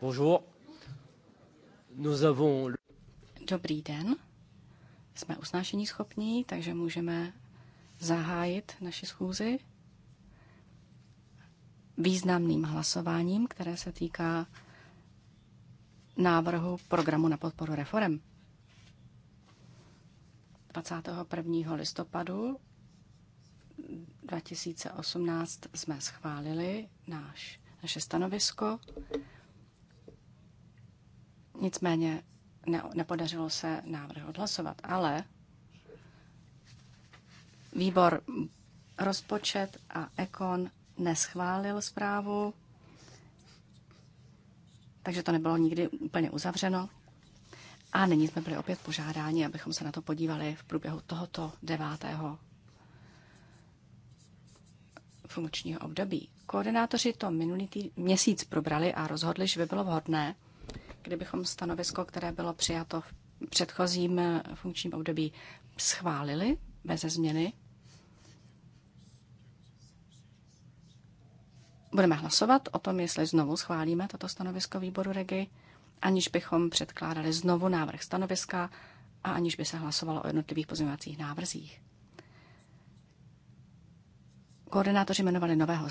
Bonjour. Nous avons... Dobrý den. Jsme usnášení schopní, takže můžeme zahájit naši schůzi významným hlasováním, které se týká návrhu programu na podporu reform. 21. listopadu 2018 jsme schválili náš, naše stanovisko. Nicméně ne, nepodařilo se návrh odhlasovat, ale výbor rozpočet a ekon neschválil zprávu, takže to nebylo nikdy úplně uzavřeno. A nyní jsme byli opět požádáni, abychom se na to podívali v průběhu tohoto devátého funkčního období. Koordinátoři to minulý tý, měsíc probrali a rozhodli, že by bylo vhodné, kdybychom stanovisko, které bylo přijato v předchozím eh, funkčním období, schválili bez změny. Budeme hlasovat o tom, jestli znovu schválíme toto stanovisko výboru REGI, aniž bychom předkládali znovu návrh stanoviska a aniž by se hlasovalo o jednotlivých pozměňovacích návrzích. Koordinátoři jmenovali nového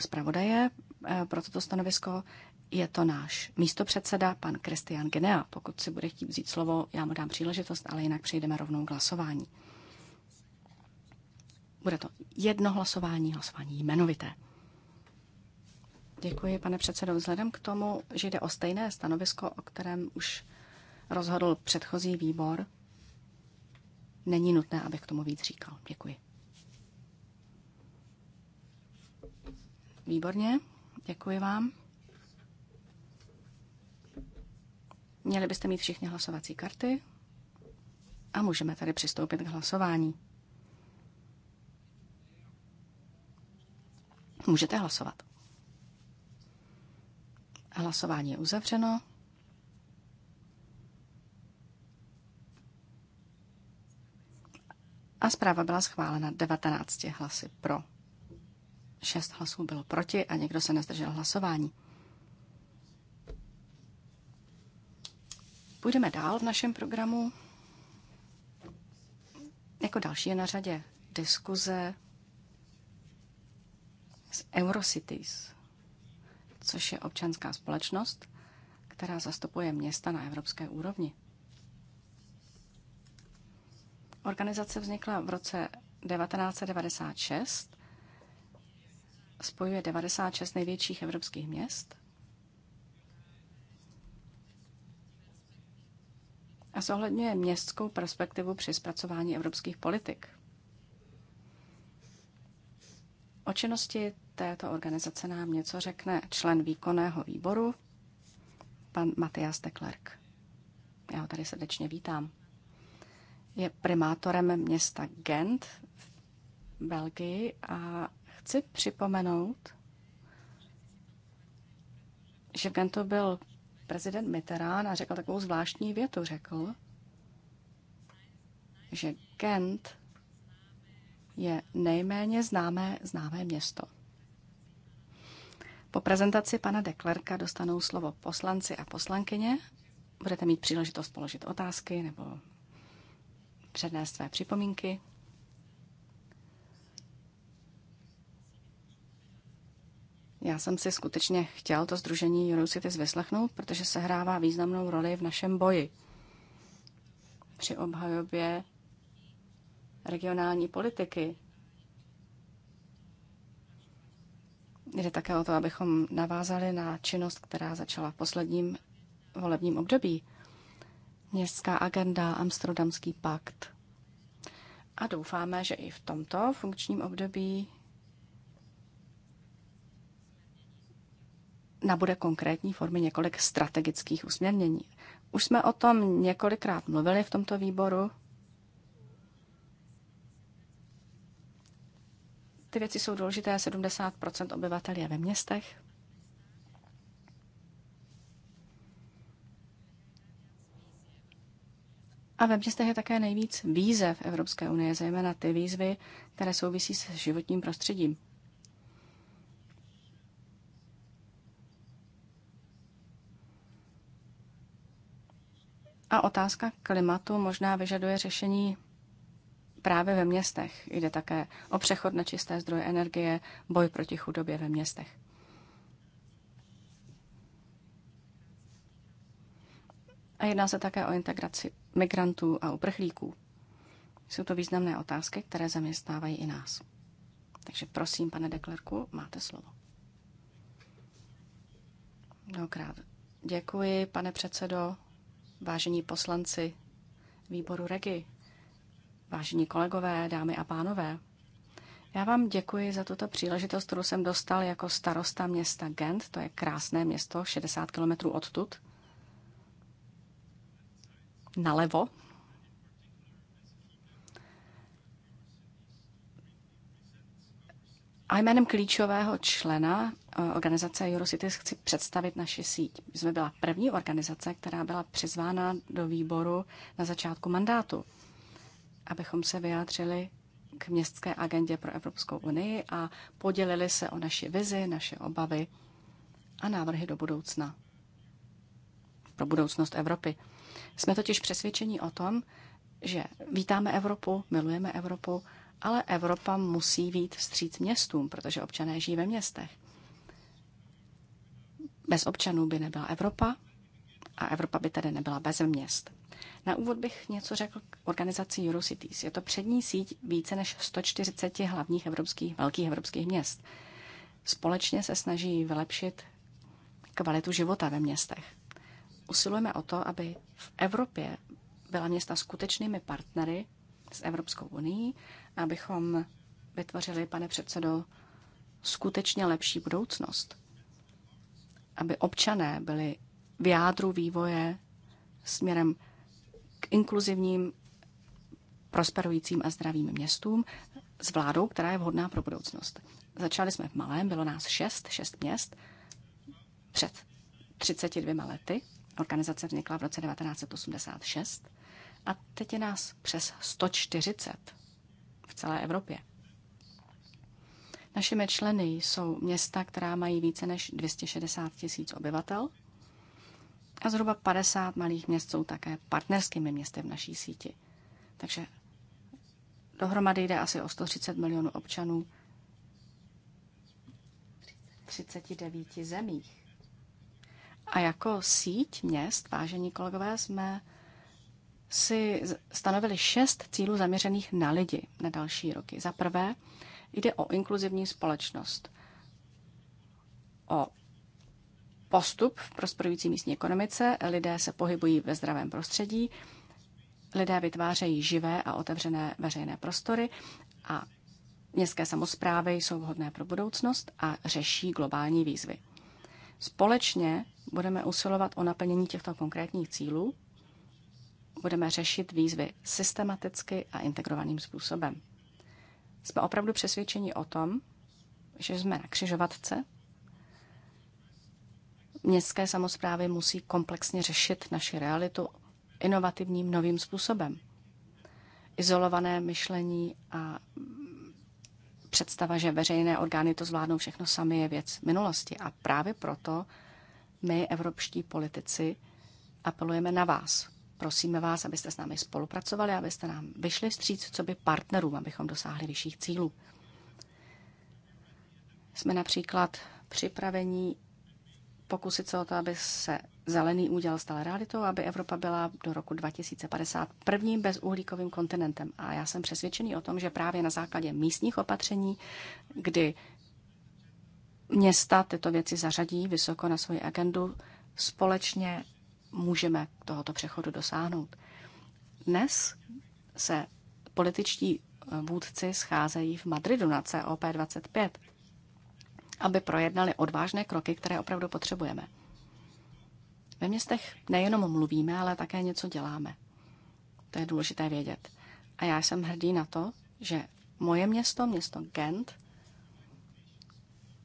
zpravodaje eh, pro toto stanovisko. Je to náš místopředseda, pan Kristian Genea. Pokud si bude chtít vzít slovo, já mu dám příležitost, ale jinak přejdeme rovnou k hlasování. Bude to jedno hlasování, hlasování jmenovité. Děkuji, pane předsedo. Vzhledem k tomu, že jde o stejné stanovisko, o kterém už rozhodl předchozí výbor, není nutné, abych k tomu víc říkal. Děkuji. Výborně, děkuji vám. Měli byste mít všichni hlasovací karty a můžeme tady přistoupit k hlasování. Můžete hlasovat. Hlasování je uzavřeno. A zpráva byla schválena 19 hlasy pro. Šest hlasů bylo proti a někdo se nezdržel hlasování. Půjdeme dál v našem programu. Jako další je na řadě diskuze z Eurocities, což je občanská společnost, která zastupuje města na evropské úrovni. Organizace vznikla v roce 1996 spojuje 96 největších evropských měst a zohledňuje městskou perspektivu při zpracování evropských politik. O činnosti této organizace nám něco řekne člen výkonného výboru, pan Matias de Klerk. Já ho tady srdečně vítám. Je primátorem města Gent v Belgii a Chci připomenout, že v Gentu byl prezident Mitterrand a řekl takovou zvláštní větu. Řekl, že Gent je nejméně známé známé město. Po prezentaci pana Deklerka dostanou slovo poslanci a poslankyně. Budete mít příležitost položit otázky nebo přednést své připomínky. Já jsem si skutečně chtěl to združení Eurocities vyslechnout, protože se hrává významnou roli v našem boji při obhajobě regionální politiky. Jde také o to, abychom navázali na činnost, která začala v posledním volebním období. Městská agenda, Amsterdamský pakt. A doufáme, že i v tomto funkčním období nabude konkrétní formy několik strategických usměrnění. Už jsme o tom několikrát mluvili v tomto výboru. Ty věci jsou důležité, 70 obyvatel je ve městech. A ve městech je také nejvíc výzev Evropské unie, zejména ty výzvy, které souvisí se životním prostředím. A otázka klimatu možná vyžaduje řešení právě ve městech. Jde také o přechod na čisté zdroje energie, boj proti chudobě ve městech. A jedná se také o integraci migrantů a uprchlíků. Jsou to významné otázky, které zaměstnávají i nás. Takže prosím, pane Deklerku, máte slovo. Mnohokrát děkuji, pane předsedo vážení poslanci výboru REGI, vážení kolegové, dámy a pánové. Já vám děkuji za tuto příležitost, kterou jsem dostal jako starosta města Gent. To je krásné město, 60 kilometrů odtud. Nalevo, A jménem klíčového člena eh, organizace Eurocities chci představit naši síť. My jsme byla první organizace, která byla přizvána do výboru na začátku mandátu, abychom se vyjádřili k městské agendě pro Evropskou unii a podělili se o naši vizi, naše obavy a návrhy do budoucna. Pro budoucnost Evropy. Jsme totiž přesvědčeni o tom, že vítáme Evropu, milujeme Evropu ale Evropa musí být vstříc městům, protože občané žijí ve městech. Bez občanů by nebyla Evropa a Evropa by tedy nebyla bez měst. Na úvod bych něco řekl k organizaci Eurocities. Je to přední síť více než 140 hlavních evropských, velkých evropských měst. Společně se snaží vylepšit kvalitu života ve městech. Usilujeme o to, aby v Evropě byla města skutečnými partnery s Evropskou unii, abychom vytvořili, pane předsedo, skutečně lepší budoucnost. Aby občané byli v jádru vývoje směrem k inkluzivním, prosperujícím a zdravým městům s vládou, která je vhodná pro budoucnost. Začali jsme v malém, bylo nás šest, šest měst před 32 lety. Organizace vznikla v roce 1986. A teď je nás přes 140 v celé Evropě. Našimi členy jsou města, která mají více než 260 tisíc obyvatel a zhruba 50 malých měst jsou také partnerskými městy v naší síti. Takže dohromady jde asi o 130 milionů občanů v 39 zemích. A jako síť měst, vážení kolegové, jsme si stanovili šest cílů zaměřených na lidi na další roky. Za prvé jde o inkluzivní společnost, o postup v prosperující místní ekonomice, lidé se pohybují ve zdravém prostředí, lidé vytvářejí živé a otevřené veřejné prostory a městské samozprávy jsou vhodné pro budoucnost a řeší globální výzvy. Společně budeme usilovat o naplnění těchto konkrétních cílů budeme řešit výzvy systematicky a integrovaným způsobem. Jsme opravdu přesvědčeni o tom, že jsme na křižovatce. Městské samozprávy musí komplexně řešit naši realitu inovativním novým způsobem. Izolované myšlení a představa, že veřejné orgány to zvládnou všechno sami, je věc minulosti. A právě proto my, evropští politici, apelujeme na vás, Prosíme vás, abyste s námi spolupracovali, abyste nám vyšli vstříc, co by partnerům, abychom dosáhli vyšších cílů. Jsme například připraveni pokusit se o to, aby se zelený úděl stal realitou, aby Evropa byla do roku 2050 prvním bezuhlíkovým kontinentem. A já jsem přesvědčený o tom, že právě na základě místních opatření, kdy města tyto věci zařadí vysoko na svoji agendu, společně můžeme tohoto přechodu dosáhnout. Dnes se političtí eh, vůdci scházejí v Madridu na COP25, aby projednali odvážné kroky, které opravdu potřebujeme. Ve městech nejenom mluvíme, ale také něco děláme. To je důležité vědět. A já jsem hrdý na to, že moje město, město Gent,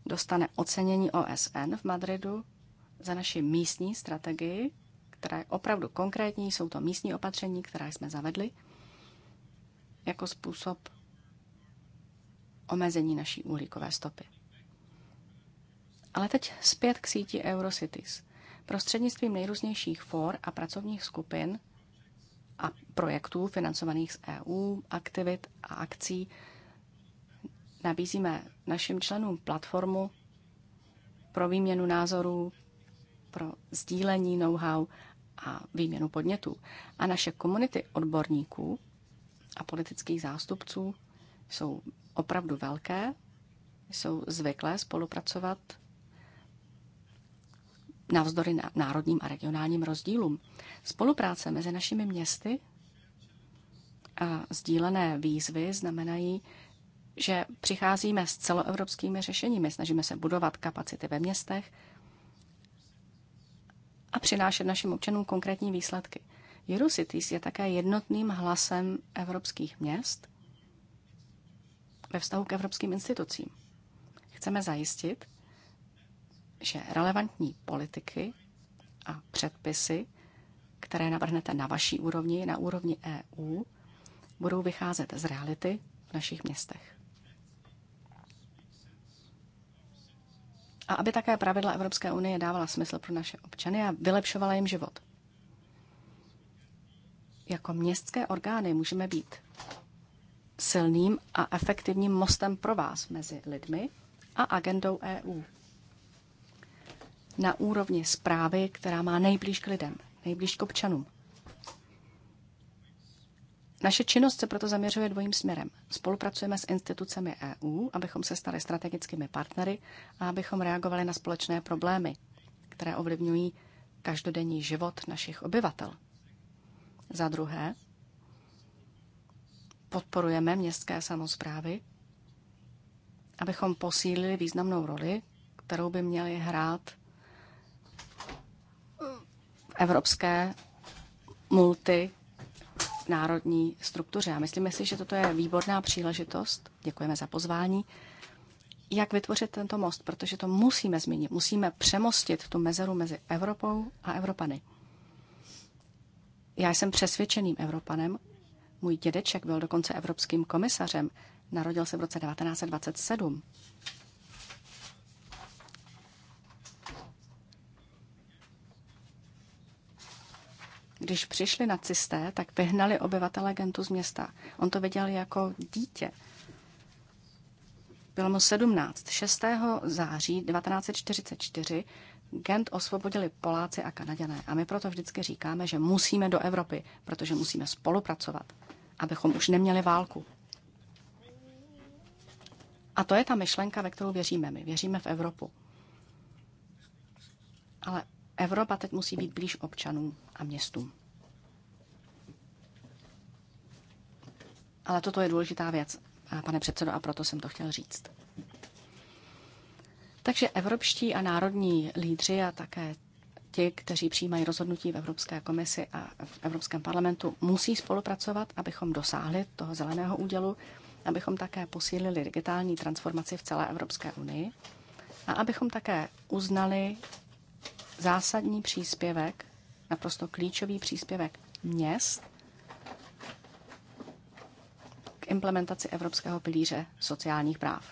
dostane ocenění OSN v Madridu za naši místní strategii které opravdu konkrétní. Jsou to místní opatření, která jsme zavedli jako způsob omezení naší uhlíkové stopy. Ale teď zpět k síti Eurocities. Prostřednictvím nejrůznějších for a pracovních skupin a projektů financovaných z EU, aktivit a akcí nabízíme našim členům platformu pro výměnu názorů, pro sdílení know-how a výměnu podnětů. A naše komunity odborníků a politických zástupců jsou opravdu velké, jsou zvyklé spolupracovat navzdory národním a regionálním rozdílům. Spolupráce mezi našimi městy a sdílené výzvy znamenají, že přicházíme s celoevropskými řešeními, snažíme se budovat kapacity ve městech, a přinášet našim občanům konkrétní výsledky. Eurocities je také jednotným hlasem evropských měst ve vztahu k evropským institucím. Chceme zajistit, že relevantní politiky a předpisy, které navrhnete na vaší úrovni, na úrovni EU, budou vycházet z reality v našich městech. a aby také pravidla Evropské unie dávala smysl pro naše občany a vylepšovala jim život. Jako městské orgány můžeme být silným a efektivním mostem pro vás mezi lidmi a agendou EU. Na úrovni zprávy, která má nejblíž k lidem, nejblíž k občanům. Naše činnost se proto zaměřuje dvojím směrem. Spolupracujeme s institucemi EU, abychom se stali strategickými partnery a abychom reagovali na společné problémy, které ovlivňují každodenní život našich obyvatel. Za druhé, podporujeme městské samozprávy, abychom posílili významnou roli, kterou by měly hrát evropské multi národní struktuře. A myslíme si, že toto je výborná příležitost, děkujeme za pozvání, jak vytvořit tento most, protože to musíme změnit. Musíme přemostit tu mezeru mezi Evropou a Evropany. Já jsem přesvědčeným Evropanem. Můj dědeček byl dokonce evropským komisařem. Narodil se v roce 1927. Když přišli nacisté, tak vyhnali obyvatele Gentu z města. On to viděl jako dítě. Bylo mu 17. 6. září 1944 Gent osvobodili Poláci a Kanaděné. A my proto vždycky říkáme, že musíme do Evropy, protože musíme spolupracovat, abychom už neměli válku. A to je ta myšlenka, ve kterou věříme my. Věříme v Evropu. Ale Evropa teď musí být blíž občanům a městům. Ale toto je důležitá věc, pane předsedo, a proto jsem to chtěl říct. Takže evropští a národní lídři a také ti, kteří přijímají rozhodnutí v Evropské komisi a v Evropském parlamentu, musí spolupracovat, abychom dosáhli toho zeleného údělu, abychom také posílili digitální transformaci v celé Evropské unii a abychom také uznali zásadní příspěvek, naprosto klíčový příspěvek měst k implementaci Evropského pilíře sociálních práv.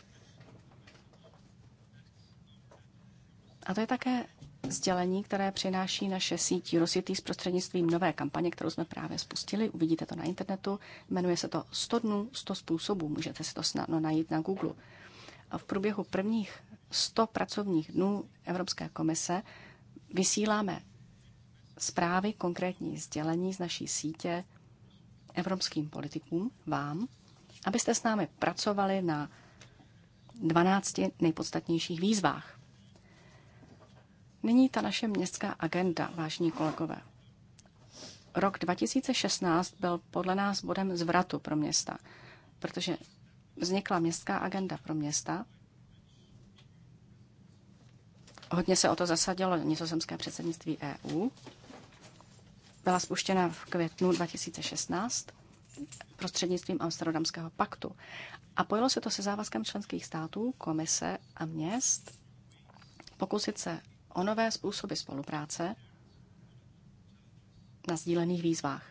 A to je také sdělení, které přináší naše síť s prostřednictvím nové kampaně, kterou jsme právě spustili. Uvidíte to na internetu. Jmenuje se to 100 dnů, 100 způsobů. Můžete si to snadno najít na Google. A v průběhu prvních 100 pracovních dnů Evropské komise Vysíláme zprávy, konkrétní sdělení z naší sítě evropským politikům, vám, abyste s námi pracovali na 12 nejpodstatnějších výzvách. Nyní ta naše městská agenda, vážní kolegové. Rok 2016 byl podle nás bodem zvratu pro města, protože vznikla městská agenda pro města Hodně se o to zasadilo nizozemské předsednictví EU. Byla spuštěna v květnu 2016 prostřednictvím Amsterdamského paktu. A pojilo se to se závazkem členských států, komise a měst pokusit se o nové způsoby spolupráce na sdílených výzvách.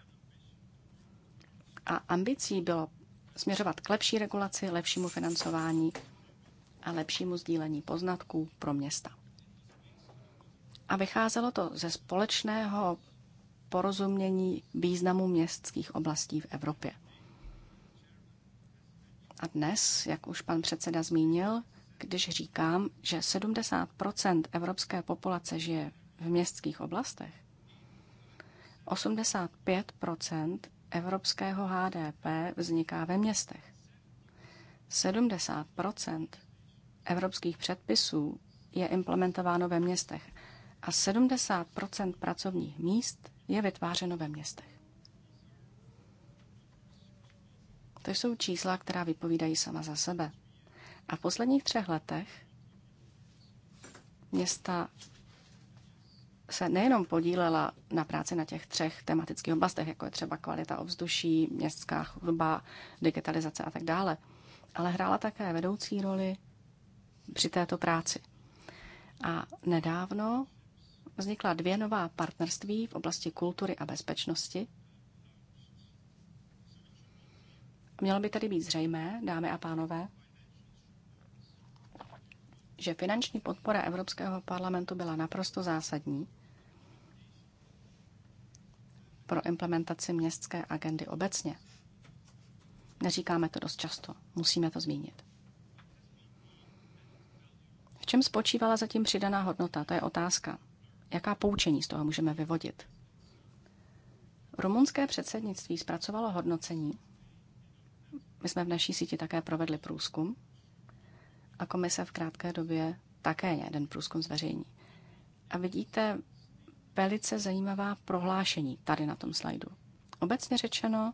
A ambicí bylo směřovat k lepší regulaci, lepšímu financování a lepšímu sdílení poznatků pro města. A vycházelo to ze společného porozumění významu městských oblastí v Evropě. A dnes, jak už pan předseda zmínil, když říkám, že 70 evropské populace žije v městských oblastech, 85 evropského HDP vzniká ve městech. 70 evropských předpisů je implementováno ve městech a 70 pracovních míst je vytvářeno ve městech. To jsou čísla, která vypovídají sama za sebe. A v posledních třech letech města se nejenom podílela na práci na těch třech tematických oblastech, jako je třeba kvalita ovzduší, městská chudoba, digitalizace a tak dále, ale hrála také vedoucí roli při této práci. A nedávno vznikla dvě nová partnerství v oblasti kultury a bezpečnosti. Mělo by tady být zřejmé, dámy a pánové, že finanční podpora Evropského parlamentu byla naprosto zásadní pro implementaci městské agendy obecně. Neříkáme to dost často, musíme to zmínit. V čem spočívala zatím přidaná hodnota? To je otázka. Jaká poučení z toho můžeme vyvodit? Rumunské předsednictví zpracovalo hodnocení. My jsme v naší síti také provedli průzkum a komise v krátké době také jeden průzkum zveřejní. A vidíte velice zajímavá prohlášení tady na tom slajdu. Obecně řečeno,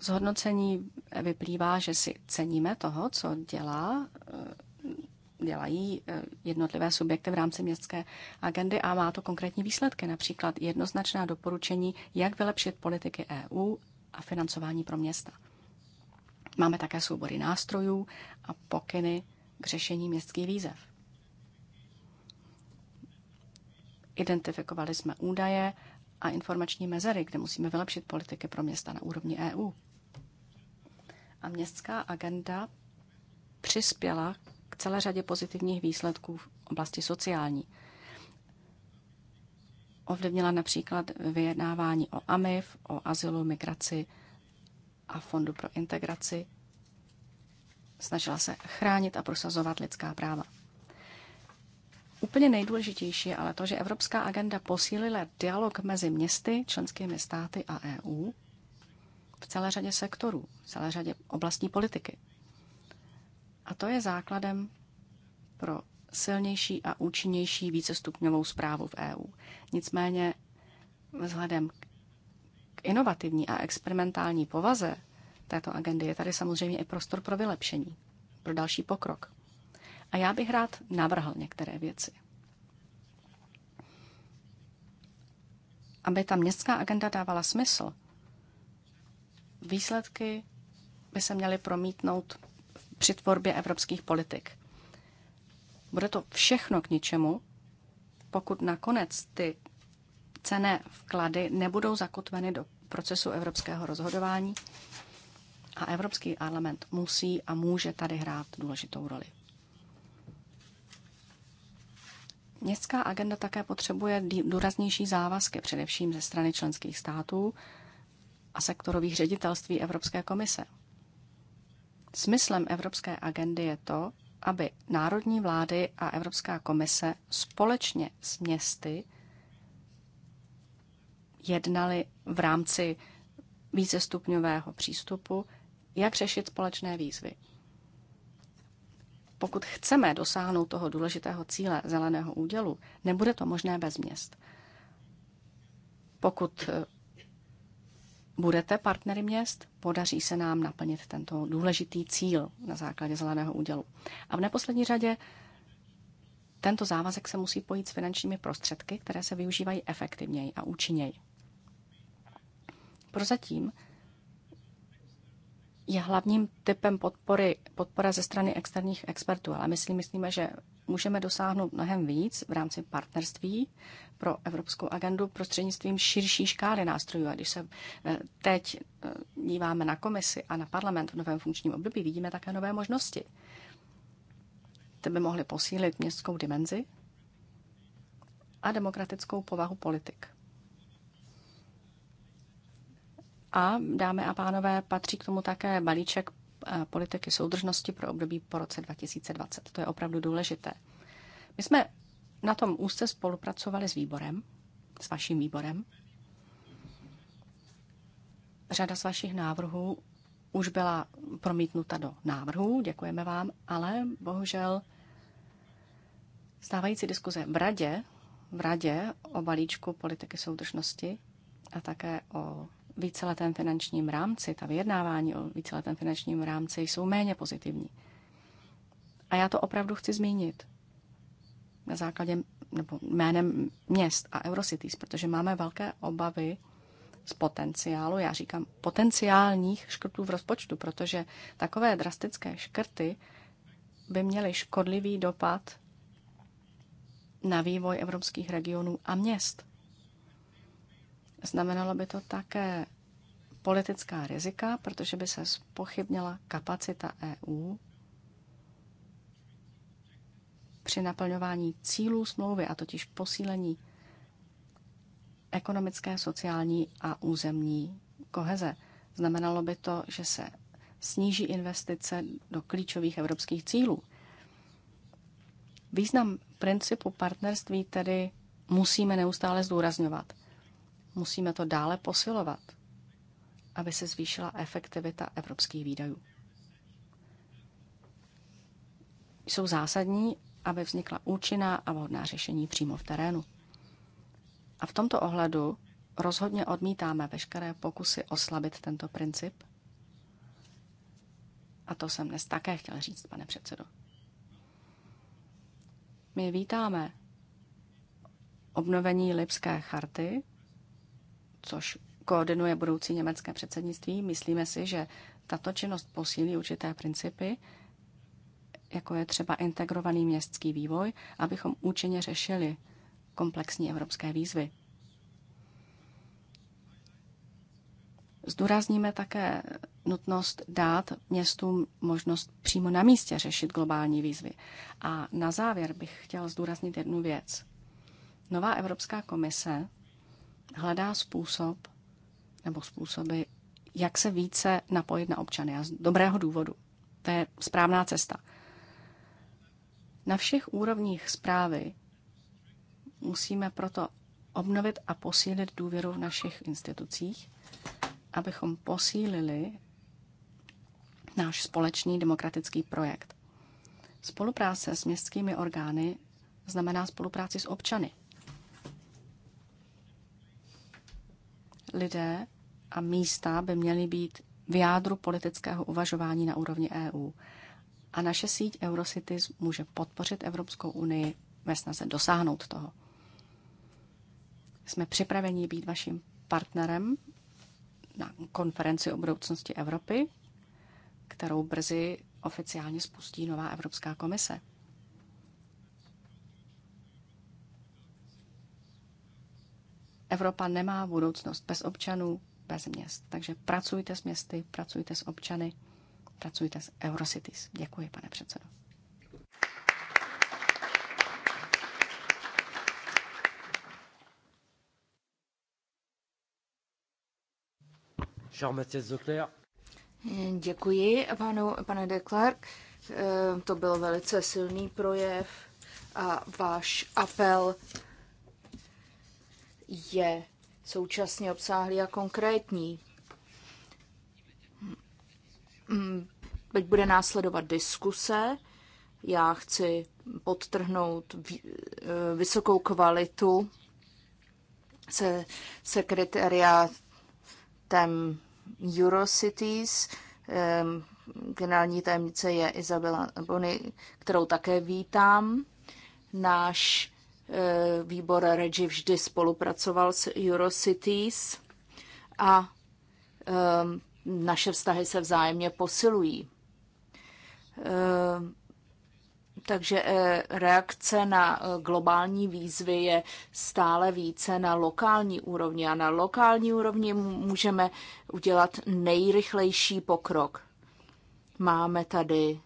z hodnocení vyplývá, že si ceníme toho, co dělá eh, dělají eh, jednotlivé subjekty v rámci městské agendy a má to konkrétní výsledky, například jednoznačná doporučení, jak vylepšit politiky EU a financování pro města. Máme také soubory nástrojů a pokyny k řešení městských výzev. Identifikovali jsme údaje a informační mezery, kde musíme vylepšit politiky pro města na úrovni EU. A městská agenda přispěla celé řadě pozitivních výsledků v oblasti sociální. Ovlivnila například vyjednávání o AMIF, o azylu, migraci a Fondu pro integraci. Snažila se chránit a prosazovat lidská práva. Úplně nejdůležitější je ale to, že Evropská agenda posílila dialog mezi městy, členskými státy a EU v celé řadě sektorů, v celé řadě oblastní politiky. A to je základem pro silnější a účinnější vícestupňovou zprávu v EU. Nicméně vzhledem k inovativní a experimentální povaze této agendy je tady samozřejmě i prostor pro vylepšení, pro další pokrok. A já bych rád navrhl některé věci. Aby ta městská agenda dávala smysl, výsledky by se měly promítnout při tvorbě evropských politik. Bude to všechno k ničemu, pokud nakonec ty cené vklady nebudou zakotveny do procesu evropského rozhodování a Evropský parlament musí a může tady hrát důležitou roli. Městská agenda také potřebuje důraznější závazky, především ze strany členských států a sektorových ředitelství Evropské komise. Smyslem evropské agendy je to, aby národní vlády a Evropská komise společně s městy jednali v rámci vícestupňového přístupu, jak řešit společné výzvy. Pokud chceme dosáhnout toho důležitého cíle zeleného údělu, nebude to možné bez měst. Pokud budete partnery měst, podaří se nám naplnit tento důležitý cíl na základě zeleného údělu. A v neposlední řadě tento závazek se musí pojít s finančními prostředky, které se využívají efektivněji a účinněji. Prozatím je hlavním typem podpory podpora ze strany externích expertů, ale myslím, myslíme, že můžeme dosáhnout mnohem víc v rámci partnerství pro evropskou agendu prostřednictvím širší škály nástrojů. A když se eh, teď eh, díváme na komisi a na parlament v novém funkčním období, vidíme také nové možnosti. Ty by mohly posílit městskou dimenzi a demokratickou povahu politik. A, dámy a pánové, patří k tomu také balíček politiky soudržnosti pro období po roce 2020. To je opravdu důležité. My jsme na tom úzce spolupracovali s výborem, s vaším výborem. Řada z vašich návrhů už byla promítnuta do návrhů, děkujeme vám, ale bohužel stávající diskuze v radě, v radě o balíčku politiky soudržnosti a také o víceletém finančním rámci, ta vyjednávání o víceletém finančním rámci jsou méně pozitivní. A já to opravdu chci zmínit na základě nebo jménem měst a Eurocities, protože máme velké obavy z potenciálu, já říkám potenciálních škrtů v rozpočtu, protože takové drastické škrty by měly škodlivý dopad na vývoj evropských regionů a měst. Znamenalo by to také politická rizika, protože by se spochybnila kapacita EU při naplňování cílů smlouvy, a totiž posílení ekonomické, sociální a územní koheze. Znamenalo by to, že se sníží investice do klíčových evropských cílů. Význam principu partnerství tedy musíme neustále zdůrazňovat. Musíme to dále posilovat, aby se zvýšila efektivita evropských výdajů. Jsou zásadní, aby vznikla účinná a vhodná řešení přímo v terénu. A v tomto ohledu rozhodně odmítáme veškeré pokusy oslabit tento princip. A to jsem dnes také chtěl říct, pane předsedo. My vítáme obnovení Lipské charty což koordinuje budoucí německé předsednictví. Myslíme si, že tato činnost posílí určité principy, jako je třeba integrovaný městský vývoj, abychom účinně řešili komplexní evropské výzvy. Zdůrazníme také nutnost dát městům možnost přímo na místě řešit globální výzvy. A na závěr bych chtěl zdůraznit jednu věc. Nová Evropská komise hledá způsob nebo způsoby, jak se více napojit na občany. A z dobrého důvodu. To je správná cesta. Na všech úrovních zprávy musíme proto obnovit a posílit důvěru v našich institucích, abychom posílili náš společný demokratický projekt. Spolupráce s městskými orgány znamená spolupráci s občany. lidé a místa by měly být v jádru politického uvažování na úrovni EU. A naše síť Eurocities může podpořit Evropskou unii ve snaze dosáhnout toho. Jsme připraveni být vaším partnerem na konferenci o budoucnosti Evropy, kterou brzy oficiálně spustí nová Evropská komise. Evropa nemá budoucnost bez občanů, bez měst. Takže pracujte s městy, pracujte s občany, pracujte s Eurocities. Děkuji, pane předsedo. Děkuji panu, pane de Klerk. Eh, to byl velice silný projev a váš apel je současně obsáhlý a konkrétní. Mm, teď bude následovat diskuse. Já chci podtrhnout eh, vysokou kvalitu se sekretariátem Eurocities. Generální tajemnice je Izabela Bony, kterou také vítám. Náš Eh, výbor Regi vždy spolupracoval s Eurocities a eh, naše vztahy se vzájemně posilují. Eh, takže reakce na globální výzvy je stále více na lokální úrovni a na lokální úrovni můžeme udělat nejrychlejší pokrok. Máme tady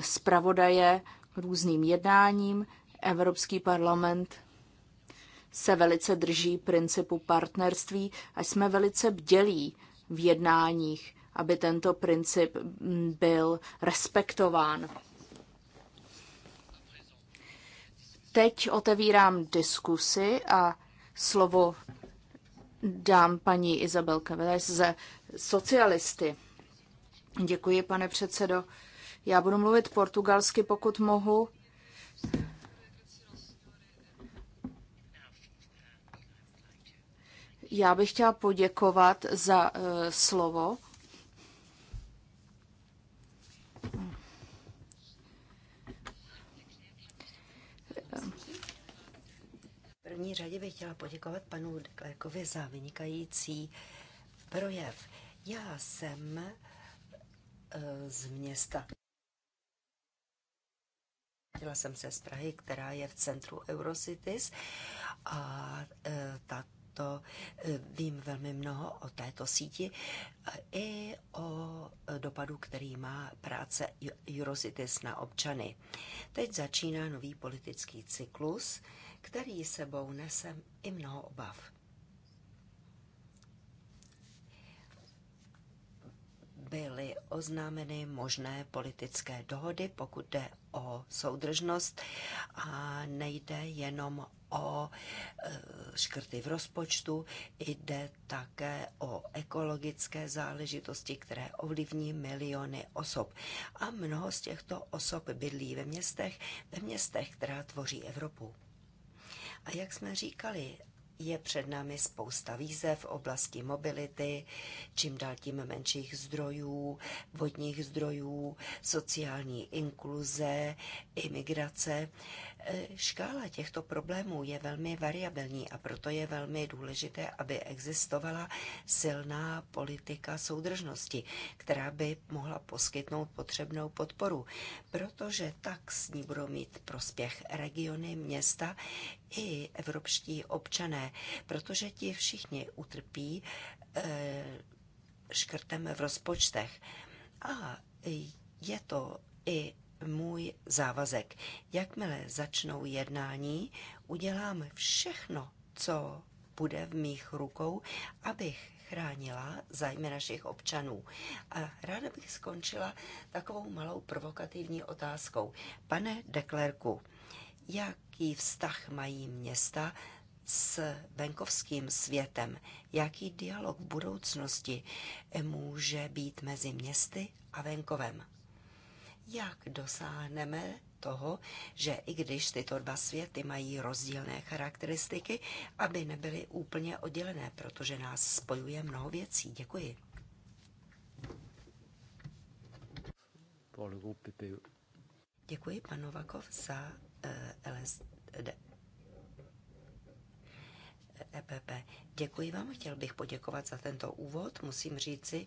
zpravodaje různým jednáním, Evropský parlament se velice drží principu partnerství a jsme velice bdělí v jednáních, aby tento princip byl respektován. Teď otevírám diskusy a slovo dám paní Izabel Kavelez ze socialisty. Děkuji, pane předsedo. Já budu mluvit portugalsky, pokud mohu. Já bych chtěla poděkovat za uh, slovo. V první řadě bych chtěla poděkovat panu Deklerkovi za vynikající projev. Já jsem uh, z města. Chtěla jsem se z Prahy, která je v centru Eurocities a e, eh, tak proto eh, vím velmi mnoho o této síti eh, i o eh, dopadu, který má práce Eurocities na občany. Teď začíná nový politický cyklus, který sebou nese i mnoho obav. byly oznámeny možné politické dohody, pokud jde o soudržnost a nejde jenom o e, škrty v rozpočtu, jde také o ekologické záležitosti, které ovlivní miliony osob. A mnoho z těchto osob bydlí ve městech, ve městech, která tvoří Evropu. A jak jsme říkali, je před námi spousta výzev v oblasti mobility, čím dál tím menších zdrojů, vodních zdrojů, sociální inkluze, imigrace. Škála těchto problémů je velmi variabilní a proto je velmi důležité, aby existovala silná politika soudržnosti, která by mohla poskytnout potřebnou podporu, protože tak s ní budou mít prospěch regiony, města i evropští občané, protože ti všichni utrpí eh, škrtem v rozpočtech. A je to i můj závazek. Jakmile začnou jednání, udělám všechno, co bude v mých rukou, abych chránila zájmy našich občanů. A ráda bych skončila takovou malou provokativní otázkou. Pane Deklerku, jaký vztah mají města s venkovským světem? Jaký dialog v budoucnosti může být mezi městy a venkovem? jak dosáhneme toho, že i když tyto dva světy mají rozdílné charakteristiky, aby nebyly úplně oddělené, protože nás spojuje mnoho věcí. Děkuji. Děkuji, pan Novakov, za eh, LSD. EPP. Děkuji vám, chtěl bych poděkovat za tento úvod. Musím říci,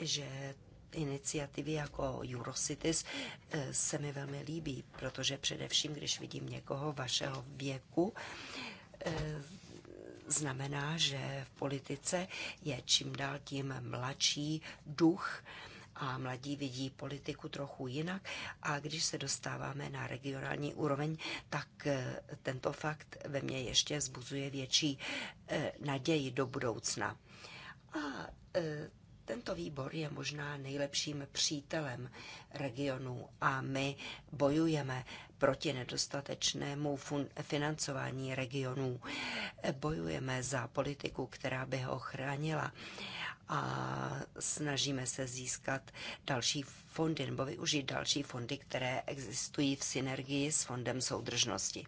že iniciativy jako Eurocities eh, se mi velmi líbí, protože především, když vidím někoho vašeho věku, eh, znamená, že v politice je čím dál tím mladší duch a mladí vidí politiku trochu jinak a když se dostáváme na regionální úroveň, tak eh, tento fakt ve mně ještě vzbuzuje větší naději do budoucna. A tento výbor je možná nejlepším přítelem regionu a my bojujeme proti nedostatečnému financování regionů. Bojujeme za politiku, která by ho chránila a snažíme se získat další fondy nebo využít další fondy, které existují v synergii s Fondem soudržnosti.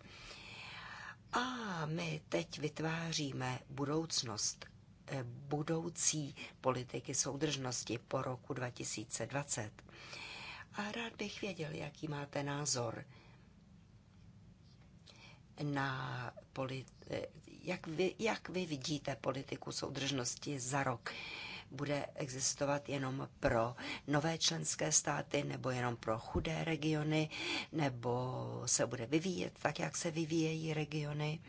A my teď vytváříme budoucnost budoucí politiky soudržnosti po roku 2020. A rád bych věděl, jaký máte názor na politi- jak, vy, jak vy vidíte politiku soudržnosti za rok bude existovat jenom pro nové členské státy nebo jenom pro chudé regiony, nebo se bude vyvíjet tak, jak se vyvíjejí regiony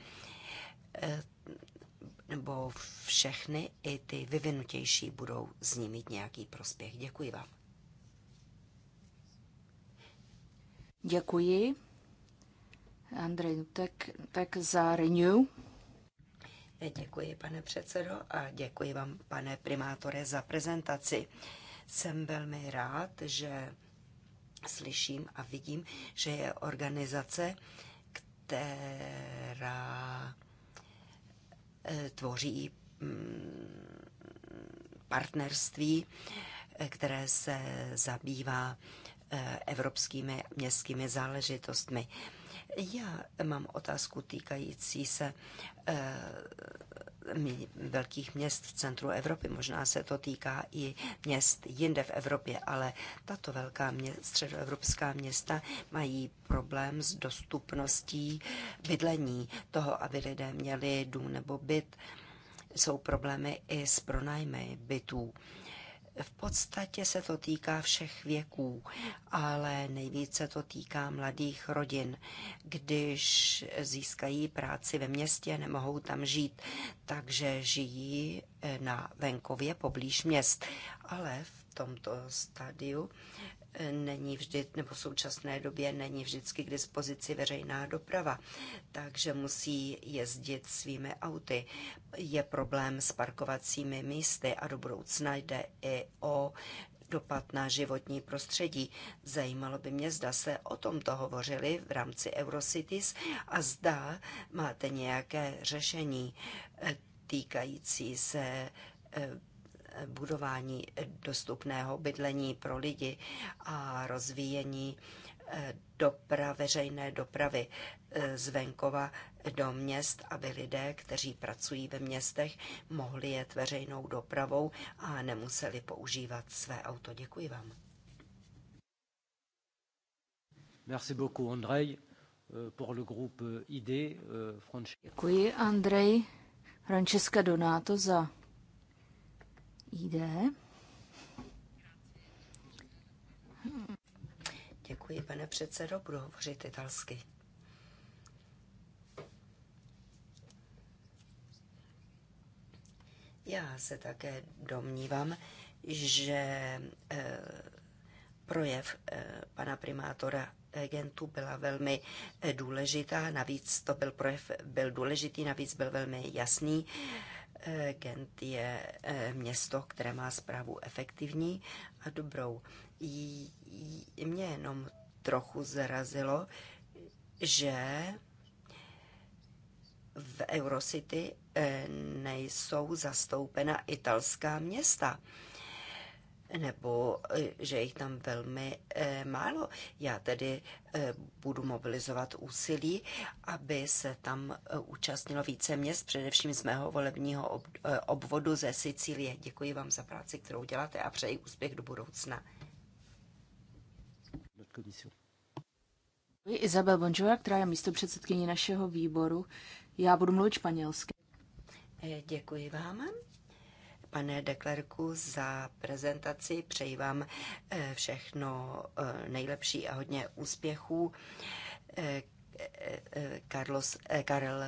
nebo všechny, i ty vyvinutější, budou z ní mít nějaký prospěch. Děkuji vám. Děkuji. Andrej tak tak za Renew. Děkuji, pane předsedo, a děkuji vám, pane primátore, za prezentaci. Jsem velmi rád, že slyším a vidím, že je organizace, která Eh, tvoří mm, partnerství, eh, které se zabývá eh, evropskými městskými záležitostmi. Já mám otázku týkající se velkých měst v centru Evropy. Možná se to týká i měst jinde v Evropě, ale tato velká měst, středoevropská města mají problém s dostupností bydlení, toho, aby lidé měli dům nebo byt. Jsou problémy i s pronajmy bytů. V podstatě se to týká všech věků, ale nejvíce to týká mladých rodin. Když získají práci ve městě, nemohou tam žít, takže žijí eh, na venkově poblíž měst. Ale v tomto stadiu není vždy, nebo v současné době není vždycky k dispozici veřejná doprava, takže musí jezdit svými auty. Je problém s parkovacími místy a do budoucna jde i o dopad na životní prostředí. Zajímalo by mě, zda se o tomto hovořili v rámci Eurocities a zda máte nějaké řešení eh, týkající se eh, budování dostupného bydlení pro lidi a rozvíjení eh, dopra, veřejné dopravy eh, z venkova do měst, aby lidé, kteří pracují ve městech, mohli jet veřejnou dopravou a nemuseli používat své auto. Děkuji vám. Merci beaucoup, Andrej. Euh, pour le groupe euh, ID, euh, Děkuji, Andrej. Francesca Donato za jde. Děkuji, pane předsedo, budu hovořit italsky. Já se také domnívám, že eh, projev eh, pana primátora Gentu byla velmi eh, důležitá, navíc to byl projev, byl důležitý, navíc byl velmi jasný. Gent je eh, město, které má zprávu efektivní a dobrou. Mě jenom trochu zarazilo, že v Eurocity eh, nejsou zastoupena italská města nebo e, že jich tam velmi e, málo. Já tedy e, budu mobilizovat úsilí, aby se tam účastnilo více měst, především z mého volebního obvodu ze Sicílie. Děkuji vám za práci, kterou děláte a přeji úspěch do budoucna. Isabel Bonjour, která je místo předsedkyní našeho výboru. Já budu mluvit španělsky. Děkuji vám pane Deklerku, za prezentaci. Přeji vám eh, všechno eh, nejlepší a hodně úspěchů. Eh, Carlos, Karel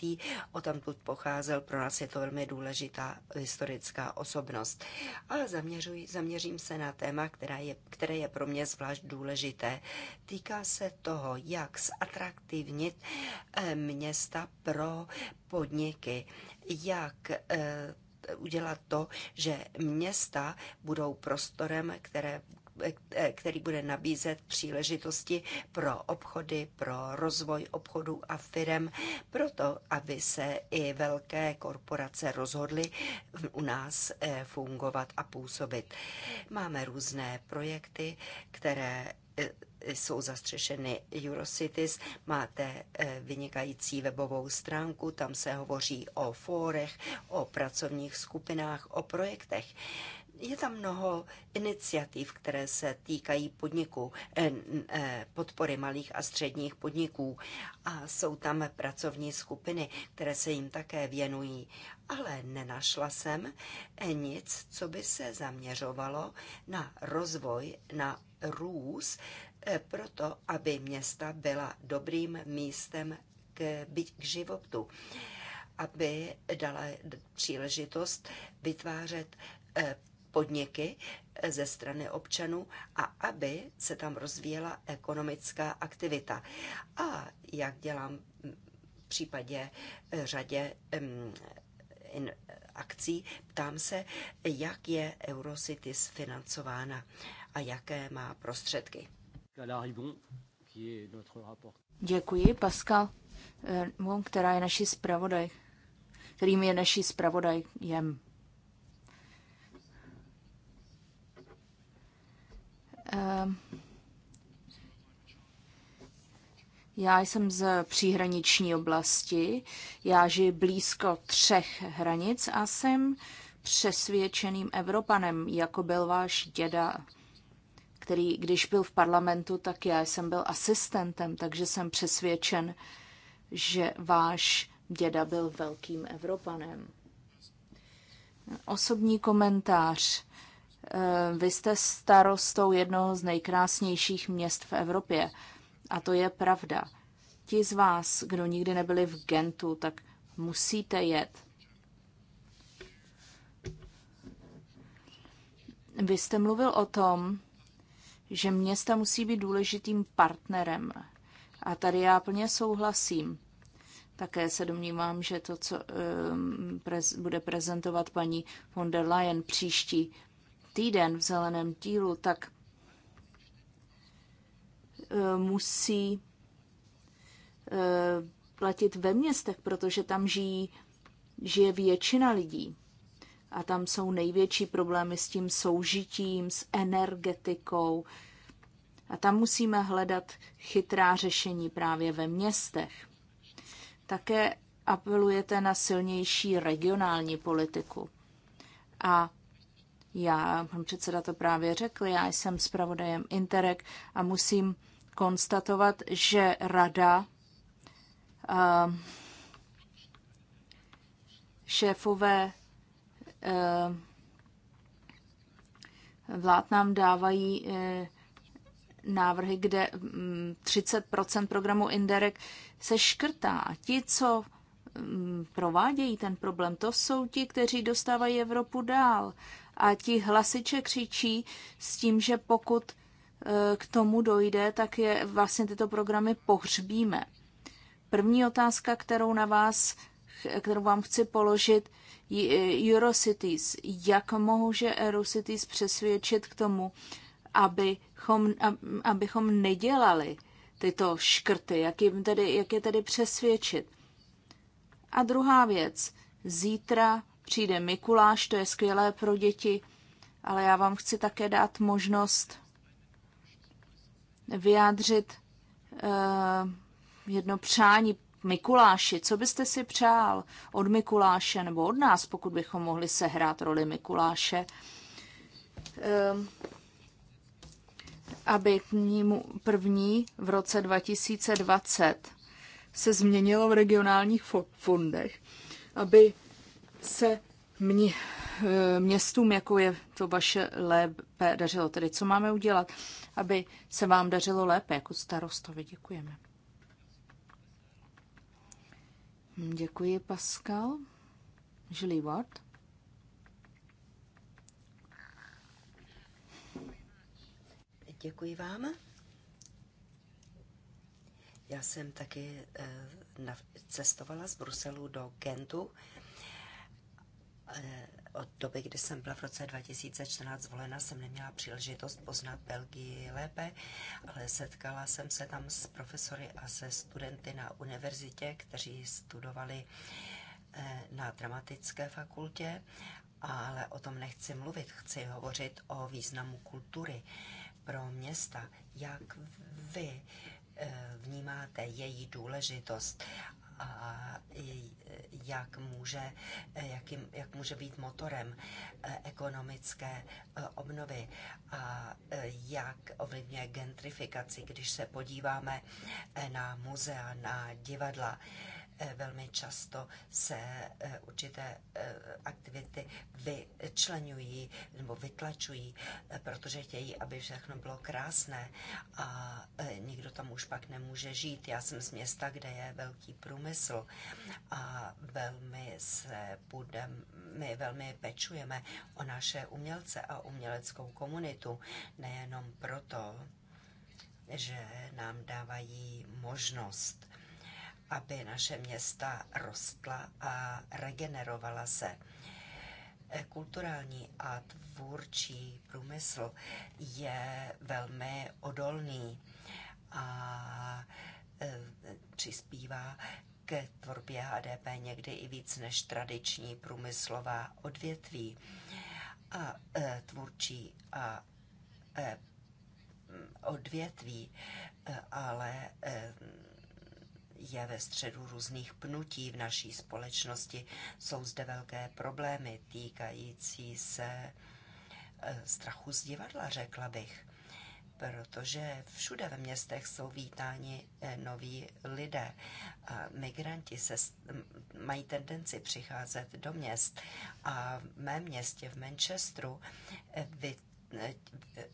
V. O tamtud pocházel, pro nás je to velmi důležitá historická osobnost. Ale zaměřuji, zaměřím se na téma, která je, které je pro mě zvlášť důležité. Týká se toho, jak zatraktivnit města pro podniky, jak udělat to, že města budou prostorem, které e, který bude nabízet příležitosti pro obchody, pro rozvoj obchodů a firem, proto aby se i velké korporace rozhodly u nás e, fungovat a působit. Máme různé projekty, které e, jsou zastřešeny Eurocities. Máte eh, vynikající webovou stránku, tam se hovoří o fórech, o pracovních skupinách, o projektech. Je tam mnoho iniciativ, které se týkají podniků, eh, eh, podpory malých a středních podniků a jsou tam pracovní skupiny, které se jim také věnují. Ale nenašla jsem nic, co by se zaměřovalo na rozvoj, na růst E, proto, aby města byla dobrým místem k, k životu, aby dala příležitost vytvářet e, podniky e, ze strany občanů a aby se tam rozvíjela ekonomická aktivita. A jak dělám v případě řadě in, akcí, ptám se, jak je Eurocities financována a jaké má prostředky. Děkuji, Pascal, eh, která je naší zpravodaj, kterým je naší Jem. Eh, já jsem z příhraniční oblasti, já žiji blízko třech hranic a jsem přesvědčeným Evropanem, jako byl váš děda který, když byl v parlamentu, tak já jsem byl asistentem, takže jsem přesvědčen, že váš děda byl velkým Evropanem. Osobní komentář. Eh, vy jste starostou jednoho z nejkrásnějších měst v Evropě. A to je pravda. Ti z vás, kdo nikdy nebyli v Gentu, tak musíte jet. Vy jste mluvil o tom, že města musí být důležitým partnerem. A tady já plně souhlasím. Také se domnívám, že to, co um, prez, bude prezentovat paní von der Leyen příští týden v zeleném dílu, tak um, musí um, platit ve městech, protože tam žijí, žije většina lidí a tam jsou největší problémy s tím soužitím, s energetikou. A tam musíme hledat chytrá řešení právě ve městech. Také apelujete na silnější regionální politiku. A já, pan předseda to právě řekl, já jsem zpravodajem Interreg a musím konstatovat, že rada uh, šéfové Eh, vlád nám dávají eh, návrhy, kde 30 mm, programu Inderek se škrtá. Ti, co mm, provádějí ten problém, to jsou ti, kteří dostávají Evropu dál. A ti hlasiče křičí s tím, že pokud eh, k tomu dojde, tak je vlastně tyto programy pohřbíme. První otázka, kterou na vás kterou vám chci položit, Eurocities. Jak může Eurocities přesvědčit k tomu, abychom, abychom nedělali tyto škrty? Jak, jim tedy, jak je tedy přesvědčit? A druhá věc. Zítra přijde Mikuláš, to je skvělé pro děti, ale já vám chci také dát možnost vyjádřit uh, jedno přání Mikuláši, co byste si přál od Mikuláše nebo od nás, pokud bychom mohli sehrát roli Mikuláše, ehm, aby k nímu první v roce 2020 se změnilo v regionálních fondech, aby se mě, e, městům, jako je to vaše, lépe dařilo. Tedy co máme udělat, aby se vám dařilo lépe jako starostovi? Děkujeme. Hm, děkuji, Pascal. Julie Ward. Děkuji vám. Já jsem taky eh, cestovala z Bruselu do Gentu eh, od doby, kdy jsem byla v roce 2014 zvolena, jsem neměla příležitost poznat Belgii lépe, ale setkala jsem se tam s profesory a se studenty na univerzitě, kteří studovali eh, na dramatické fakultě, ale o tom nechci mluvit, chci hovořit o významu kultury pro města, jak vy eh, vnímáte její důležitost a e, jak může, e, jim, jak může být motorem e, ekonomické obnovy a jak ovlivňuje gentrifikaci, když se podíváme na muzea, na divadla Eh, velmi často se eh, určité eh, aktivity vyčlenují nebo vytlačují, protože chtějí, aby všechno bylo krásné a nikdo tam už pak nemůže žít. Já jsem z města, kde je velký průmysl a velmi se budem, my velmi pečujeme o naše umělce a uměleckou komunitu, nejenom proto, že nám dávají možnost aby naše města rostla a regenerovala se. Kulturální a tvůrčí průmysl je velmi odolný a e, přispívá k tvorbě HDP někdy i víc než tradiční průmyslová odvětví. A e, tvůrčí a e, odvětví, ale je ve středu různých pnutí v naší společnosti. Jsou zde velké problémy týkající se eh, strachu z divadla, řekla bych. Protože všude ve městech jsou vítáni eh, noví lidé. A migranti se, mají tendenci přicházet do měst. A v mém městě, v Manchesteru, eh, vy,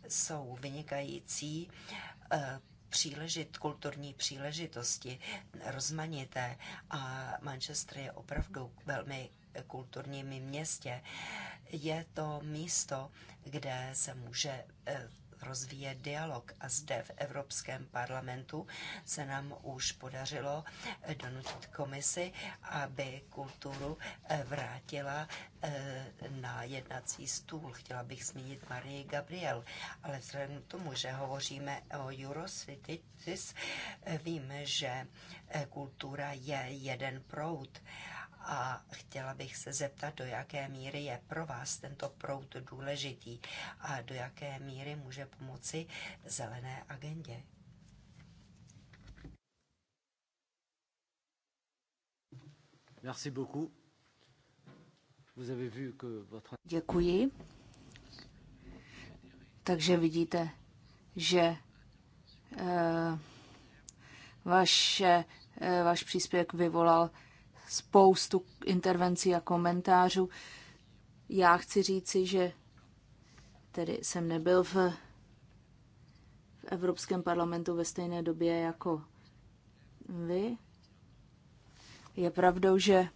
jsou vynikající příležit, kulturní příležitosti rozmanité a Manchester je opravdu velmi kulturními městě. Je to místo, kde se může eh, rozvíjet dialog. A zde v Evropském parlamentu se nám už podařilo eh, donutit komisi, aby kulturu eh, vrátila eh, na jednací stůl. Chtěla bych zmínit Marie Gabriel, ale vzhledem k tomu, že hovoříme o Eurocities, víme, že kultura je jeden proud a chtěla bych se zeptat, do jaké míry je pro vás tento prout důležitý a do jaké míry může pomoci zelené agendě. Merci beaucoup. Vous avez vu que votre... Děkuji. Takže vidíte, že uh, vaše, uh, váš příspěvek vyvolal spoustu intervencí a komentářů. Já chci říci, že tedy jsem nebyl v, v Evropském parlamentu ve stejné době jako vy. Je pravdou, že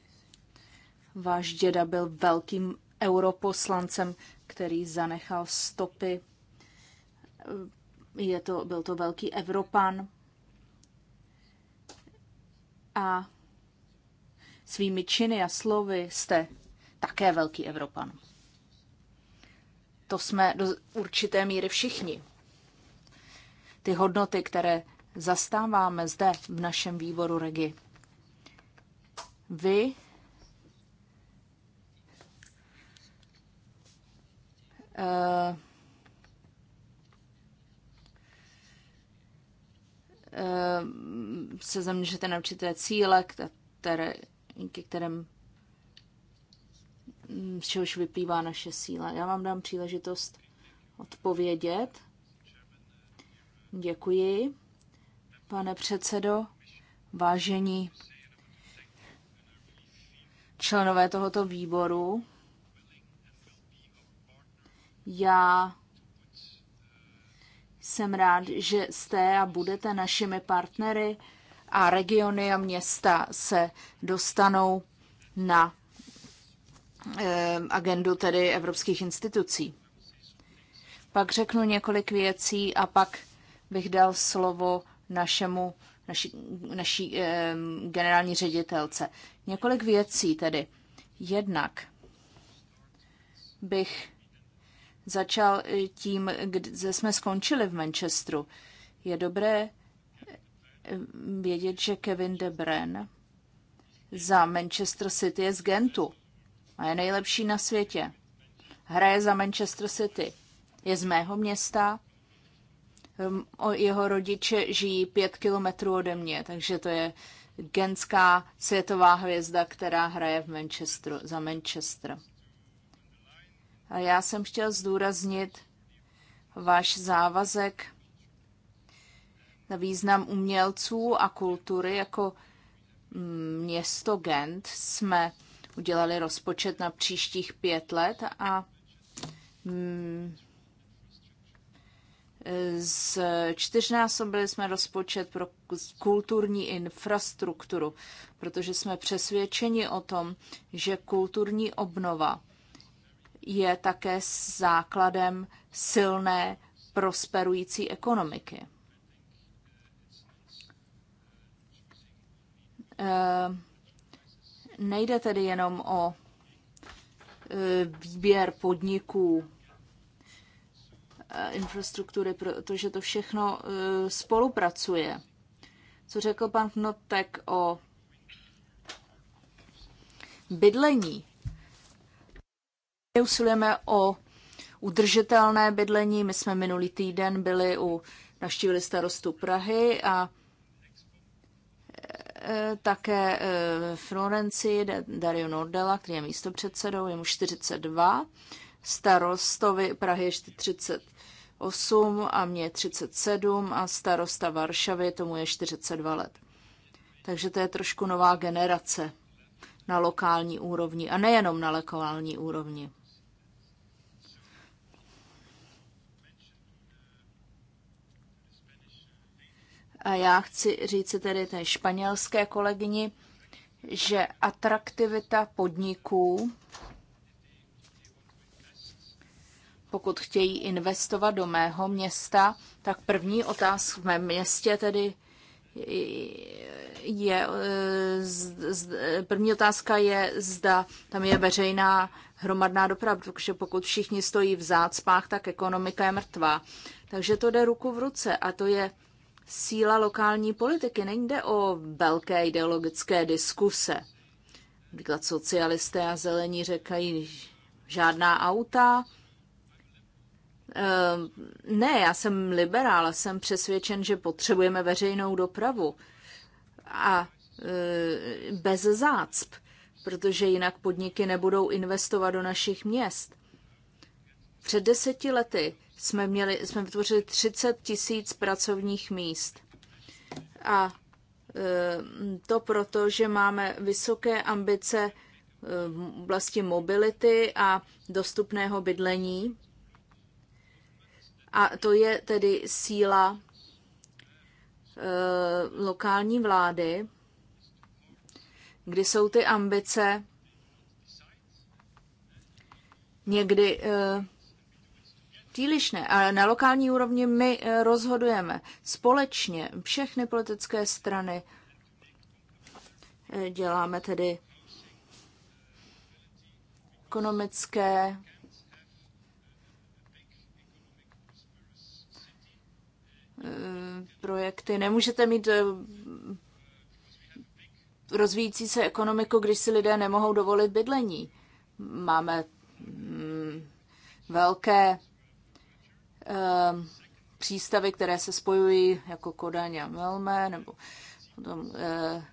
váš děda byl velkým europoslancem, který zanechal stopy. Je to, byl to velký Evropan. A svými činy a slovy jste také velký Evropan. To jsme do určité míry všichni. Ty hodnoty, které zastáváme zde v našem výboru Regi. Vy uh, se zaměřujete na určité cíle, které ke kterém mm, z čehož vyplývá naše síla. Já vám dám příležitost odpovědět. Děkuji, pane předsedo, vážení členové tohoto výboru. Já jsem rád, že jste a budete našimi partnery a regiony a města se dostanou na eh, agendu tedy evropských institucí. Pak řeknu několik věcí a pak bych dal slovo našemu, naši naší eh, generální ředitelce. Několik věcí tedy. Jednak bych začal eh, tím, kde jsme skončili v Manchesteru. Je dobré vědět, že Kevin De Bruyne za Manchester City je z Gentu a je nejlepší na světě. Hraje za Manchester City. Je z mého města. Hm, jeho rodiče žijí pět kilometrů ode mě, takže to je genská světová hvězda, která hraje v Manchesteru, za Manchester. A já jsem chtěl zdůraznit váš závazek na význam umělců a kultury jako mm, město Gent jsme udělali rozpočet na příštích pět let a mm, z čtyřnásobili jsme rozpočet pro kulturní infrastrukturu, protože jsme přesvědčeni o tom, že kulturní obnova je také základem silné prosperující ekonomiky. Eh, nejde tedy jenom o eh, výběr podniků, eh, infrastruktury, protože to všechno spolupracuje. Co řekl pan Knotek o bydlení? My usilujeme o udržitelné bydlení. My jsme minulý týden byli u, naštívili starostu Prahy a Eh, také eh, Florenci Dario Nordela, který je místopředsedou, je mu 42, starostovi Prahy je 38 a mě je 37 a starosta Varšavy tomu je 42 let. Takže to je trošku nová generace na lokální úrovni a nejenom na lokální úrovni. A já chci říct tedy té španělské kolegyni, že atraktivita podniků, pokud chtějí investovat do mého města, tak první otázka v mém městě tedy je, eh, z, z, první otázka je, zda tam je veřejná hromadná doprava, protože pokud všichni stojí v zácpách, tak ekonomika je mrtvá. Takže to jde ruku v ruce a to je síla lokální politiky. Nejde o velké ideologické diskuse. Například socialisté a zelení řekají žádná auta. Ehm, ne, já jsem liberál a jsem přesvědčen, že potřebujeme veřejnou dopravu. A e, bez zácp, protože jinak podniky nebudou investovat do našich měst. Před deseti lety jsme, měli, jsme vytvořili 30 tisíc pracovních míst. A ehm, to proto, že máme vysoké ambice ehm, v oblasti mobility a dostupného bydlení. A to je tedy síla ehm, lokální vlády, kdy jsou ty ambice někdy příliš ne, ale na lokální úrovni my eh, rozhodujeme společně, všechny politické strany. Eh, děláme tedy ekonomické eh, projekty. Nemůžete mít rozvíjící se ekonomiku, když si lidé nemohou dovolit bydlení. Máme mm, velké Ehm, přístavy, které se spojují jako Kodaň a Melme, nebo potom eh,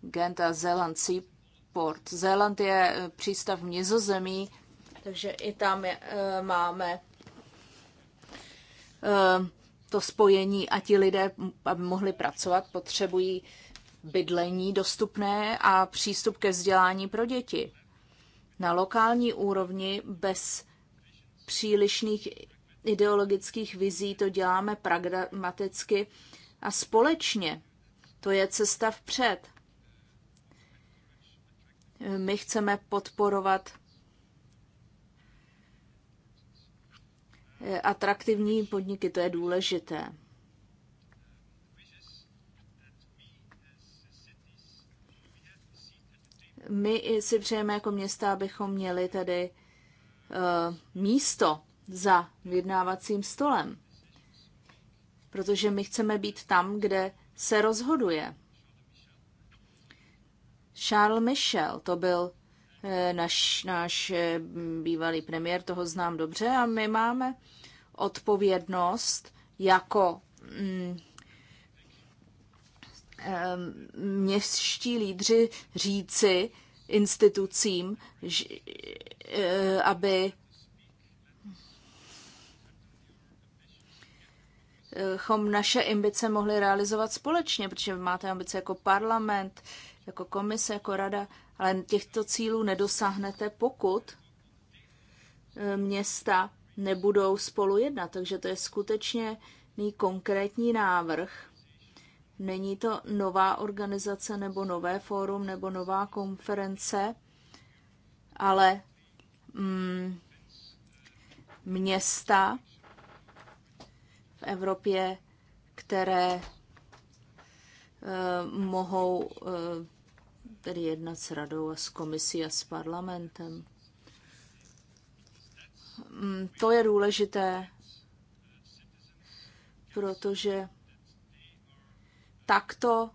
Gent a Zeeland Seaport. Zeeland je eh, přístav v Nizozemí, takže i tam je, eh, máme ehm, to spojení a ti lidé, aby mohli pracovat, potřebují bydlení dostupné a přístup ke vzdělání pro děti. Na lokální úrovni bez přílišných ideologických vizí, to děláme pragmaticky a společně. To je cesta vpřed. My chceme podporovat atraktivní podniky, to je důležité. My si přejeme jako města, abychom měli tedy uh, eh, místo za vyjednávacím stolem. Protože my chceme být tam, kde se rozhoduje. Charles Michel, to byl eh, naš, náš eh, bývalý premiér, toho znám dobře, a my máme odpovědnost jako mm, eh, městští lídři říci institucím, aby chom naše ambice mohli realizovat společně, protože máte ambice jako parlament, jako komise, jako rada, ale těchto cílů nedosáhnete, pokud e, města nebudou spolu jednat. Takže to je skutečně konkrétní návrh. Není to nová organizace nebo nové fórum nebo nová konference, ale mm, města Evropě, které eh, mohou eh, tedy jednat s radou a s komisí a s parlamentem. Mm, to je důležité, protože takto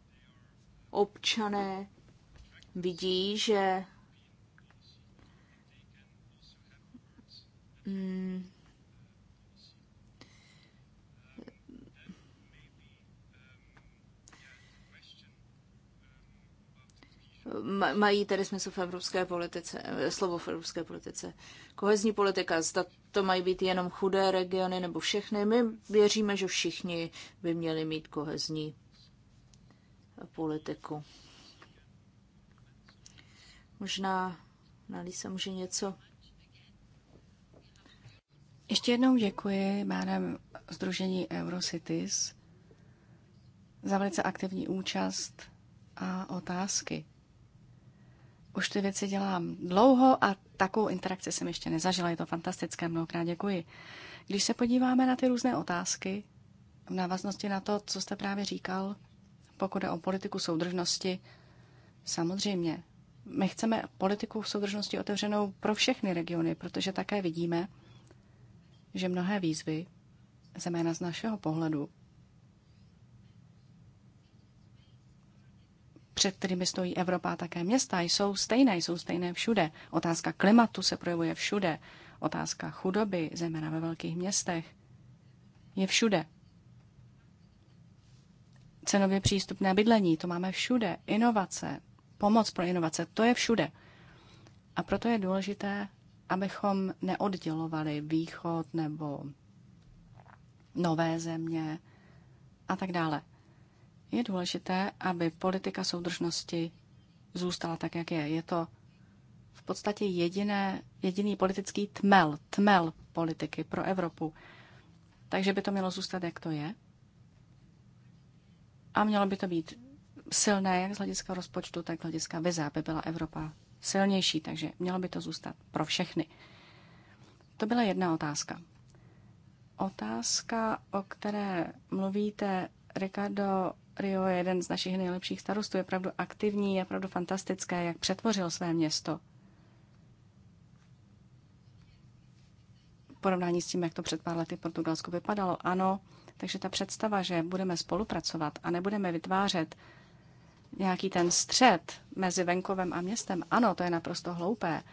občané vidí, že mm, mají tedy smysl v evropské politice, eh, slovo v evropské politice. Kohezní politika, zda to mají být jenom chudé regiony nebo všechny. My věříme, že všichni by měli mít kohezní politiku. Možná Nalisa může něco. Ještě jednou děkuji jménem Združení Eurocities za velice aktivní účast a otázky. Už ty věci dělám dlouho a takovou interakci jsem ještě nezažila. Je to fantastické, mnohokrát děkuji. Když se podíváme na ty různé otázky, v návaznosti na to, co jste právě říkal, pokud je o politiku soudržnosti, samozřejmě, my chceme politiku soudržnosti otevřenou pro všechny regiony, protože také vidíme, že mnohé výzvy, zejména z našeho pohledu, před kterými stojí Evropa a také města, jsou stejné, jsou stejné všude. Otázka klimatu se projevuje všude. Otázka chudoby, zejména ve velkých městech, je všude. Cenově přístupné bydlení, to máme všude. Inovace, pomoc pro inovace, to je všude. A proto je důležité, abychom neoddělovali východ nebo nové země a tak dále. Je důležité, aby politika soudržnosti zůstala tak, jak je. Je to v podstatě jediné, jediný politický tmel, tmel politiky pro Evropu. Takže by to mělo zůstat, jak to je. A mělo by to být silné, jak z hlediska rozpočtu, tak z hlediska vize, aby byla Evropa silnější, takže mělo by to zůstat pro všechny. To byla jedna otázka. Otázka, o které mluvíte, Ricardo, Rio je jeden z našich nejlepších starostů, je opravdu aktivní, je opravdu fantastické, jak přetvořil své město. porovnání s tím, jak to před pár lety Portugalsko vypadalo. Ano, takže ta představa, že budeme spolupracovat a nebudeme vytvářet nějaký ten střed mezi venkovem a městem, ano, to je naprosto hloupé.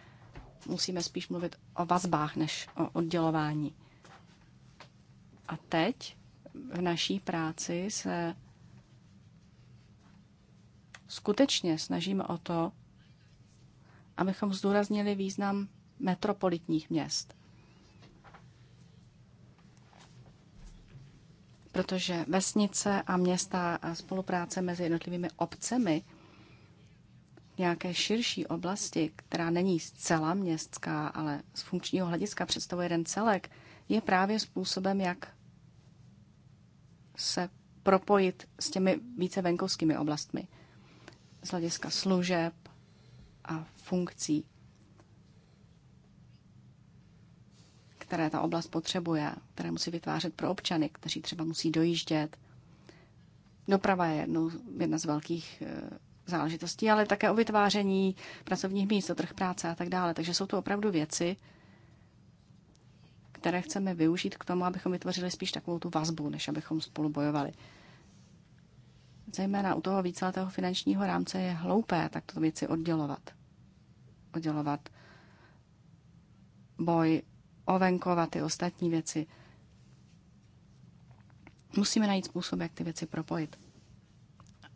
Musíme spíš mluvit o vazbách než o oddělování. A teď v naší práci se skutečně snažíme o to, abychom zdůraznili význam metropolitních měst. Protože vesnice a města a spolupráce mezi jednotlivými obcemi nějaké širší oblasti, která není zcela městská, ale z funkčního hlediska představuje jeden celek, je právě způsobem, jak se propojit s těmi více venkovskými oblastmi z hlediska služeb a funkcí, které ta oblast potřebuje, které musí vytvářet pro občany, kteří třeba musí dojíždět. Doprava je jednou, jedna z velkých eh, záležitostí, ale také o vytváření pracovních míst, o trh práce a tak dále. Takže jsou to opravdu věci, které chceme využít k tomu, abychom vytvořili spíš takovou tu vazbu, než abychom spolu bojovali zejména u toho víceletého finančního rámce, je hloupé takto věci oddělovat. Oddělovat boj o ty ostatní věci. Musíme najít způsob, jak ty věci propojit.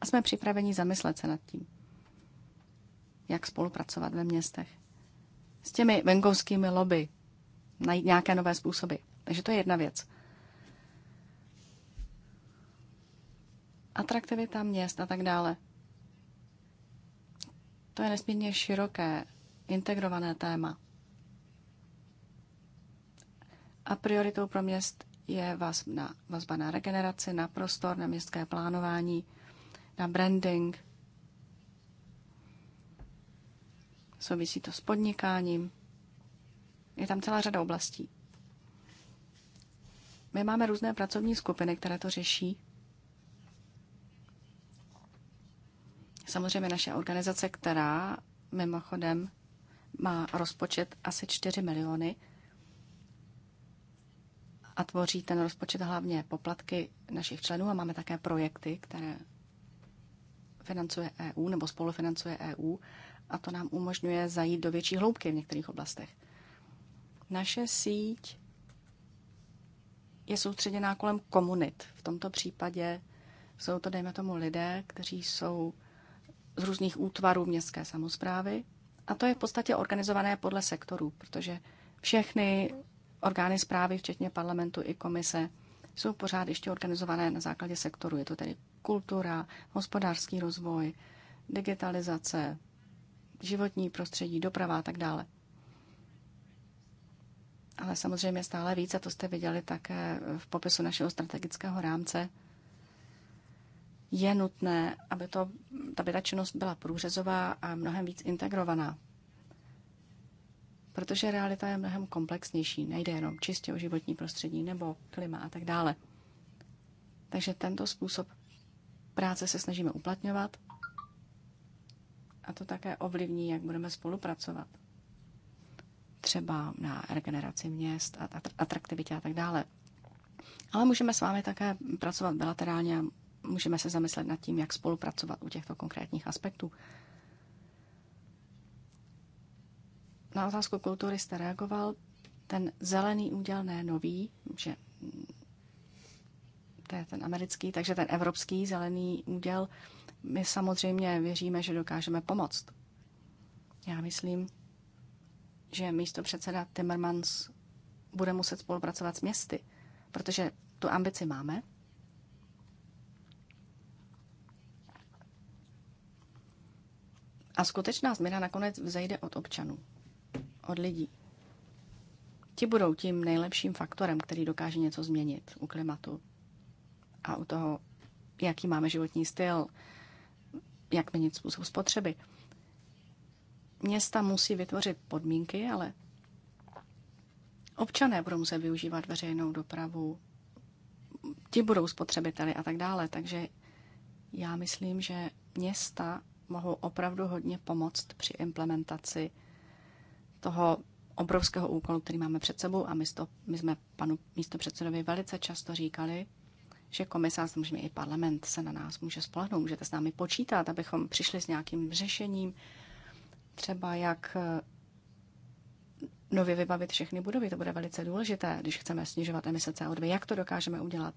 A jsme připraveni zamyslet se nad tím, jak spolupracovat ve městech. S těmi venkovskými lobby, najít nějaké nové způsoby. Takže to je jedna věc. atraktivita měst a tak dále. To je nesmírně široké, integrované téma. A prioritou pro měst je vazba, vazba na regeneraci, na prostor, na městské plánování, na branding. Souvisí to s podnikáním. Je tam celá řada oblastí. My máme různé pracovní skupiny, které to řeší. Samozřejmě naše organizace, která mimochodem má rozpočet asi 4 miliony a tvoří ten rozpočet hlavně poplatky našich členů a máme také projekty, které financuje EU nebo spolufinancuje EU a to nám umožňuje zajít do větší hloubky v některých oblastech. Naše síť je soustředěná kolem komunit. V tomto případě jsou to, dejme tomu, lidé, kteří jsou z různých útvarů městské samozprávy. A to je v podstatě organizované podle sektorů, protože všechny orgány zprávy, včetně parlamentu i komise, jsou pořád ještě organizované na základě sektoru. Je to tedy kultura, hospodářský rozvoj, digitalizace, životní prostředí, doprava a tak dále. Ale samozřejmě stále více, to jste viděli také v popisu našeho strategického rámce, je nutné, aby, to, aby ta činnost byla průřezová a mnohem víc integrovaná. Protože realita je mnohem komplexnější. Nejde jenom čistě o životní prostředí nebo klima a tak dále. Takže tento způsob práce se snažíme uplatňovat a to také ovlivní, jak budeme spolupracovat. Třeba na regeneraci měst a atraktivitě a tak dále. Ale můžeme s vámi také pracovat bilaterálně a můžeme se zamyslet nad tím, jak spolupracovat u těchto konkrétních aspektů. Na otázku kultury jste reagoval. Ten zelený úděl ne nový, že to je ten americký, takže ten evropský zelený úděl. My samozřejmě věříme, že dokážeme pomoct. Já myslím, že místo předseda Timmermans bude muset spolupracovat s městy, protože tu ambici máme, A skutečná změna nakonec vzejde od občanů, od lidí. Ti budou tím nejlepším faktorem, který dokáže něco změnit u klimatu a u toho, jaký máme životní styl, jak měnit způsob spotřeby. Města musí vytvořit podmínky, ale občané budou muset využívat veřejnou dopravu, ti budou spotřebiteli a tak dále. Takže já myslím, že města mohou opravdu hodně pomoct při implementaci toho obrovského úkolu, který máme před sebou a my, to, my jsme panu místopředsedovi velice často říkali, že komisář, samozřejmě i parlament se na nás může spolehnout, můžete s námi počítat, abychom přišli s nějakým řešením, třeba jak eh, nově vybavit všechny budovy, to bude velice důležité, když chceme snižovat emise CO2, jak to dokážeme udělat.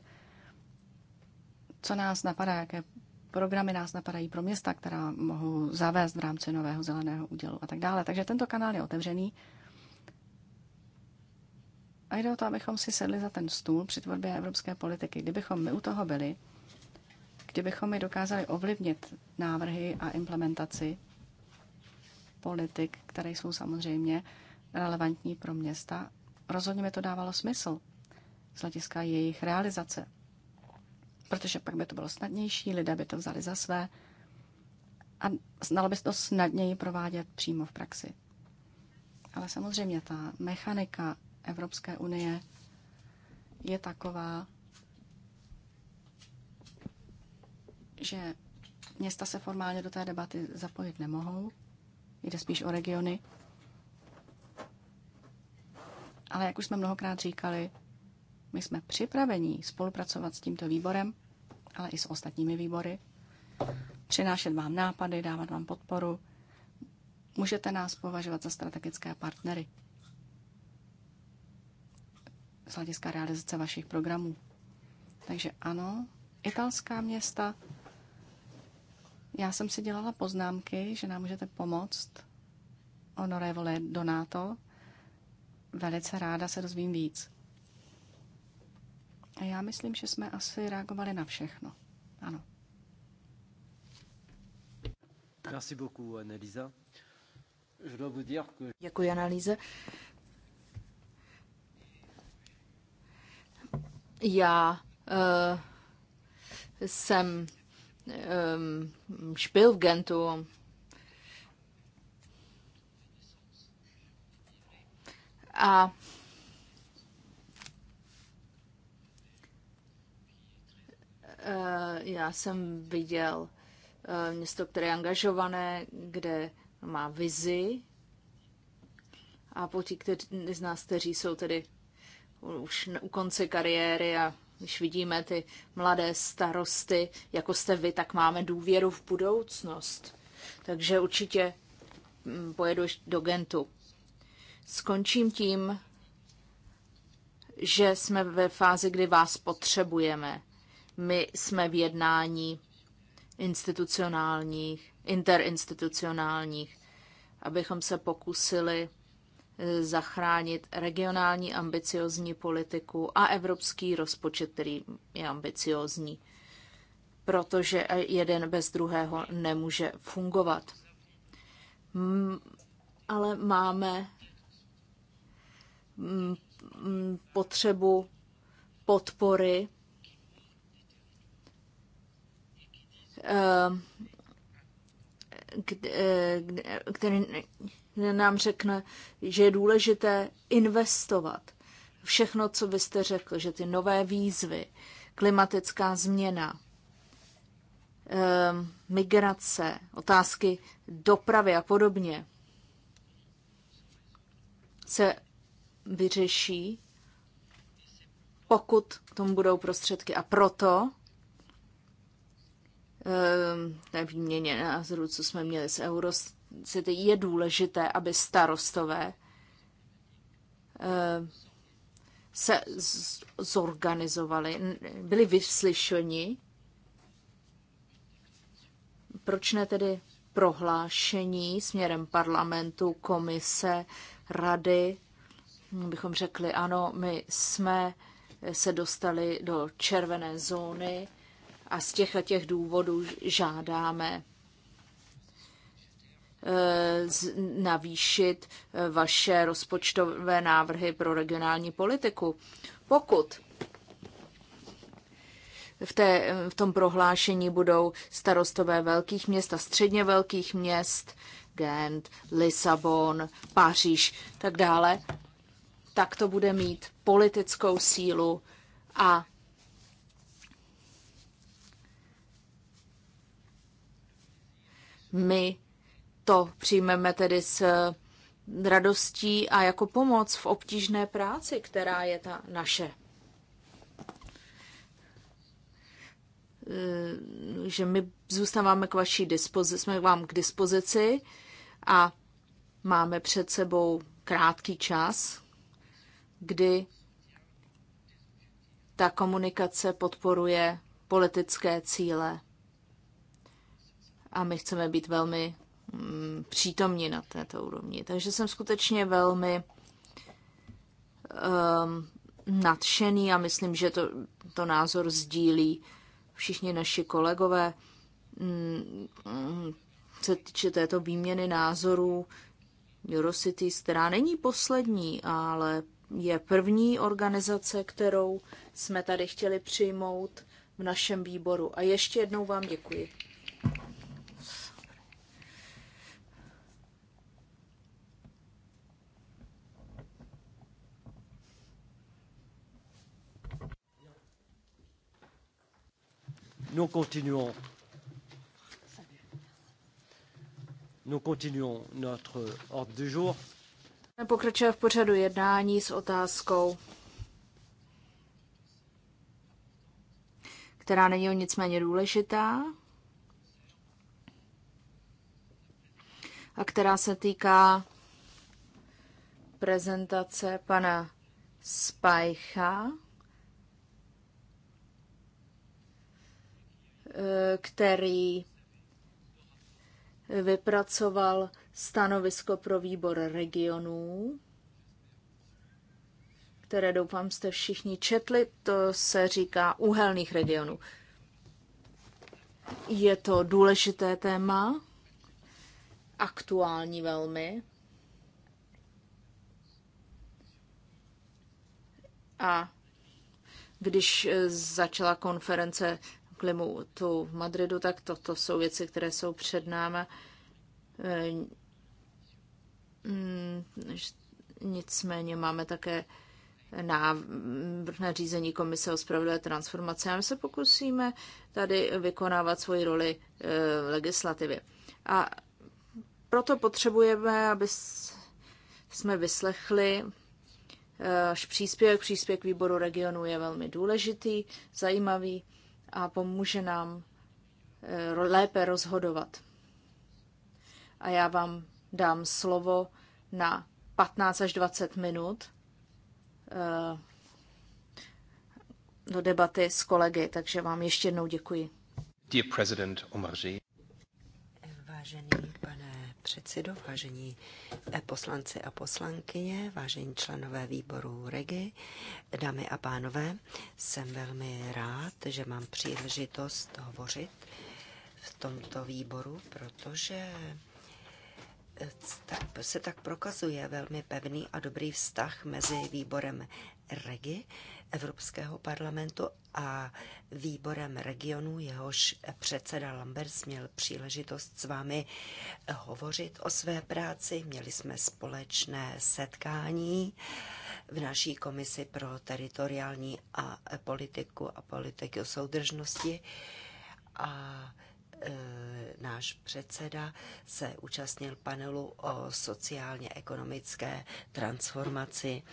Co nás napadá, jaké programy nás napadají pro města, která mohou zavést v rámci nového zeleného údělu a tak dále. Takže tento kanál je otevřený. A jde o to, abychom si sedli za ten stůl při tvorbě evropské politiky. Kdybychom my u toho byli, kdybychom my dokázali ovlivnit návrhy a implementaci politik, které jsou samozřejmě relevantní pro města, rozhodně mi to dávalo smysl z hlediska jejich realizace protože pak by to bylo snadnější, lidé by to vzali za své a znalo by se to snadněji provádět přímo v praxi. Ale samozřejmě ta mechanika Evropské unie je taková, že města se formálně do té debaty zapojit nemohou, jde spíš o regiony. Ale jak už jsme mnohokrát říkali, my jsme připraveni spolupracovat s tímto výborem, ale i s ostatními výbory, přinášet vám nápady, dávat vám podporu. Můžete nás považovat za strategické partnery z hlediska realizace vašich programů. Takže ano, italská města. Já jsem si dělala poznámky, že nám můžete pomoct. Honorevole Donato. Velice ráda se dozvím víc. A já myslím, že jsme asi reagovali na všechno. Ano. Merci beaucoup, Annalisa. Je dois vous dire que... Děkuji, Annalise. Já uh, jsem um, špil v Gentu. A Eh, já jsem viděl eh, město, které je angažované, kde má vizi a po ti kteří, z nás, kteří jsou tedy už u konce kariéry a když vidíme ty mladé starosty, jako jste vy, tak máme důvěru v budoucnost. Takže určitě mm, pojedu do Gentu. Skončím tím, že jsme ve fázi, kdy vás potřebujeme. My jsme v jednání institucionálních, interinstitucionálních, abychom se pokusili eh, zachránit regionální ambiciozní politiku a evropský rozpočet, který je ambiciozní, protože jeden bez druhého nemůže fungovat. Ale máme potřebu podpory který nám řekne, že je důležité investovat všechno, co jste řekl, že ty nové výzvy, klimatická změna, ehm, migrace, otázky dopravy a podobně se vyřeší, pokud k tomu budou prostředky. A proto té ehm, výměně názoru, co jsme měli s Eurocity, je důležité, aby starostové ehm, se zorganizovali, byli vyslyšeni. Proč ne tedy prohlášení směrem parlamentu, komise, rady, bychom řekli, ano, my jsme se dostali do červené zóny, a z těchto těch důvodů žádáme eh, navýšit eh, vaše rozpočtové návrhy pro regionální politiku. Pokud v, té, v tom prohlášení budou starostové velkých měst a středně velkých měst, Gent, Lisabon, Paříž, tak dále, tak to bude mít politickou sílu a My to přijmeme tedy s radostí a jako pomoc v obtížné práci, která je ta naše. Eh, že my zůstáváme k vaší dispozici, jsme vám k dispozici a máme před sebou krátký čas, kdy ta komunikace podporuje politické cíle a my chceme být velmi mm, přítomní na této úrovni. Takže jsem skutečně velmi um, nadšený a myslím, že to, to názor sdílí všichni naši kolegové. Mm, se týče této výměny názorů, Eurocities, která není poslední, ale je první organizace, kterou jsme tady chtěli přijmout v našem výboru. A ještě jednou vám děkuji. Nous continuons. Nous continuons notre ordre du jour. Pokračuje v pořadu jednání s otázkou, která není o nicméně důležitá a která se týká prezentace pana Spajcha který vypracoval stanovisko pro výbor regionů, které doufám jste všichni četli, to se říká úhelných regionů. Je to důležité téma, aktuální velmi. A když začala konference tu v Madridu, tak to to jsou věci, které jsou před námi. Eh, mm, nicméně máme také na řízení Komise o spravedlivé transformace a my se pokusíme tady vykonávat svoji roli eh, legislativě A proto potřebujeme, aby jsme vyslechli eh, Příspěvek, příspěvek výboru regionu je velmi důležitý, zajímavý a pomůže nám eh, lépe rozhodovat. A já vám dám slovo na 15 až 20 minut eh, do debaty s kolegy, takže vám ještě jednou děkuji. Dear President Omarji. Vážený předsedo, vážení eh, poslanci a poslankyně, vážení členové výboru REGI, dámy a pánové, jsem velmi rád, že mám příležitost hovořit v tomto výboru, protože eh, se tak prokazuje velmi pevný a dobrý vztah mezi výborem Regi Evropského parlamentu a výborem regionu jehož předseda Lambers měl příležitost s vámi hovořit o své práci. Měli jsme společné setkání v naší komisi pro teritoriální a politiku a politiku soudržnosti a e, náš předseda se účastnil panelu o sociálně-ekonomické transformaci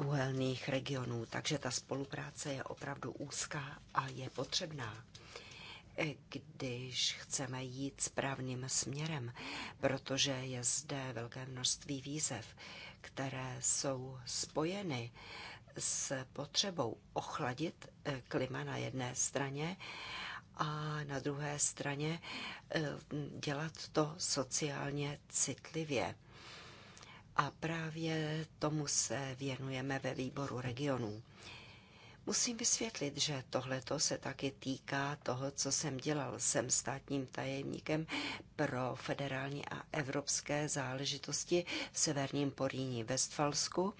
uhelných regionů. Takže ta spolupráce je opravdu úzká a je potřebná když chceme jít správným směrem, protože je zde velké množství výzev, které jsou spojeny s potřebou ochladit eh, klima na jedné straně a na druhé straně eh, dělat to sociálně citlivě. A právě tomu se věnujeme ve výboru regionů. Musím vysvětlit, že tohleto se taky týká toho, co jsem dělal. Jsem státním tajemníkem pro federální a evropské záležitosti v Severním Poríní Vestfalsku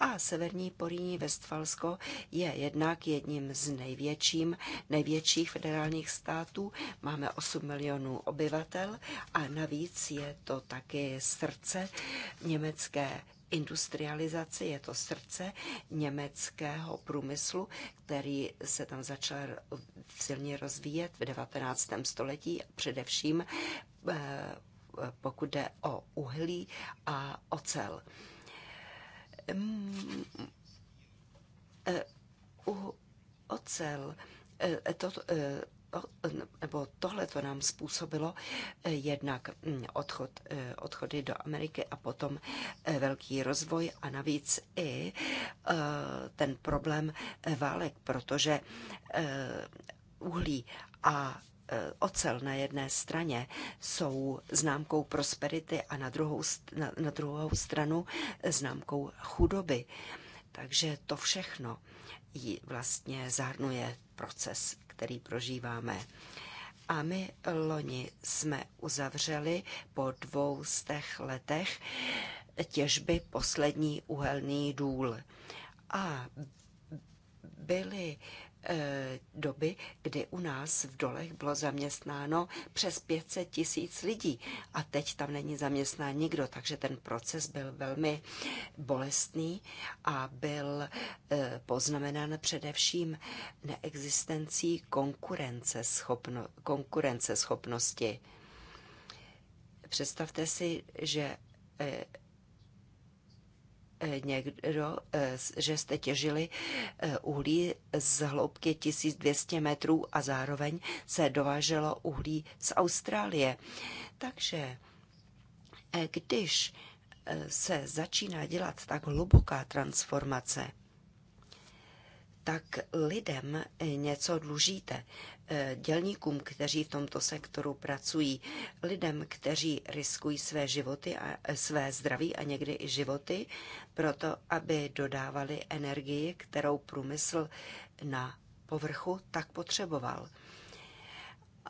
a Severní Poríní Vestfalsko je jednak jedním z největším, největších federálních států. Máme 8 milionů obyvatel a navíc je to taky srdce německé industrializaci, je to srdce německého průmyslu, který se tam začal silně rozvíjet v 19. století, především eh, pokud jde o uhlí a ocel. Mm, eh, u ocel eh, to, nebo tohle to nám způsobilo eh, jednak mm, odchod, eh, odchody do Ameriky a potom eh, velký rozvoj a navíc i ten problém válek, protože uhlí a ocel na jedné straně jsou známkou prosperity a na druhou, na, na druhou stranu známkou chudoby. Takže to všechno ji vlastně zahrnuje proces, který prožíváme. A my loni jsme uzavřeli po dvou z těch letech těžby poslední uhelný důl. A byly Eh, doby, kdy u nás v dolech bylo zaměstnáno přes 500 tisíc lidí a teď tam není zaměstnán nikdo, takže ten proces byl velmi bolestný a byl eh, poznamenán především neexistencí konkurence konkurenceschopnosti. Představte si, že eh, někdo, eh, že jste těžili eh, uhlí z hloubky 1200 metrů a zároveň se dováželo uhlí z Austrálie. Takže eh, když se začíná dělat tak hluboká transformace, tak lidem něco dlužíte. Eh, dělníkům, kteří v tomto sektoru pracují, lidem, kteří riskují své životy a eh, své zdraví a někdy i životy, proto aby dodávali energii, kterou průmysl na povrchu tak potřeboval.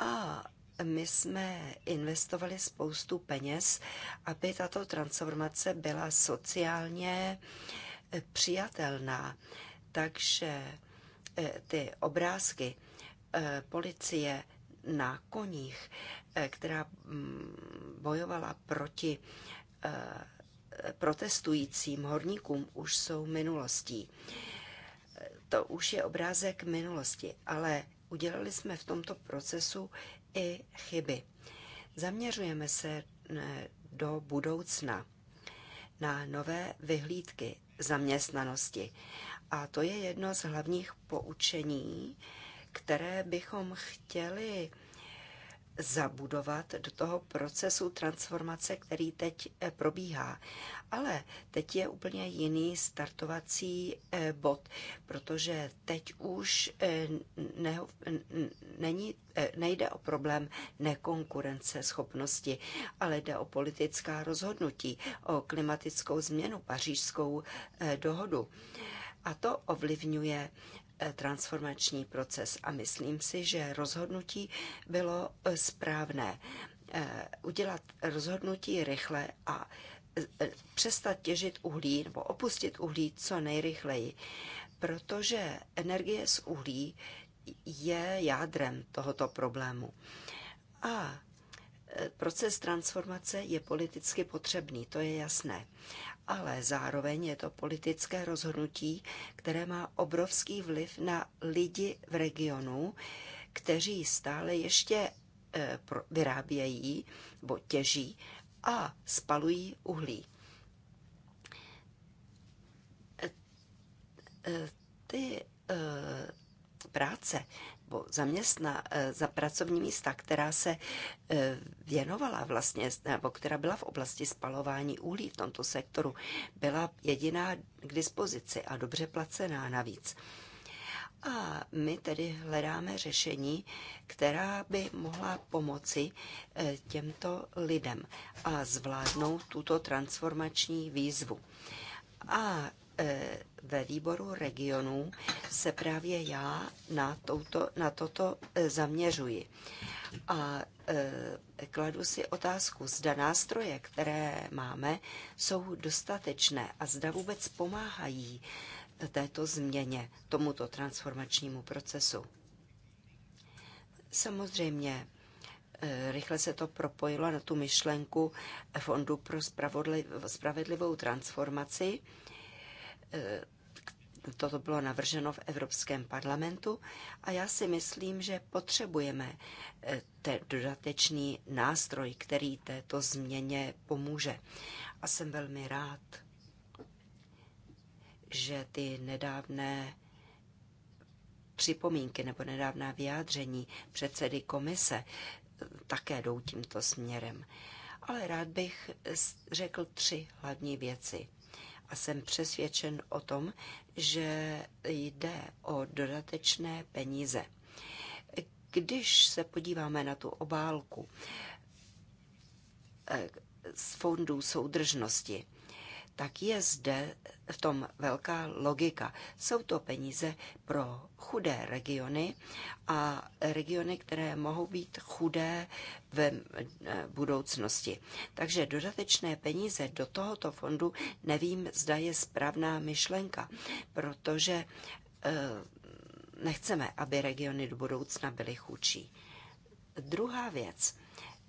A my jsme investovali spoustu peněz, aby tato transformace byla sociálně eh, přijatelná takže eh, ty obrázky eh, policie na koních, eh, která mm, bojovala proti protestujícím horníkům, už jsou minulostí. To už je obrázek minulosti, ale udělali jsme v tomto procesu i chyby. Zaměřujeme se do budoucna na nové vyhlídky zaměstnanosti a to je jedno z hlavních poučení, které bychom chtěli zabudovat do toho procesu transformace, který teď eh, probíhá. Ale teď je úplně jiný startovací eh, bod, protože teď už eh, ne, není, nejde o problém nekonkurence schopnosti, ale jde o politická rozhodnutí, o klimatickou změnu, pařížskou dohodu a to ovlivňuje eh, transformační proces a myslím si, že rozhodnutí bylo eh, správné. Eh, udělat rozhodnutí rychle a přestat těžit uhlí nebo opustit uhlí co nejrychleji, protože energie z uhlí je jádrem tohoto problému. A proces transformace je politicky potřebný, to je jasné ale zároveň je to politické rozhodnutí, které má obrovský vliv na lidi v regionu, kteří stále ještě eh, vyrábějí bo těží a spalují uhlí. Eh, eh, ty práce, nebo zaměstna, eh, za pracovní místa, která se eh, věnovala vlastně, nebo která byla v oblasti spalování uhlí v tomto sektoru, byla jediná k dispozici a dobře placená navíc. A my tedy hledáme řešení, která by mohla pomoci eh, těmto lidem a zvládnout tuto transformační výzvu. A E, ve výboru regionů se právě já na, touto, na toto e, zaměřuji. A e, kladu si otázku, zda nástroje, které máme, jsou dostatečné a zda vůbec pomáhají této změně, tomuto transformačnímu procesu. Samozřejmě rychle se to propojilo na tu myšlenku Fondu pro spravedlivou transformaci, Eh, toto bylo navrženo v Evropském parlamentu a já si myslím, že potřebujeme eh, ten dodatečný nástroj, který této změně pomůže. A jsem velmi rád, že ty nedávné připomínky nebo nedávná vyjádření předsedy komise eh, také jdou tímto směrem. Ale rád bych řekl tři hlavní věci a jsem přesvědčen o tom, že jde o dodatečné peníze. Když se podíváme na tu obálku eh, z fondů soudržnosti, tak je zde v tom velká logika. Jsou to peníze pro chudé regiony a regiony, které mohou být chudé v budoucnosti. Takže dodatečné peníze do tohoto fondu nevím, zda je správná myšlenka, protože eh, nechceme, aby regiony do budoucna byly chudší. Druhá věc.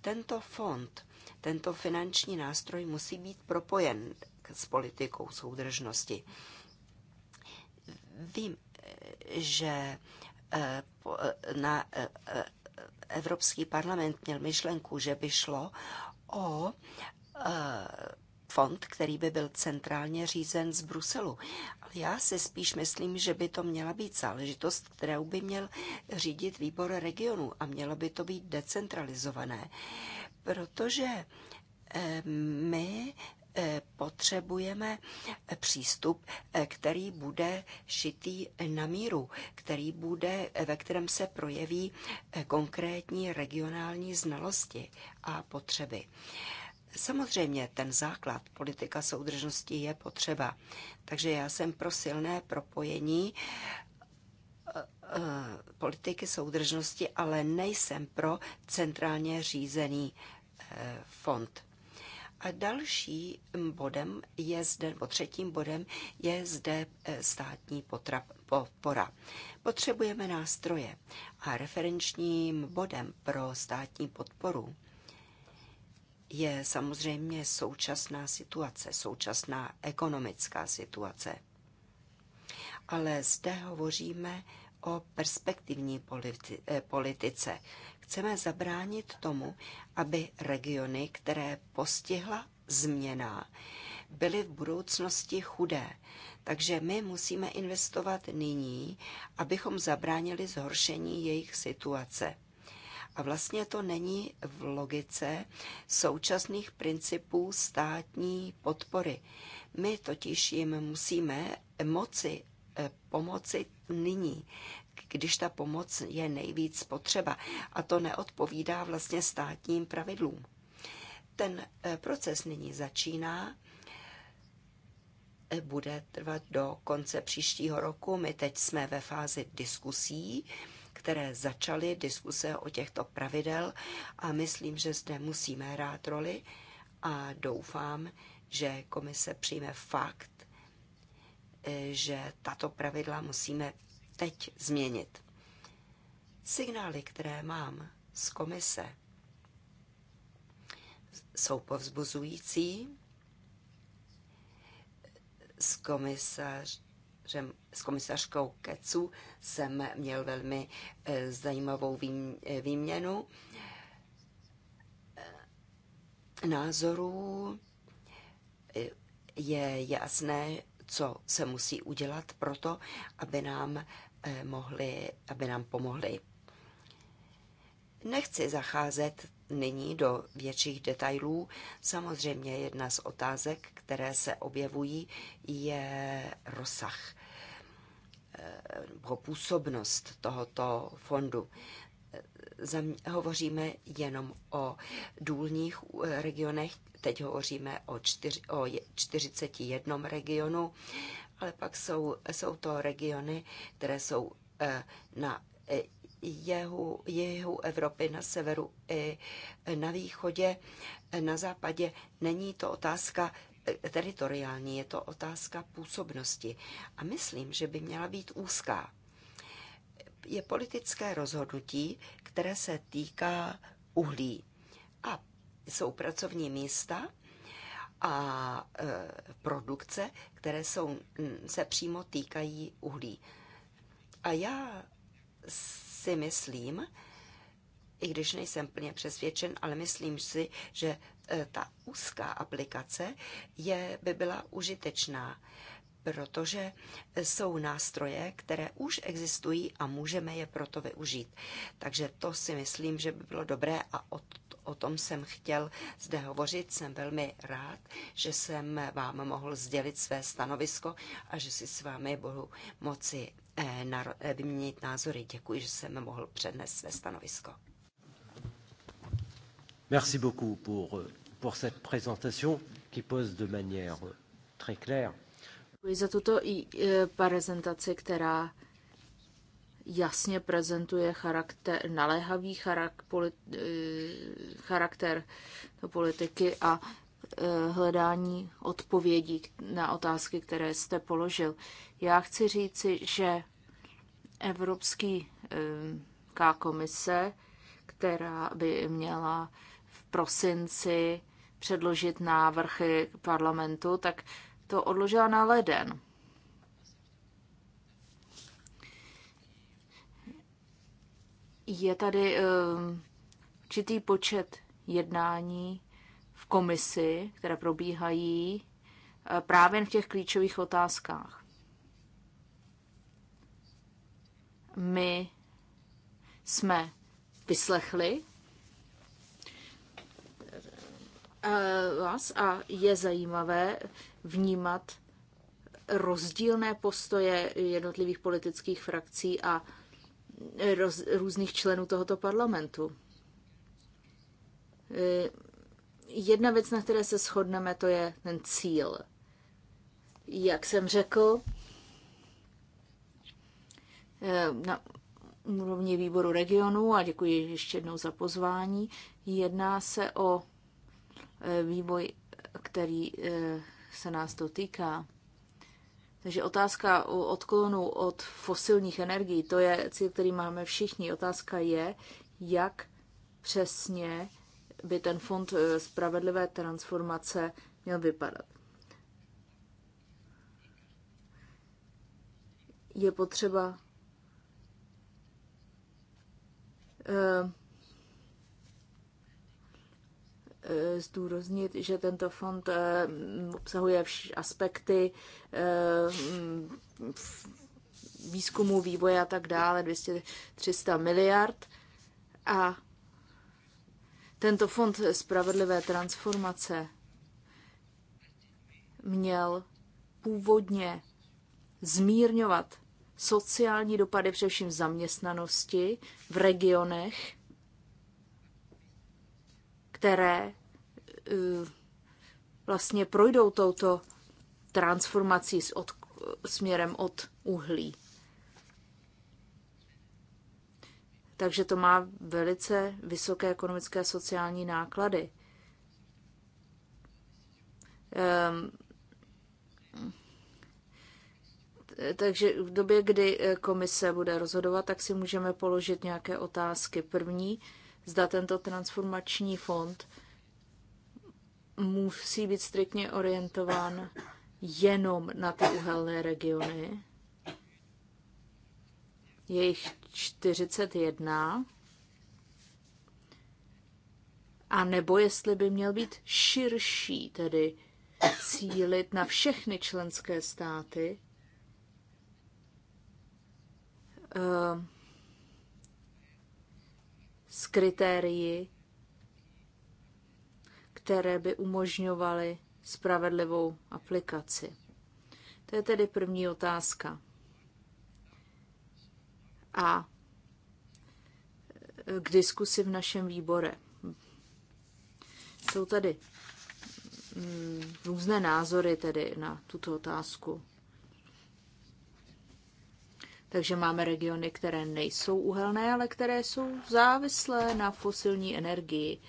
Tento fond, tento finanční nástroj musí být propojen s politikou soudržnosti. Vím, že eh, eh, na eh, Evropský parlament měl myšlenku, že by šlo o fond, který by byl centrálně řízen z Bruselu. Ale já si spíš myslím, že by to měla být záležitost, kterou by měl řídit výbor regionu a mělo by to být decentralizované, protože my Eh, potřebujeme eh, přístup, eh, který bude šitý na míru, který bude, ve kterém se projeví konkrétní regionální znalosti a potřeby. Samozřejmě ten základ politika soudržnosti je potřeba. Takže já jsem pro silné propojení politiky soudržnosti, ale nejsem pro centrálně řízený fond a další bodem je zde, nebo třetím bodem je zde eh, státní podpora. Potřebujeme nástroje a referenčním bodem pro státní podporu je samozřejmě současná situace, současná ekonomická situace. Ale zde hovoříme o perspektivní eh, politice, Chceme zabránit tomu, aby regiony, které postihla změna, byly v budoucnosti chudé. Takže my musíme investovat nyní, abychom zabránili zhoršení jejich situace. A vlastně to není v logice současných principů státní podpory. My totiž jim musíme moci eh, pomoci nyní když ta pomoc je nejvíc potřeba. A to neodpovídá vlastně státním pravidlům. Ten e, proces nyní začíná, e, bude trvat do konce příštího roku. My teď jsme ve fázi diskusí, které začaly diskuse o těchto pravidel a myslím, že zde musíme hrát roli a doufám, že komise přijme fakt, e, že tato pravidla musíme teď změnit. Signály, které mám z komise, jsou povzbuzující. S, komisařem, s komisařkou Kecu jsem měl velmi eh, zajímavou eh, výměnu eh, názorů. Je jasné, co se musí udělat pro to, aby nám Eh, mohli, aby nám pomohli. Nechci zacházet nyní do větších detailů. Samozřejmě jedna z otázek, které se objevují, je rozsah nebo eh, působnost tohoto fondu. Eh, hovoříme jenom o důlních regionech, teď hovoříme o, čtyř, o 41 regionu ale pak jsou, jsou to regiony, které jsou eh, na eh, jihu, jihu Evropy, na severu i eh, na východě, na západě. Není to otázka teritoriální, je to otázka působnosti. A myslím, že by měla být úzká. Je politické rozhodnutí, které se týká uhlí. A jsou pracovní místa, a e, produkce, které jsou, mm, se přímo týkají uhlí. A já si myslím, i když nejsem plně přesvědčen, ale myslím si, že e, ta úzká aplikace je, by byla užitečná protože jsou nástroje, které už existují a můžeme je proto využít. Takže to si myslím, že by bylo dobré a o, o tom jsem chtěl zde hovořit. Jsem velmi rád, že jsem vám mohl sdělit své stanovisko a že si s vámi budu moci eh, eh, vyměnit názory. Děkuji, že jsem mohl přednést své stanovisko. Merci beaucoup pour, pour cette présentation qui pose de manière euh, très claire Děkuji za tuto e, prezentaci, která jasně prezentuje charakter, naléhavý e, charakter, polit, charakter politiky a e, hledání odpovědí na otázky, které jste položil. Já chci říci, že Evropský komise, která by měla v prosinci předložit návrhy parlamentu, tak to odložila na leden. Je tady ehm, určitý počet jednání v komisi, které probíhají eh, právě v těch klíčových otázkách. My jsme vyslechli eh, vás a je zajímavé vnímat rozdílné postoje jednotlivých politických frakcí a roz, různých členů tohoto parlamentu. Eh, jedna věc, na které se shodneme, to je ten cíl. Jak jsem řekl, eh, na úrovni výboru regionu, a děkuji ještě jednou za pozvání, jedná se o eh, vývoj, který se nás to týká. Takže otázka o odklonu od fosilních energií, to je cíl, který máme všichni. Otázka je, jak přesně by ten fond eh, spravedlivé transformace měl vypadat. Je potřeba eh, Eh, zdůraznit, že tento fond eh, obsahuje aspekty eh, výzkumu, vývoje a tak dále, 200-300 miliard. A tento fond spravedlivé transformace měl původně zmírňovat sociální dopady především zaměstnanosti v regionech, které e, vlastně projdou touto transformací s od, směrem od uhlí. Takže to má velice vysoké ekonomické a sociální náklady. Um, takže v době, kdy e, komise bude rozhodovat, tak si můžeme položit nějaké otázky. První, zda tento transformační fond musí být striktně orientován jenom na ty uhelné regiony. Je jich 41. A nebo jestli by měl být širší, tedy cílit na všechny členské státy, ehm, s kritérii, které by umožňovaly spravedlivou aplikaci. To je tedy první otázka. A e, k diskusi v našem výbore. Jsou tady mm, různé názory tedy na tuto otázku. Takže máme regiony, které nejsou uhelné, ale které jsou závislé na fosilní energii.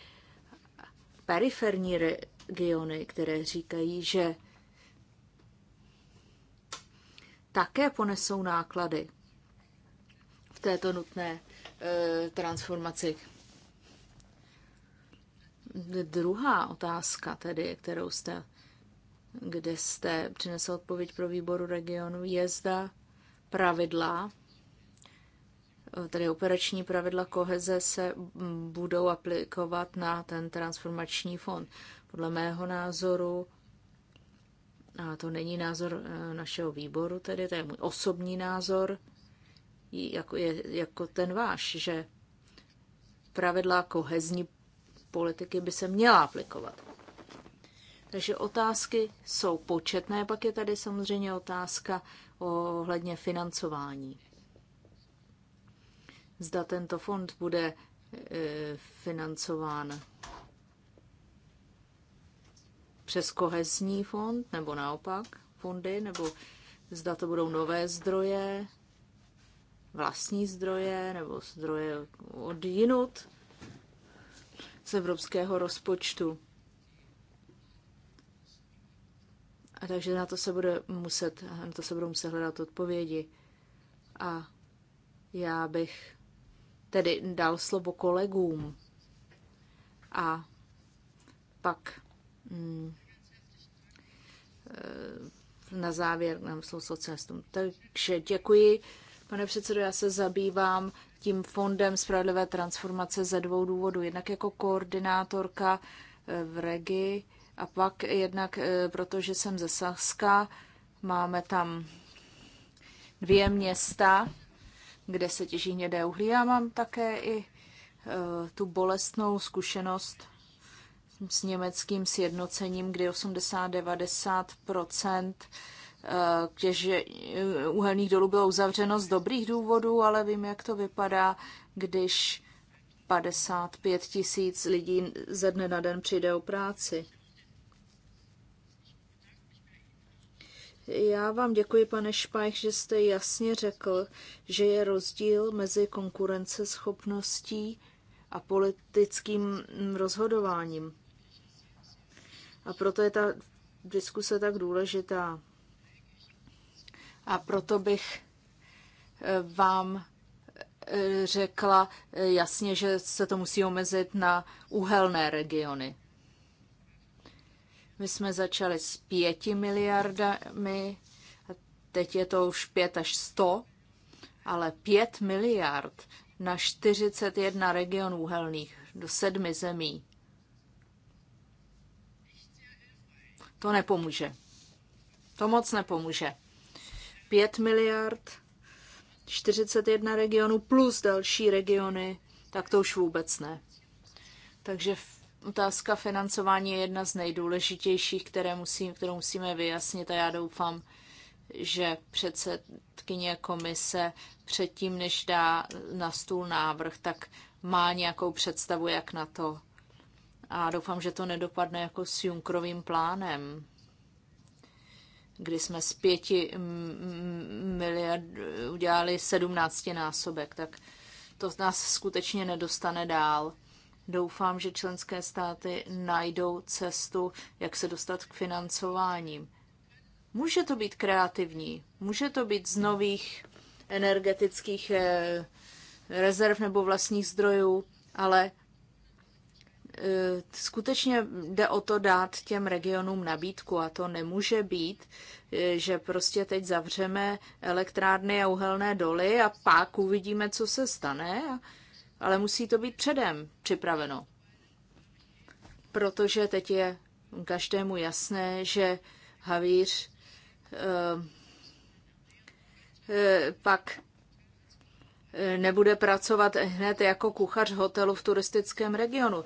Periferní regiony, které říkají, že také ponesou náklady v této nutné e, transformaci. Druhá otázka tedy, kterou jste, kde jste přinesl odpověď pro výboru regionu, je zda pravidla, tedy operační pravidla koheze se budou aplikovat na ten transformační fond. Podle mého názoru, a to není názor eh, našeho výboru, tedy to je můj osobní názor, jako, je, jako ten váš, že pravidla kohezní politiky by se měla aplikovat. Takže otázky jsou početné, pak je tady samozřejmě otázka ohledně financování. Zda tento fond bude e, financován přes kohezní fond, nebo naopak fondy, nebo zda to budou nové zdroje, vlastní zdroje, nebo zdroje od jinut z evropského rozpočtu. A takže na to se bude muset, na to se budou muset hledat odpovědi. A já bych tedy dal slovo kolegům. A pak hmm, na závěr nám jsou socialistům. Takže děkuji, pane předsedo, já se zabývám tím fondem spravedlivé transformace ze dvou důvodů. Jednak jako koordinátorka eh, v Regi a pak jednak, e, protože jsem ze Saska, máme tam dvě města, kde se těží hnědé uhlí. Já mám také i e, tu bolestnou zkušenost s německým sjednocením, kdy 80-90 e, těže uhelných dolů bylo uzavřeno z dobrých důvodů, ale vím, jak to vypadá, když 55 tisíc lidí ze dne na den přijde o práci. Já vám děkuji, pane Špajch, že jste jasně řekl, že je rozdíl mezi konkurenceschopností a politickým rozhodováním. A proto je ta diskuse tak důležitá. A proto bych eh, vám eh, řekla eh, jasně, že se to musí omezit na uhelné regiony. My jsme začali s pěti miliardami, teď je to už pět až sto, ale pět miliard na 41 regionů uhelných do sedmi zemí. To nepomůže. To moc nepomůže. 5 miliard, 41 regionů plus další regiony, tak to už vůbec ne. Takže Otázka financování je jedna z nejdůležitějších, které musím, kterou musíme vyjasnit a já doufám, že předsedkyně komise předtím, než dá na stůl návrh, tak má nějakou představu, jak na to. A doufám, že to nedopadne jako s Junkrovým plánem, kdy jsme z pěti miliard udělali sedmnáctinásobek, tak to nás skutečně nedostane dál. Doufám, že členské státy najdou cestu, jak se dostat k financováním. Může to být kreativní, může to být z nových energetických eh, rezerv nebo vlastních zdrojů, ale eh, skutečně jde o to dát těm regionům nabídku a to nemůže být, eh, že prostě teď zavřeme elektrárny a uhelné doly a pak uvidíme, co se stane. A ale musí to být předem připraveno. Protože teď je každému jasné, že havíř eh, eh, pak eh, nebude pracovat hned jako kuchař hotelu v turistickém regionu.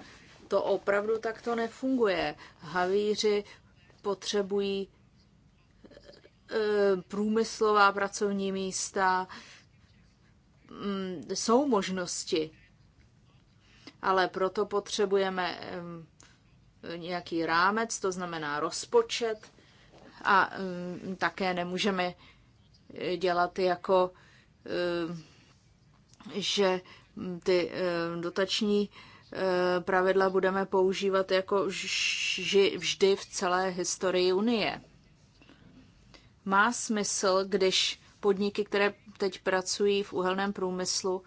To opravdu takto nefunguje. Havíři potřebují průmyslová pracovní místa, mm, jsou možnosti ale proto potřebujeme nějaký rámec, to znamená rozpočet a také nemůžeme eh, dělat jako, že ty dotační eh, pravidla budeme používat jako vždy v celé historii Unie. Má smysl, když podniky, které teď pracují v uhelném průmyslu,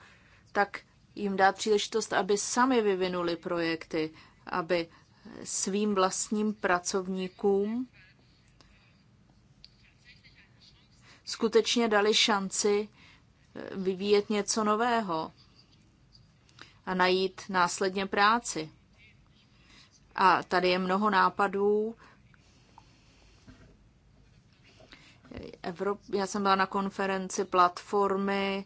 tak jim dát příležitost, aby sami vyvinuli projekty, aby svým vlastním pracovníkům skutečně dali šanci eh, vyvíjet něco nového a najít následně práci. A tady je mnoho nápadů. Evrop... Já jsem byla na konferenci platformy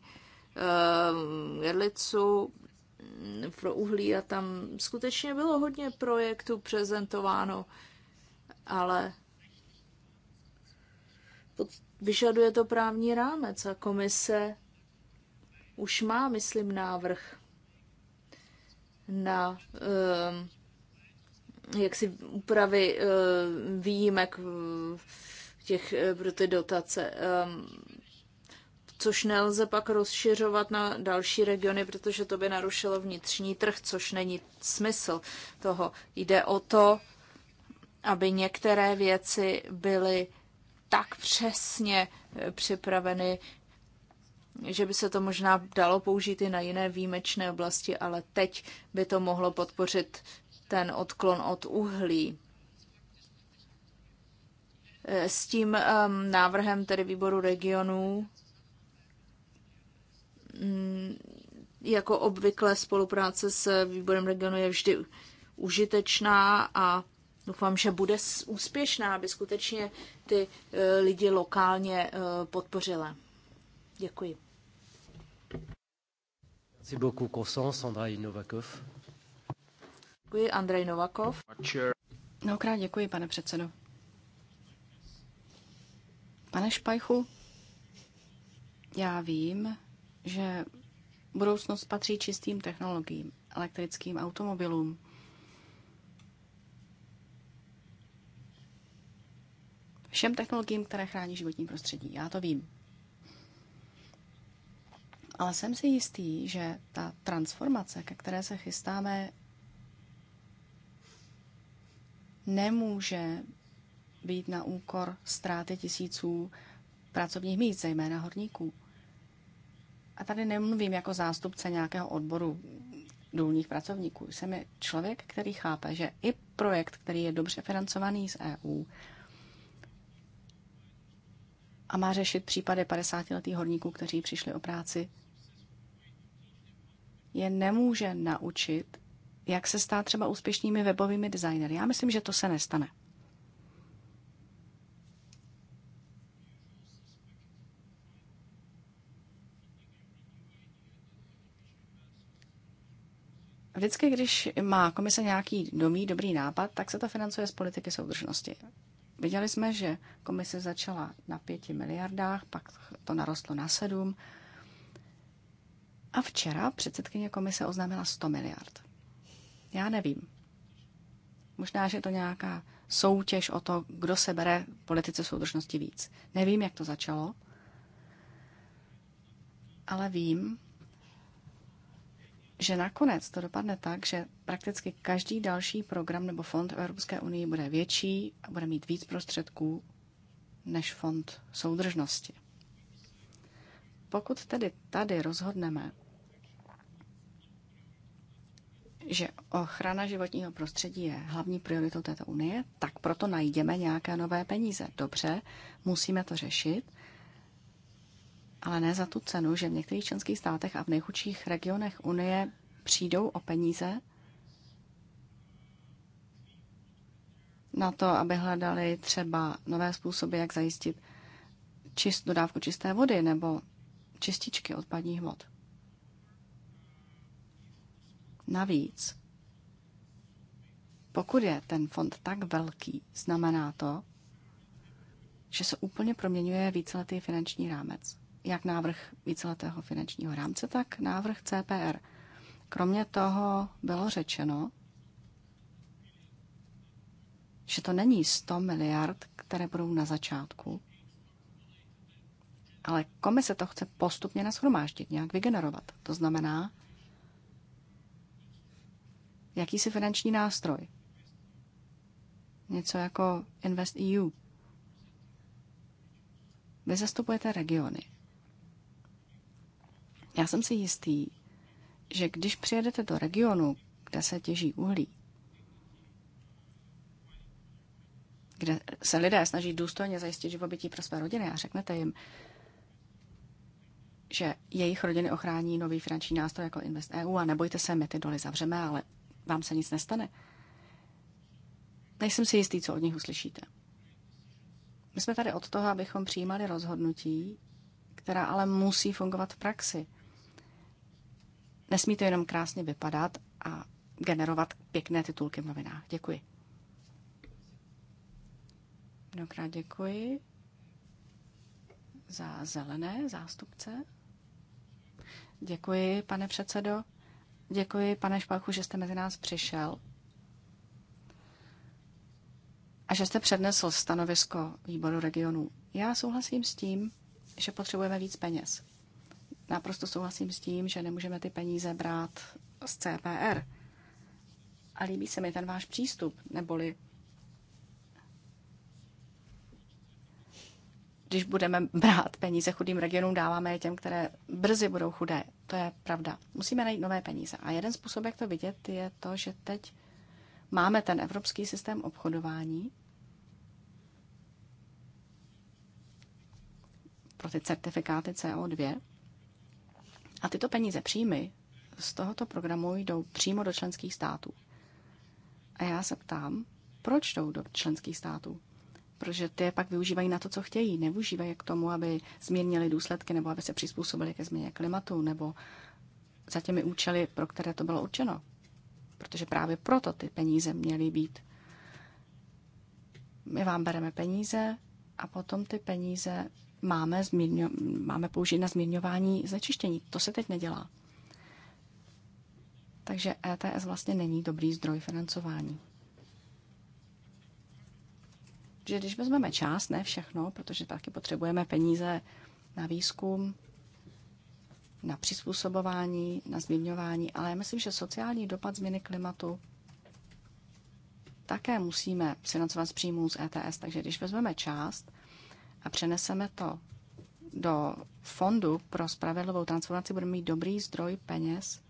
Jedlicu ehm, mm, pro uhlí a tam skutečně bylo hodně projektů prezentováno, ale vyžaduje to právní rámec a komise už má, myslím, návrh na ehm, jak jaksi úpravy uh, výjimek v těch eh, pro ty dotace. Um, což nelze pak rozšiřovat na další regiony, protože to by narušilo vnitřní trh, což není smysl toho. Jde o to, aby některé věci byly tak přesně eh, připraveny, že by se to možná dalo použít i na jiné výjimečné oblasti, ale teď by to mohlo podpořit ten odklon od uhlí. Eh, s tím um, návrhem tedy výboru regionů Mm, jako obvykle spolupráce s výborem regionu je vždy užitečná a doufám, že bude úspěšná, aby skutečně ty eh, lidi lokálně eh, podpořila. Děkuji. Merci beaucoup, Constance. Andrej Novakov. Děkuji, Andrej Novakov. Mnohokrát děkuji, pane předsedo. Pane Špajchu, já vím, že budoucnost patří čistým technologiím, elektrickým automobilům. Všem technologiím, které chrání životní prostředí. Já to vím. Ale jsem si jistý, že ta transformace, ke které se chystáme, nemůže být na úkor ztráty tisíců pracovních míst, zejména horníků a tady nemluvím jako zástupce nějakého odboru důlních pracovníků. Jsem člověk, který chápe, že i projekt, který je dobře financovaný z EU a má řešit případy 50-letých horníků, kteří přišli o práci, je nemůže naučit, jak se stát třeba úspěšnými webovými designery. Já myslím, že to se nestane. Vždycky, když má komise nějaký domý dobrý nápad, tak se to financuje z politiky soudržnosti. Viděli jsme, že komise začala na pěti miliardách, pak to narostlo na sedm. A včera předsedkyně komise oznámila 100 miliard. Já nevím. Možná, že je to nějaká soutěž o to, kdo se bere v politice soudržnosti víc. Nevím, jak to začalo, ale vím, že nakonec to dopadne tak, že prakticky každý další program nebo fond v Evropské unii bude větší a bude mít víc prostředků než fond soudržnosti. Pokud tedy tady rozhodneme, že ochrana životního prostředí je hlavní prioritou této unie, tak proto najdeme nějaké nové peníze. Dobře, musíme to řešit, ale ne za tu cenu, že v některých členských státech a v nejchudších regionech Unie přijdou o peníze na to, aby hledali třeba nové způsoby, jak zajistit čist, dodávku čisté vody nebo čističky odpadních vod. Navíc, pokud je ten fond tak velký, znamená to, že se úplně proměňuje víceletý finanční rámec jak návrh víceletého finančního rámce, tak návrh CPR. Kromě toho bylo řečeno, že to není 100 miliard, které budou na začátku, ale komise to chce postupně nashromáždit, nějak vygenerovat. To znamená, jakýsi finanční nástroj. Něco jako Invest EU. Vy zastupujete regiony. Já jsem si jistý, že když přijedete do regionu, kde se těží uhlí, kde se lidé snaží důstojně zajistit živobytí pro své rodiny a řeknete jim, že jejich rodiny ochrání nový finanční nástroj jako Invest EU a nebojte se, my ty doly zavřeme, ale vám se nic nestane. Nejsem si jistý, co od nich uslyšíte. My jsme tady od toho, abychom přijímali rozhodnutí, která ale musí fungovat v praxi – Nesmí to jenom krásně vypadat a generovat pěkné titulky v novinách. Děkuji. Mnohokrát děkuji za zelené zástupce. Děkuji, pane předsedo. Děkuji, pane Špachu, že jste mezi nás přišel a že jste přednesl stanovisko výboru regionů. Já souhlasím s tím, že potřebujeme víc peněz naprosto souhlasím s tím, že nemůžeme ty peníze brát z CPR. A líbí se mi ten váš přístup, neboli když budeme brát peníze chudým regionům, dáváme je těm, které brzy budou chudé. To je pravda. Musíme najít nové peníze. A jeden způsob, jak to vidět, je to, že teď máme ten evropský systém obchodování pro ty certifikáty CO2. A tyto peníze příjmy z tohoto programu jdou přímo do členských států. A já se ptám, proč jdou do členských států? Protože ty je pak využívají na to, co chtějí. Nevyužívají k tomu, aby zmírnili důsledky nebo aby se přizpůsobili ke změně klimatu nebo za těmi účely, pro které to bylo určeno. Protože právě proto ty peníze měly být. My vám bereme peníze a potom ty peníze máme, zmírňo, máme použít na zmírňování znečištění. To se teď nedělá. Takže ETS vlastně není dobrý zdroj financování. Že když vezmeme část, ne všechno, protože taky potřebujeme peníze na výzkum, na přizpůsobování, na zmírňování, ale já myslím, že sociální dopad změny klimatu také musíme financovat z příjmů z ETS, takže když vezmeme část, a přeneseme to do fondu pro spravedlivou transformaci, budeme mít dobrý zdroj peněz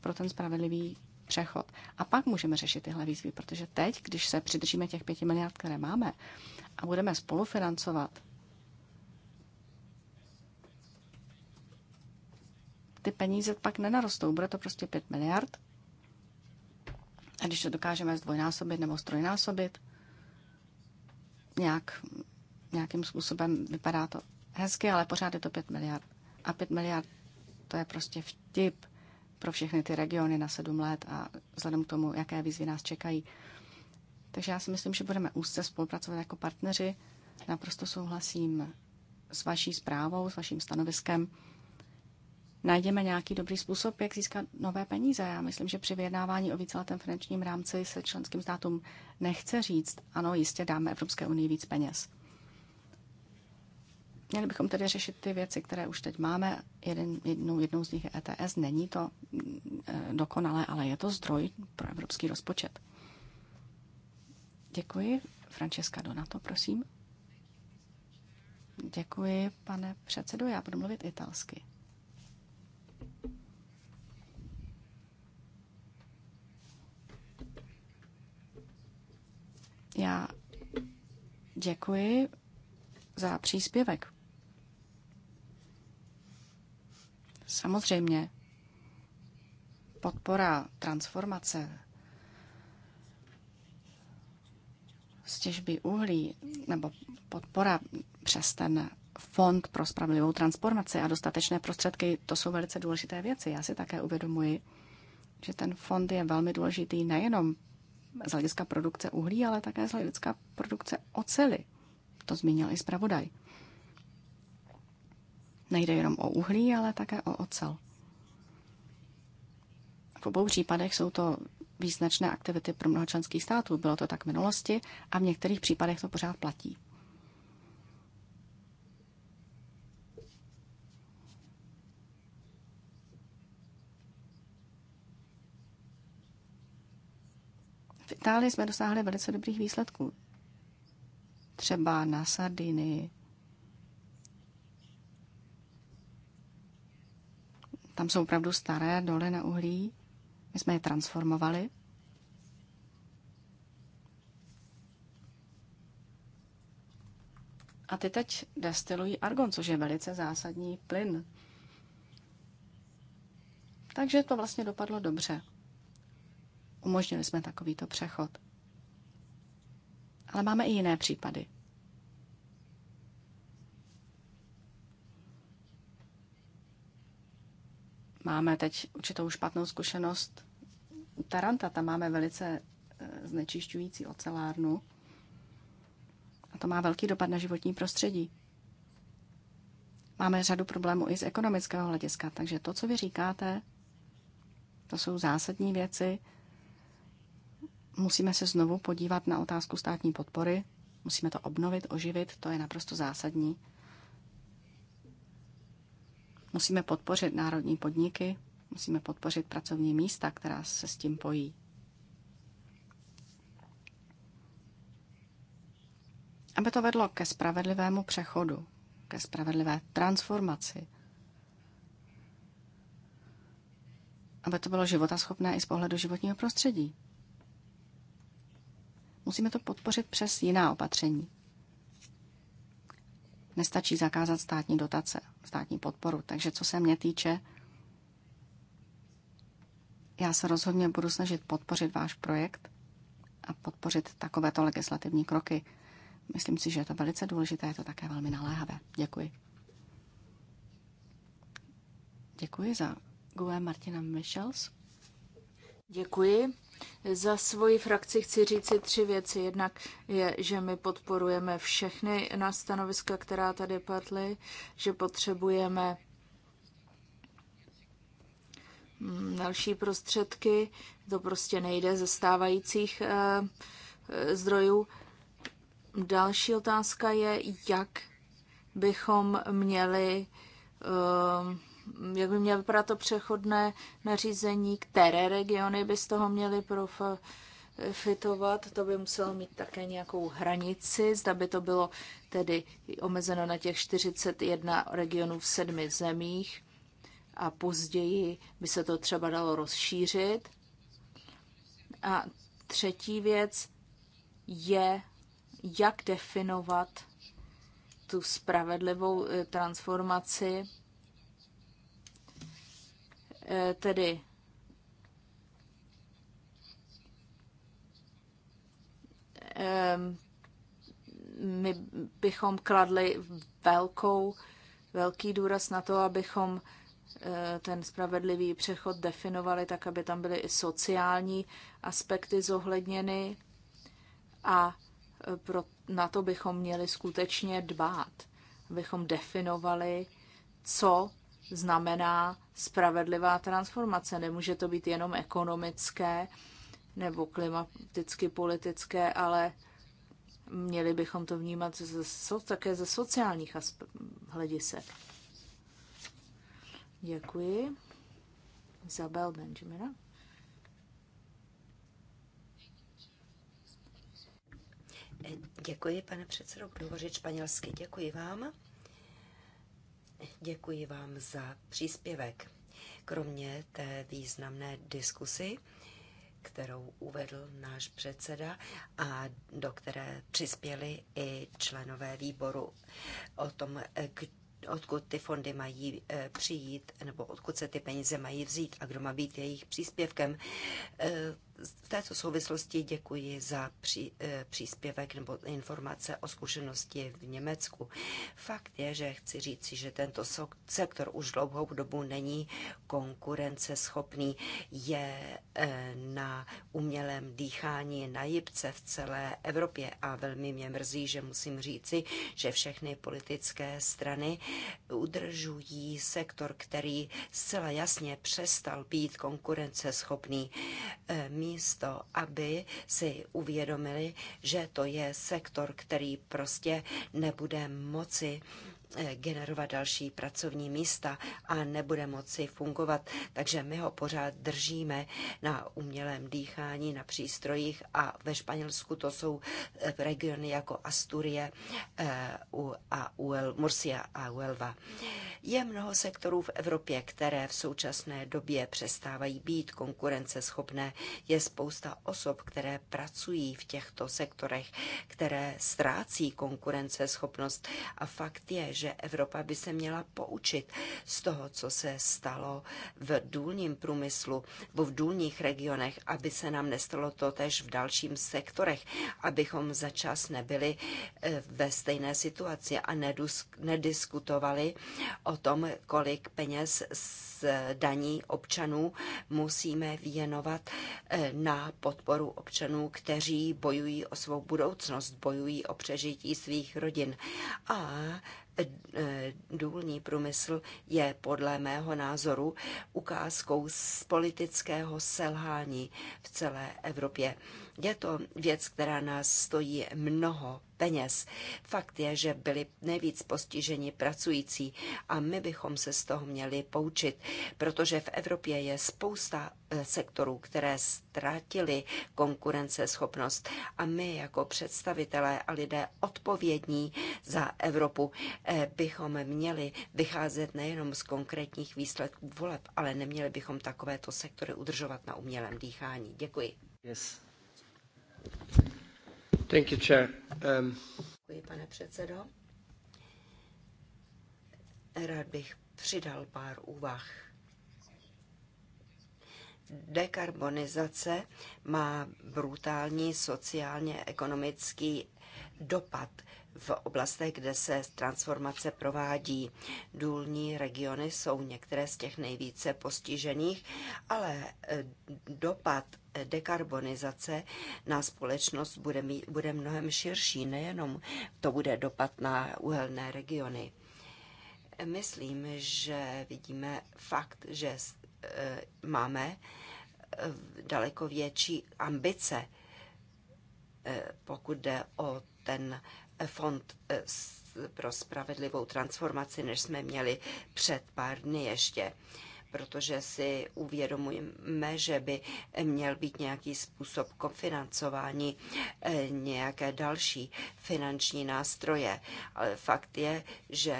pro ten spravedlivý přechod. A pak můžeme řešit tyhle výzvy, protože teď, když se přidržíme těch pěti miliard, které máme, a budeme spolufinancovat ty peníze pak nenarostou. Bude to prostě 5 miliard. A když to dokážeme zdvojnásobit nebo strojnásobit, nějak nějakým způsobem, vypadá to hezky, ale pořád je to 5 miliard. A 5 miliard to je prostě vtip pro všechny ty regiony na 7 let a vzhledem k tomu, jaké výzvy nás čekají. Takže já si myslím, že budeme úzce spolupracovat jako partneři. Naprosto souhlasím s vaší zprávou, s vaším stanoviskem. Najdeme nějaký dobrý způsob, jak získat nové peníze. Já myslím, že při vyjednávání o víceletém finančním rámci se členským státům nechce říct, ano, jistě dáme Evropské unii víc peněz. Měli bychom tedy řešit ty věci, které už teď máme. Jeden, jednou, jednou z nich je ETS. Není to mm, e, dokonalé, ale je to zdroj pro evropský rozpočet. Děkuji. Francesca Donato, prosím. Děkuji, pane předsedo. Já budu mluvit italsky. Já děkuji za příspěvek Samozřejmě, podpora transformace z těžby uhlí nebo podpora přes ten fond pro spravedlivou transformaci a dostatečné prostředky, to jsou velice důležité věci. Já si také uvědomuji, že ten fond je velmi důležitý nejenom z hlediska produkce uhlí, ale také z hlediska produkce ocely. To zmínil i zpravodaj. Nejde jenom o uhlí, ale také o ocel. V obou případech jsou to význačné aktivity pro mnoho členských států. Bylo to tak v minulosti a v některých případech to pořád platí. V Itálii jsme dosáhli velice dobrých výsledků. Třeba na Sardinii Tam jsou opravdu staré doly na uhlí. My jsme je transformovali. A ty teď destilují argon, což je velice zásadní plyn. Takže to vlastně dopadlo dobře. Umožnili jsme takovýto přechod. Ale máme i jiné případy. Máme teď určitou špatnou zkušenost u Taranta, tam máme velice eh, znečišťující ocelárnu a to má velký dopad na životní prostředí. Máme řadu problémů i z ekonomického hlediska, takže to, co vy říkáte, to jsou zásadní věci. Musíme se znovu podívat na otázku státní podpory, musíme to obnovit, oživit, to je naprosto zásadní. Musíme podpořit národní podniky, musíme podpořit pracovní místa, která se s tím pojí. Aby to vedlo ke spravedlivému přechodu, ke spravedlivé transformaci, aby to bylo životaschopné i z pohledu životního prostředí. Musíme to podpořit přes jiná opatření. Nestačí zakázat státní dotace, státní podporu. Takže co se mě týče, já se rozhodně budu snažit podpořit váš projekt a podpořit takovéto legislativní kroky. Myslím si, že je to velice důležité, je to také velmi naléhavé. Děkuji. Děkuji za Gue Martina Michels. Děkuji. Za svoji frakci chci říci tři věci. Jednak je, že my podporujeme všechny na stanoviska, která tady padly, že potřebujeme mm, další prostředky, to prostě nejde ze stávajících eh, eh, zdrojů. Další otázka je, jak bychom měli eh, jak by mělo vypadat to přechodné nařízení, které regiony by z toho měly profitovat, to by muselo mít také nějakou hranici, zda by to bylo tedy omezeno na těch 41 regionů v sedmi zemích a později by se to třeba dalo rozšířit. A třetí věc je, jak definovat tu spravedlivou eh, transformaci Eh, tedy my bychom kladli velkou, velký důraz na to, abychom eh, ten spravedlivý přechod definovali tak, aby tam byly i sociální aspekty zohledněny a eh, pro, na to bychom měli skutečně dbát, abychom definovali, co znamená spravedlivá transformace. Nemůže to být jenom ekonomické nebo klimaticky politické, ale měli bychom to vnímat ze, také ze sociálních hledisek. Děkuji. Isabel Benjamina. Děkuji, pane předsedo, budu hořit španělsky. Děkuji vám. Děkuji vám za příspěvek. Kromě té významné diskusy, kterou uvedl náš předseda a do které přispěli i členové výboru o tom, odkud ty fondy mají e, přijít, nebo odkud se ty peníze mají vzít a kdo má být jejich příspěvkem. E, v této souvislosti děkuji za pří, e, příspěvek nebo informace o zkušenosti v Německu. Fakt je, že chci říci, že tento sektor už dlouhou dobu není konkurenceschopný. Je na umělém dýchání na jibce v celé Evropě a velmi mě mrzí, že musím říci, že všechny politické strany udržují sektor, který zcela jasně přestal být konkurenceschopný, eh, místo aby si uvědomili, že to je sektor, který prostě nebude moci Eh, generovat další pracovní místa a nebude moci fungovat. Takže my ho pořád držíme na umělém dýchání, na přístrojích a ve Španělsku to jsou eh, regiony jako Asturie eh, a Uel, Murcia a Uelva. Je mnoho sektorů v Evropě, které v současné době přestávají být konkurenceschopné. Je spousta osob, které pracují v těchto sektorech, které ztrácí konkurenceschopnost a fakt je, že že Evropa by se měla poučit z toho, co se stalo v důlním průmyslu bo v důlních regionech, aby se nám nestalo to tež v dalším sektorech, abychom začas nebyli eh, ve stejné situaci a nediskutovali o tom, kolik peněz z daní občanů musíme věnovat eh, na podporu občanů, kteří bojují o svou budoucnost, bojují o přežití svých rodin. A Eh, důlní průmysl je podle mého názoru ukázkou z politického selhání v celé Evropě. Je to věc, která nás stojí mnoho peněz. Fakt je, že byli nejvíc postiženi pracující a my bychom se z toho měli poučit, protože v Evropě je spousta eh, sektorů, které ztratili konkurenceschopnost a my jako představitelé a lidé odpovědní za Evropu eh, bychom měli vycházet nejenom z konkrétních výsledků voleb, ale neměli bychom takovéto sektory udržovat na umělém dýchání. Děkuji. Yes. Thank you, chair. Um... Děkuji, pane předsedo. Rád bych přidal pár úvah. Dekarbonizace má brutální sociálně-ekonomický dopad v oblastech, kde se transformace provádí. Důlní regiony jsou některé z těch nejvíce postižených, ale eh, dopad dekarbonizace na společnost bude, mít, bude mnohem širší, nejenom to bude dopad na uhelné regiony. Myslím, že vidíme fakt, že eh, máme eh, daleko větší ambice, pokud jde o ten fond eh, pro spravedlivou transformaci, než jsme měli před pár dny ještě protože si uvědomujeme, že by měl být nějaký způsob kofinancování eh, nějaké další finanční nástroje. Ale fakt je, že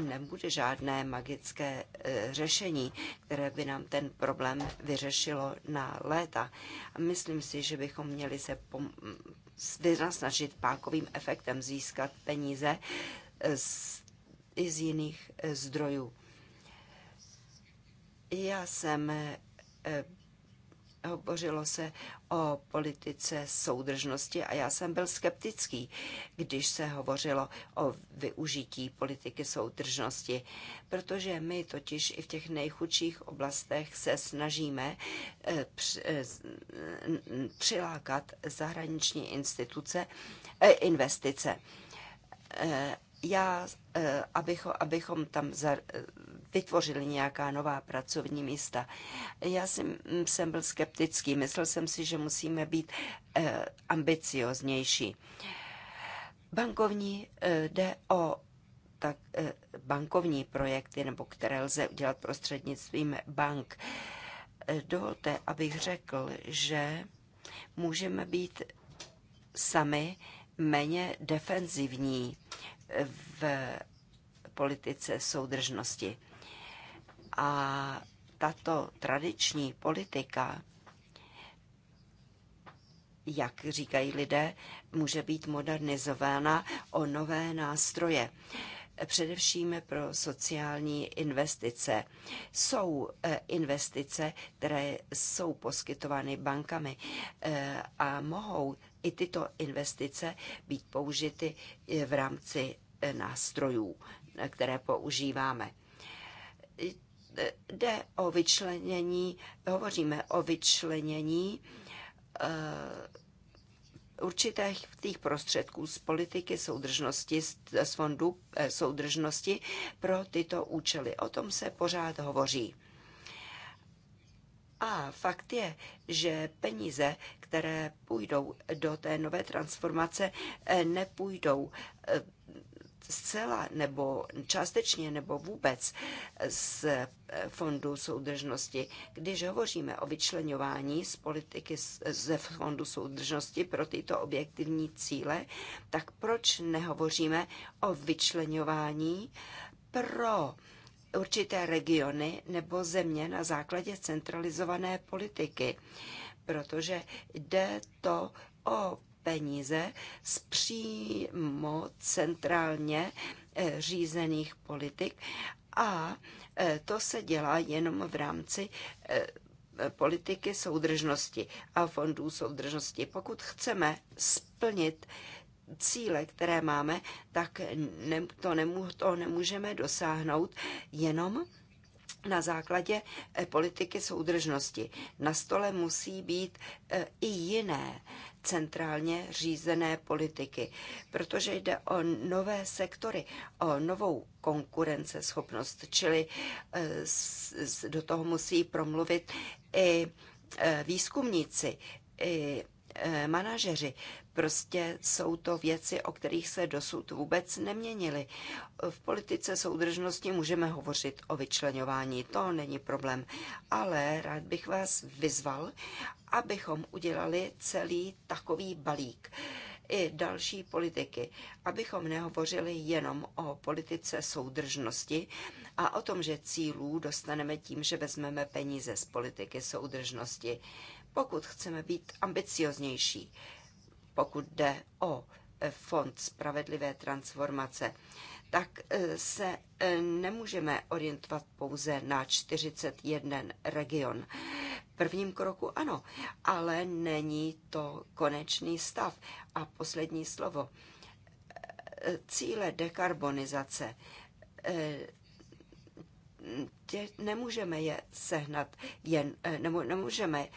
nebude žádné magické eh, řešení, které by nám ten problém vyřešilo na léta. myslím si, že bychom měli se snažit pákovým efektem získat peníze z, i z jiných eh, zdrojů. Já jsem eh, hovořilo se o politice soudržnosti a já jsem byl skeptický, když se hovořilo o využití politiky soudržnosti, protože my totiž i v těch nejchudších oblastech se snažíme eh, eh, přilákat zahraniční instituce, eh, investice. Já, abychom, abychom tam vytvořili nějaká nová pracovní místa. Já jsem, jsem byl skeptický, myslel jsem si, že musíme být eh, ambicioznější. Bankovní eh, jde o tak, eh, bankovní projekty, nebo které lze udělat prostřednictvím bank. Eh, dovolte, abych řekl, že můžeme být sami méně defenzivní v politice soudržnosti. A tato tradiční politika, jak říkají lidé, může být modernizována o nové nástroje především pro sociální investice. Jsou eh, investice, které jsou poskytovány bankami eh, a mohou i tyto investice být použity eh, v rámci nástrojů, které používáme jde o vyčlenění, hovoříme o vyčlenění eh, určitých těch prostředků z politiky soudržnosti, z fondu eh, soudržnosti pro tyto účely. O tom se pořád hovoří. A fakt je, že peníze, které půjdou do té nové transformace, eh, nepůjdou zcela nebo částečně nebo vůbec z eh, fondu soudržnosti. Když hovoříme o vyčlenování z politiky ze fondu soudržnosti pro tyto objektivní cíle, tak proč nehovoříme o vyčlenování pro určité regiony nebo země na základě centralizované politiky, protože jde to o peníze z přímo centrálně eh, řízených politik a eh, to se dělá jenom v rámci eh, politiky soudržnosti a fondů soudržnosti. Pokud chceme splnit cíle, které máme, tak to, nemů, to nemůžeme dosáhnout jenom na základě politiky soudržnosti. Na stole musí být i jiné centrálně řízené politiky, protože jde o nové sektory, o novou konkurenceschopnost, čili eh, do toho musí promluvit i eh, výzkumníci, i eh, manažeři, Prostě jsou to věci, o kterých se dosud vůbec neměnily. V politice soudržnosti můžeme hovořit o vyčlenování, to není problém, ale rád bych vás vyzval, abychom udělali celý takový balík i další politiky, abychom nehovořili jenom o politice soudržnosti a o tom, že cílů dostaneme tím, že vezmeme peníze z politiky soudržnosti. Pokud chceme být ambicioznější, pokud jde o e, Fond spravedlivé transformace, tak e, se e, nemůžeme orientovat pouze na 41 region. V prvním kroku ano, ale není to konečný stav. A poslední slovo. Cíle dekarbonizace nemůžeme je sehnat jen, nemůžeme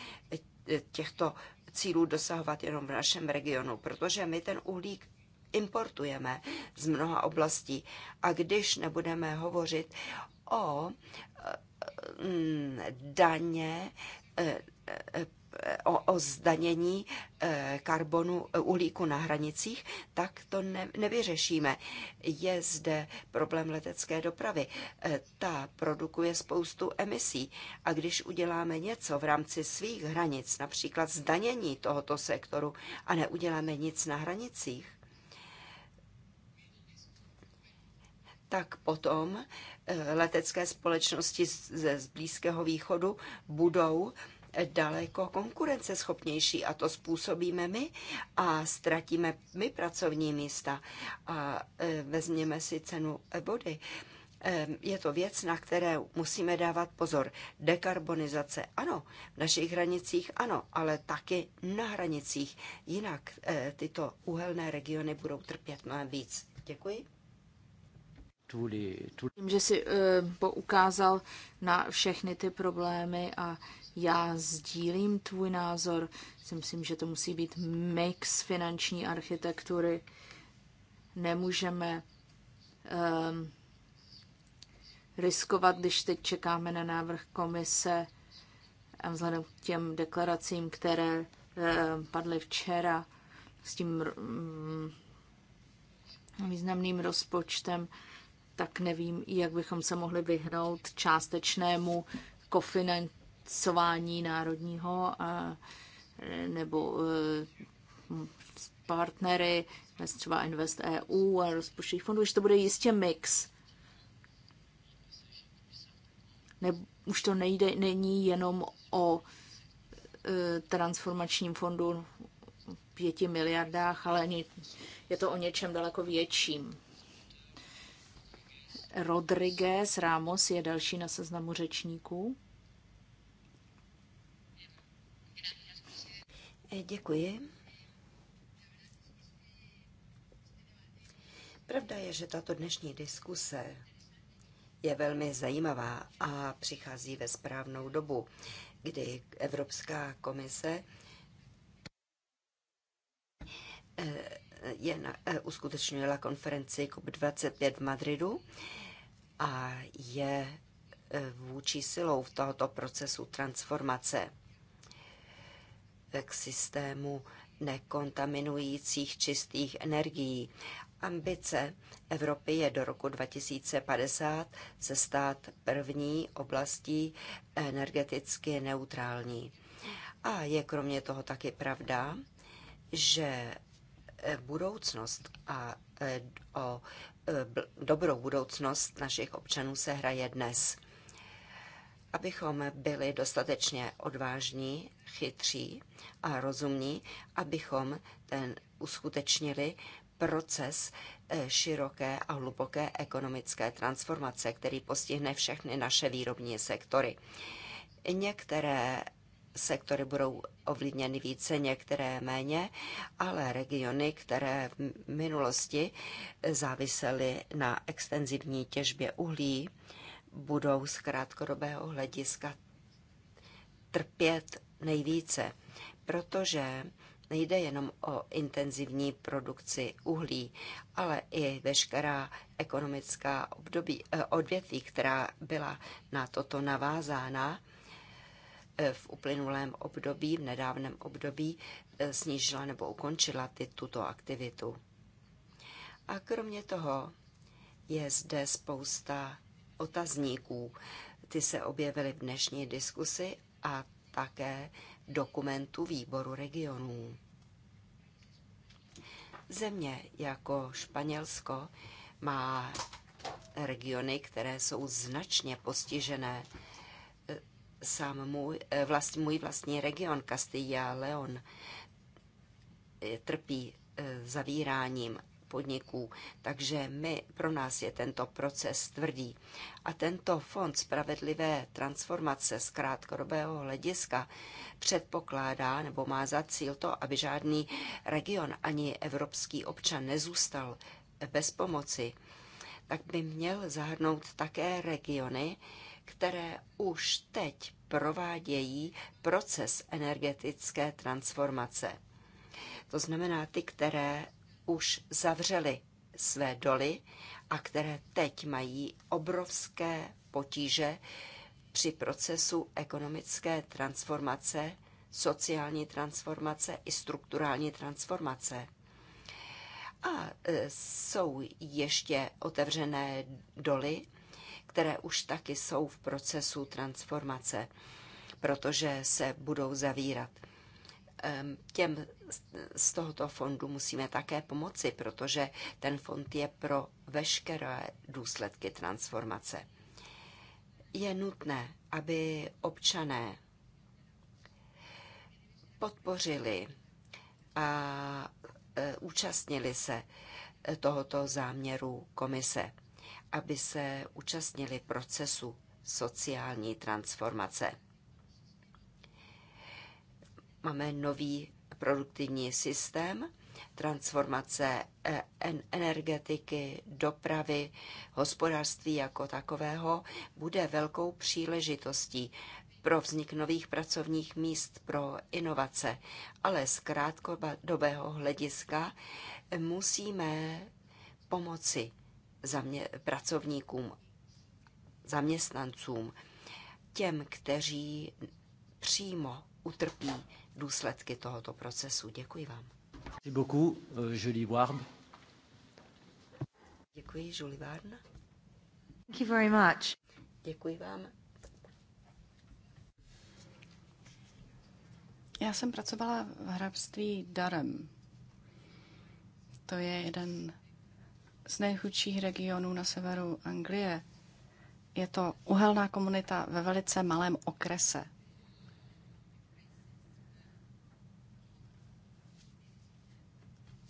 těchto cílů dosahovat jenom v našem regionu, protože my ten uhlík importujeme z mnoha oblastí. A když nebudeme hovořit o eh, mm, daně eh, eh, o, o zdanění e, karbonu, e, uhlíku na hranicích, tak to ne, nevyřešíme. Je zde problém letecké dopravy. E, ta produkuje spoustu emisí a když uděláme něco v rámci svých hranic, například zdanění tohoto sektoru a neuděláme nic na hranicích, tak potom letecké společnosti ze Blízkého východu budou daleko konkurenceschopnější a to způsobíme my a ztratíme my pracovní místa a e, vezměme si cenu vody. E, je to věc, na které musíme dávat pozor. Dekarbonizace, ano, v našich hranicích, ano, ale taky na hranicích. Jinak e, tyto uhelné regiony budou trpět mnohem víc. Děkuji. Tím, že jsi poukázal na všechny ty problémy a já sdílím tvůj názor, si myslím, že to musí být mix finanční architektury. Nemůžeme um, riskovat, když teď čekáme na návrh komise a vzhledem k těm deklaracím, které um, padly včera s tím um, významným rozpočtem, tak nevím, jak bychom se mohli vyhnout částečnému kofinan, financování národního a, nebo s e, partnery, třeba Invest EU a rozpočtových fondů, že to bude jistě mix. Ne, už to nejde, není jenom o e, transformačním fondu pěti miliardách, ale je to o něčem daleko větším. Rodriguez Ramos je další na seznamu řečníků. Eh, děkuji. Pravda je, že tato dnešní diskuse je velmi zajímavá a přichází ve správnou dobu, kdy Evropská komise eh, je na, eh, uskutečnila konferenci cop 25 v Madridu a je vůči silou v tohoto procesu transformace k systému nekontaminujících čistých energií. Ambice Evropy je do roku 2050 se stát první oblastí energeticky neutrální. A je kromě toho taky pravda, že e, budoucnost a e, o e, dobrou budoucnost našich občanů se hraje dnes abychom byli dostatečně odvážní, chytří a rozumní, abychom ten uskutečnili proces eh, široké a hluboké ekonomické transformace, který postihne všechny naše výrobní sektory. Některé sektory budou ovlivněny více, některé méně, ale regiony, které v minulosti závisely na extenzivní těžbě uhlí, budou z krátkodobého hlediska trpět nejvíce, protože nejde jenom o intenzivní produkci uhlí, ale i veškerá ekonomická období, eh, odvětví, která byla na toto navázána eh, v uplynulém období, v nedávném období, eh, snížila nebo ukončila ty, tuto aktivitu. A kromě toho je zde spousta otazníků. Ty se objevily v dnešní diskusi a také v dokumentu výboru regionů. Země jako Španělsko má regiony, které jsou značně postižené. Eh, sám můj, eh, vlast, můj vlastní region Castilla Leon trpí eh, zavíráním podniků. Takže my, pro nás je tento proces tvrdý. A tento fond spravedlivé transformace z krátkodobého hlediska předpokládá nebo má za cíl to, aby žádný region ani evropský občan nezůstal bez pomoci, tak by měl zahrnout také regiony, které už teď provádějí proces energetické transformace. To znamená ty, které už zavřely své doly a které teď mají obrovské potíže při procesu ekonomické transformace, sociální transformace i strukturální transformace. A e, jsou ještě otevřené doly, které už taky jsou v procesu transformace, protože se budou zavírat. Těm z tohoto fondu musíme také pomoci, protože ten fond je pro veškeré důsledky transformace. Je nutné, aby občané podpořili a e, účastnili se tohoto záměru komise, aby se účastnili procesu sociální transformace. Máme nový produktivní systém, transformace eh, energetiky, dopravy, hospodářství jako takového bude velkou příležitostí pro vznik nových pracovních míst pro inovace, ale z krátkodobého hlediska eh, musíme pomoci zamě- pracovníkům, zaměstnancům, těm, kteří přímo utrpí důsledky tohoto procesu. Děkuji vám. Beaucoup, euh, Julie Ward. Děkuji, Julie Ward. Thank you very much. Děkuji vám. Já jsem pracovala v hrabství darem. To je jeden z nejchudších regionů na severu Anglie. Je to uhelná komunita ve velice malém okrese.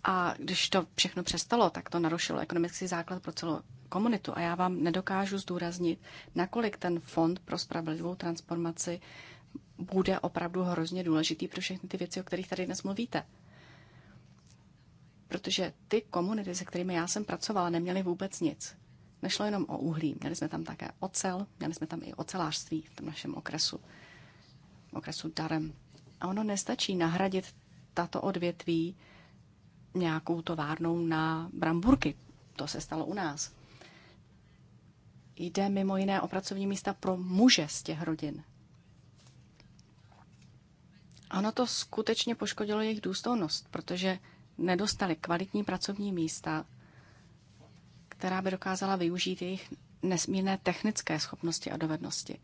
A když to všechno přestalo, tak to narušilo ekonomický základ pro celou komunitu. A já vám nedokážu zdůraznit, nakolik ten fond pro spravedlivou transformaci bude opravdu hrozně důležitý pro všechny ty věci, o kterých tady dnes mluvíte. Protože ty komunity, se kterými já jsem pracovala, neměly vůbec nic. Nešlo jenom o uhlí, měli jsme tam také ocel, měli jsme tam i ocelářství v tom našem okresu, okresu darem. A ono nestačí nahradit tato odvětví nějakou továrnou na bramburky. To se stalo u nás. Jde mimo jiné o pracovní místa pro muže z těch rodin. Ano, to skutečně poškodilo jejich důstojnost, protože nedostali kvalitní pracovní místa, která by dokázala využít jejich nesmírné technické schopnosti a dovednosti.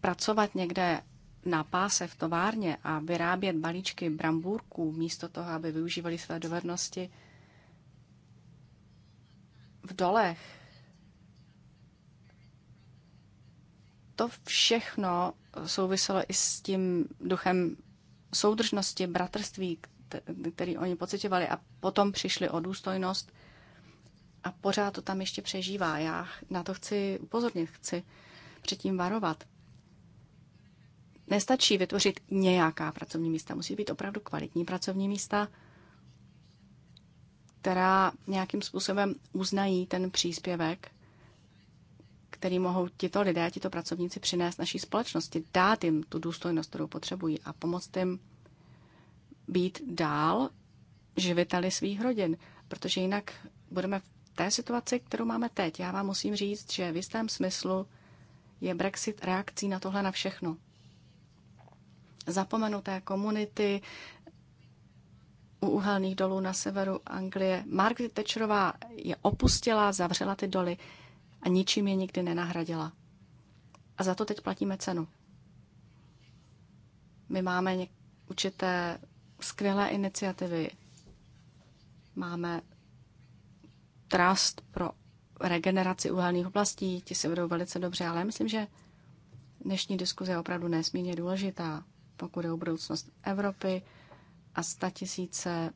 Pracovat někde na páse v továrně a vyrábět balíčky brambůrků místo toho, aby využívali své dovednosti v dolech, to všechno souviselo i s tím duchem soudržnosti, bratrství, který oni pocitovali a potom přišli o důstojnost a pořád to tam ještě přežívá. Já na to chci upozornit, chci předtím varovat. Nestačí vytvořit nějaká pracovní místa, musí být opravdu kvalitní pracovní místa, která nějakým způsobem uznají ten příspěvek, který mohou tito lidé, tito pracovníci přinést naší společnosti, dát jim tu důstojnost, kterou potřebují a pomoct jim být dál živiteli svých rodin, protože jinak budeme v té situaci, kterou máme teď. Já vám musím říct, že v jistém smyslu je Brexit reakcí na tohle na všechno zapomenuté komunity u uhelných dolů na severu Anglie. Margaret Thatcherová je opustila, zavřela ty doly a ničím je nikdy nenahradila. A za to teď platíme cenu. My máme určité skvělé iniciativy. Máme trust pro regeneraci uhelných oblastí, ti se budou velice dobře, ale myslím, že dnešní diskuze je opravdu nesmírně důležitá pokud je o budoucnost Evropy a sta tisíce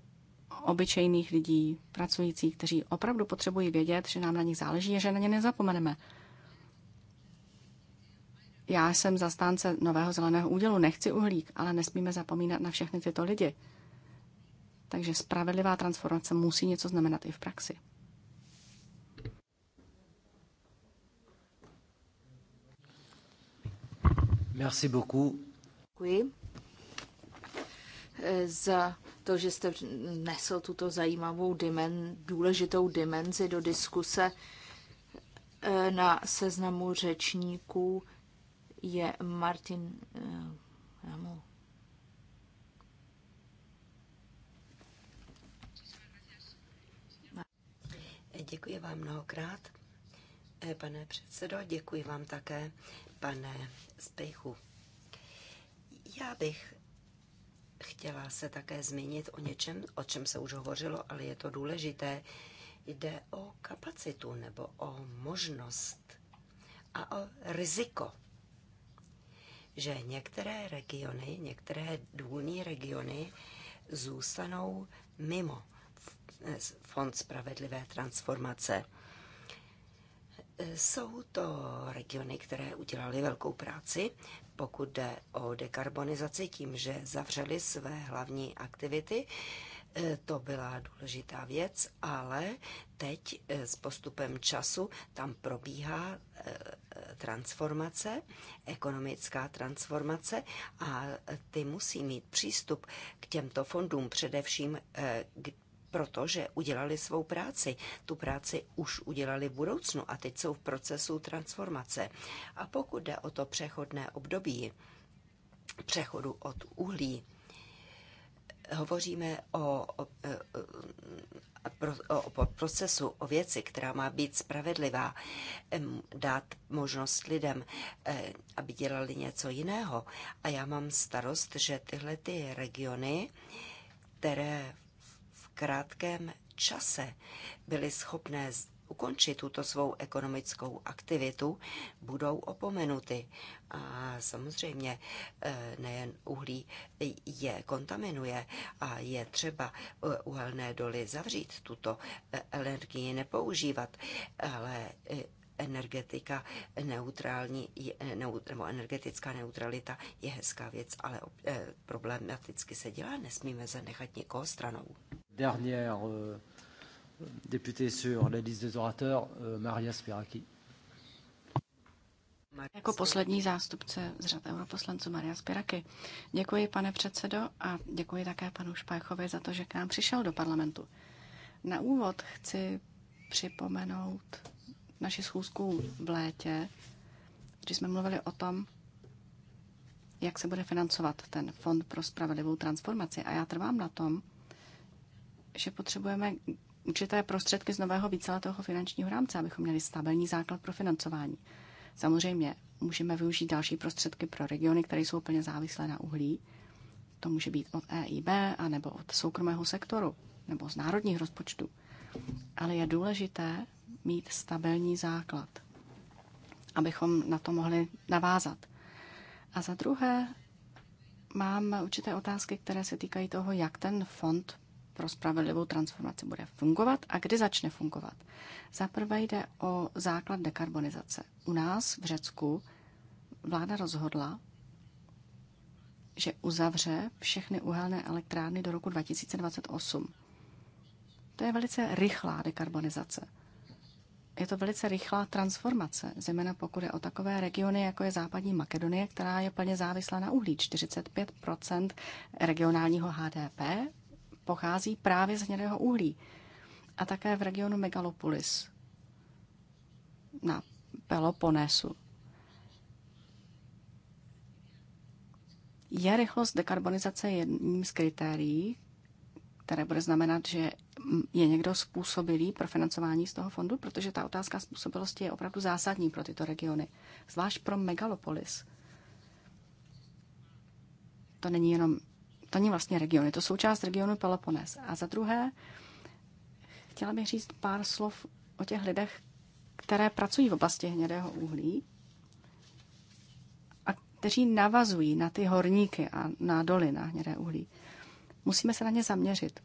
obyčejných lidí, pracujících, kteří opravdu potřebují vědět, že nám na nich záleží a že na ně nezapomeneme. Já jsem zastánce nového zeleného údělu, nechci uhlík, ale nesmíme zapomínat na všechny tyto lidi. Takže spravedlivá transformace musí něco znamenat i v praxi. Merci beaucoup. Děkuji eh, za to, že jste nesl tuto zajímavou dimen, důležitou dimenzi do diskuse. Eh, na seznamu řečníků je Martin eh, Děkuji vám mnohokrát, pane předsedo, děkuji vám také, pane Spejchu. Já bych chtěla se také zmínit o něčem, o čem se už hovořilo, ale je to důležité. Jde o kapacitu nebo o možnost a o riziko, že některé regiony, některé důlní regiony zůstanou mimo Fond spravedlivé transformace. Jsou to regiony, které udělali velkou práci pokud jde o dekarbonizaci, tím, že zavřeli své hlavní aktivity. E, to byla důležitá věc, ale teď e, s postupem času tam probíhá e, transformace, ekonomická transformace a ty musí mít přístup k těmto fondům, především protože udělali svou práci. Tu práci už udělali v budoucnu a teď jsou v procesu transformace. A pokud jde o to přechodné období, přechodu od uhlí, hovoříme o, o, e, e, o, o procesu, o věci, která má být spravedlivá, dát možnost lidem, e, aby dělali něco jiného. A já mám starost, že tyhle ty regiony, které krátkém čase byly schopné ukončit tuto svou ekonomickou aktivitu, budou opomenuty. A samozřejmě eh, nejen uhlí je kontaminuje a je třeba eh, uhelné doly zavřít tuto eh, energii, nepoužívat, ale energetika neutrální, nebo energetická neutralita je hezká věc, ale eh, problematicky se dělá, nesmíme zanechat někoho stranou. Dernière euh, députée sur la liste des orateurs, euh, Maria Spiraki. Jako poslední zástupce z řad europoslanců Maria Spiraky. Děkuji, pane předsedo, a děkuji také panu Špajchovi za to, že k nám přišel do parlamentu. Na úvod chci připomenout naši schůzku v létě, kdy jsme mluvili o tom, jak se bude financovat ten fond pro spravedlivou transformaci. A já trvám na tom, že potřebujeme určité prostředky z nového víceletého finančního rámce, abychom měli stabilní základ pro financování. Samozřejmě můžeme využít další prostředky pro regiony, které jsou plně závislé na uhlí. To může být od EIB, anebo od soukromého sektoru, nebo z národních rozpočtů. Ale je důležité, mít stabilní základ, abychom na to mohli navázat. A za druhé, mám určité otázky, které se týkají toho, jak ten fond pro spravedlivou transformaci bude fungovat a kdy začne fungovat. Za prvé jde o základ dekarbonizace. U nás v Řecku vláda rozhodla, že uzavře všechny uhelné elektrárny do roku 2028. To je velice rychlá dekarbonizace je to velice rychlá transformace, zejména pokud je o takové regiony, jako je západní Makedonie, která je plně závislá na uhlí. 45 regionálního HDP pochází právě z hnědého uhlí. A také v regionu Megalopolis na Peloponesu Je rychlost dekarbonizace jedním z kritérií, které bude znamenat, že je někdo způsobilý pro financování z toho fondu? Protože ta otázka způsobilosti je opravdu zásadní pro tyto regiony, zvlášť pro megalopolis. To není jenom, to není vlastně region, je to součást regionu Pelopones. A za druhé, chtěla bych říct pár slov o těch lidech, které pracují v oblasti hnědého uhlí a kteří navazují na ty horníky a na doly na hnědé uhlí. Musíme se na ně zaměřit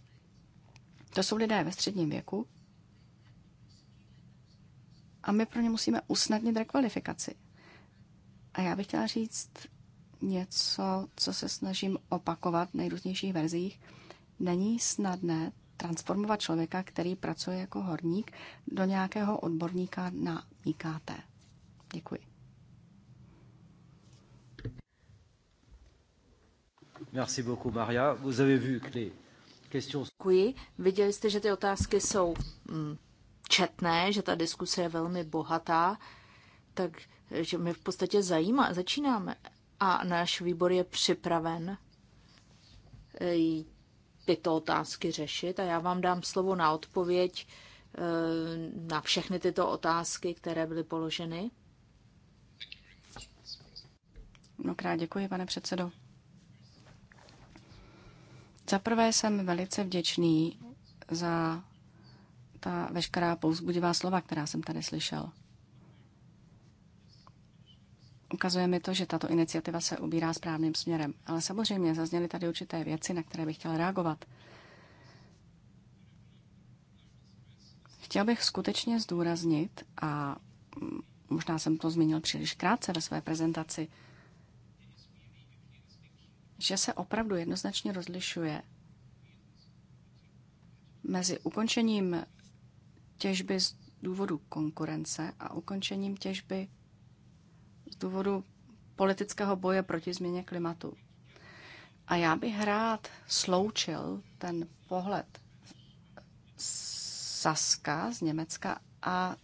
to jsou lidé ve středním věku a my pro ně musíme usnadnit rekvalifikaci. A já bych chtěla říct něco, co se snažím opakovat v nejrůznějších verzích. Není snadné transformovat člověka, který pracuje jako horník, do nějakého odborníka na IKT. Děkuji. Merci beaucoup, Maria. Vous avez vu que les Děkuji. Viděli jste, že ty otázky jsou mm, četné, že ta diskuse je velmi bohatá, takže my v podstatě zajímá, začínáme. A náš výbor je připraven eh, tyto otázky řešit a já vám dám slovo na odpověď eh, na všechny tyto otázky, které byly položeny. Mnohokrát děkuji, pane předsedo. Zaprvé jsem velice vděčný za ta veškerá pouzbudivá slova, která jsem tady slyšel. Ukazuje mi to, že tato iniciativa se ubírá správným směrem. Ale samozřejmě zazněly tady určité věci, na které bych chtěl reagovat. Chtěl bych skutečně zdůraznit, a možná jsem to zmínil příliš krátce ve své prezentaci, že se opravdu jednoznačně rozlišuje mezi ukončením těžby z důvodu konkurence a ukončením těžby z důvodu politického boje proti změně klimatu. A já bych rád sloučil ten pohled Saska z Německa a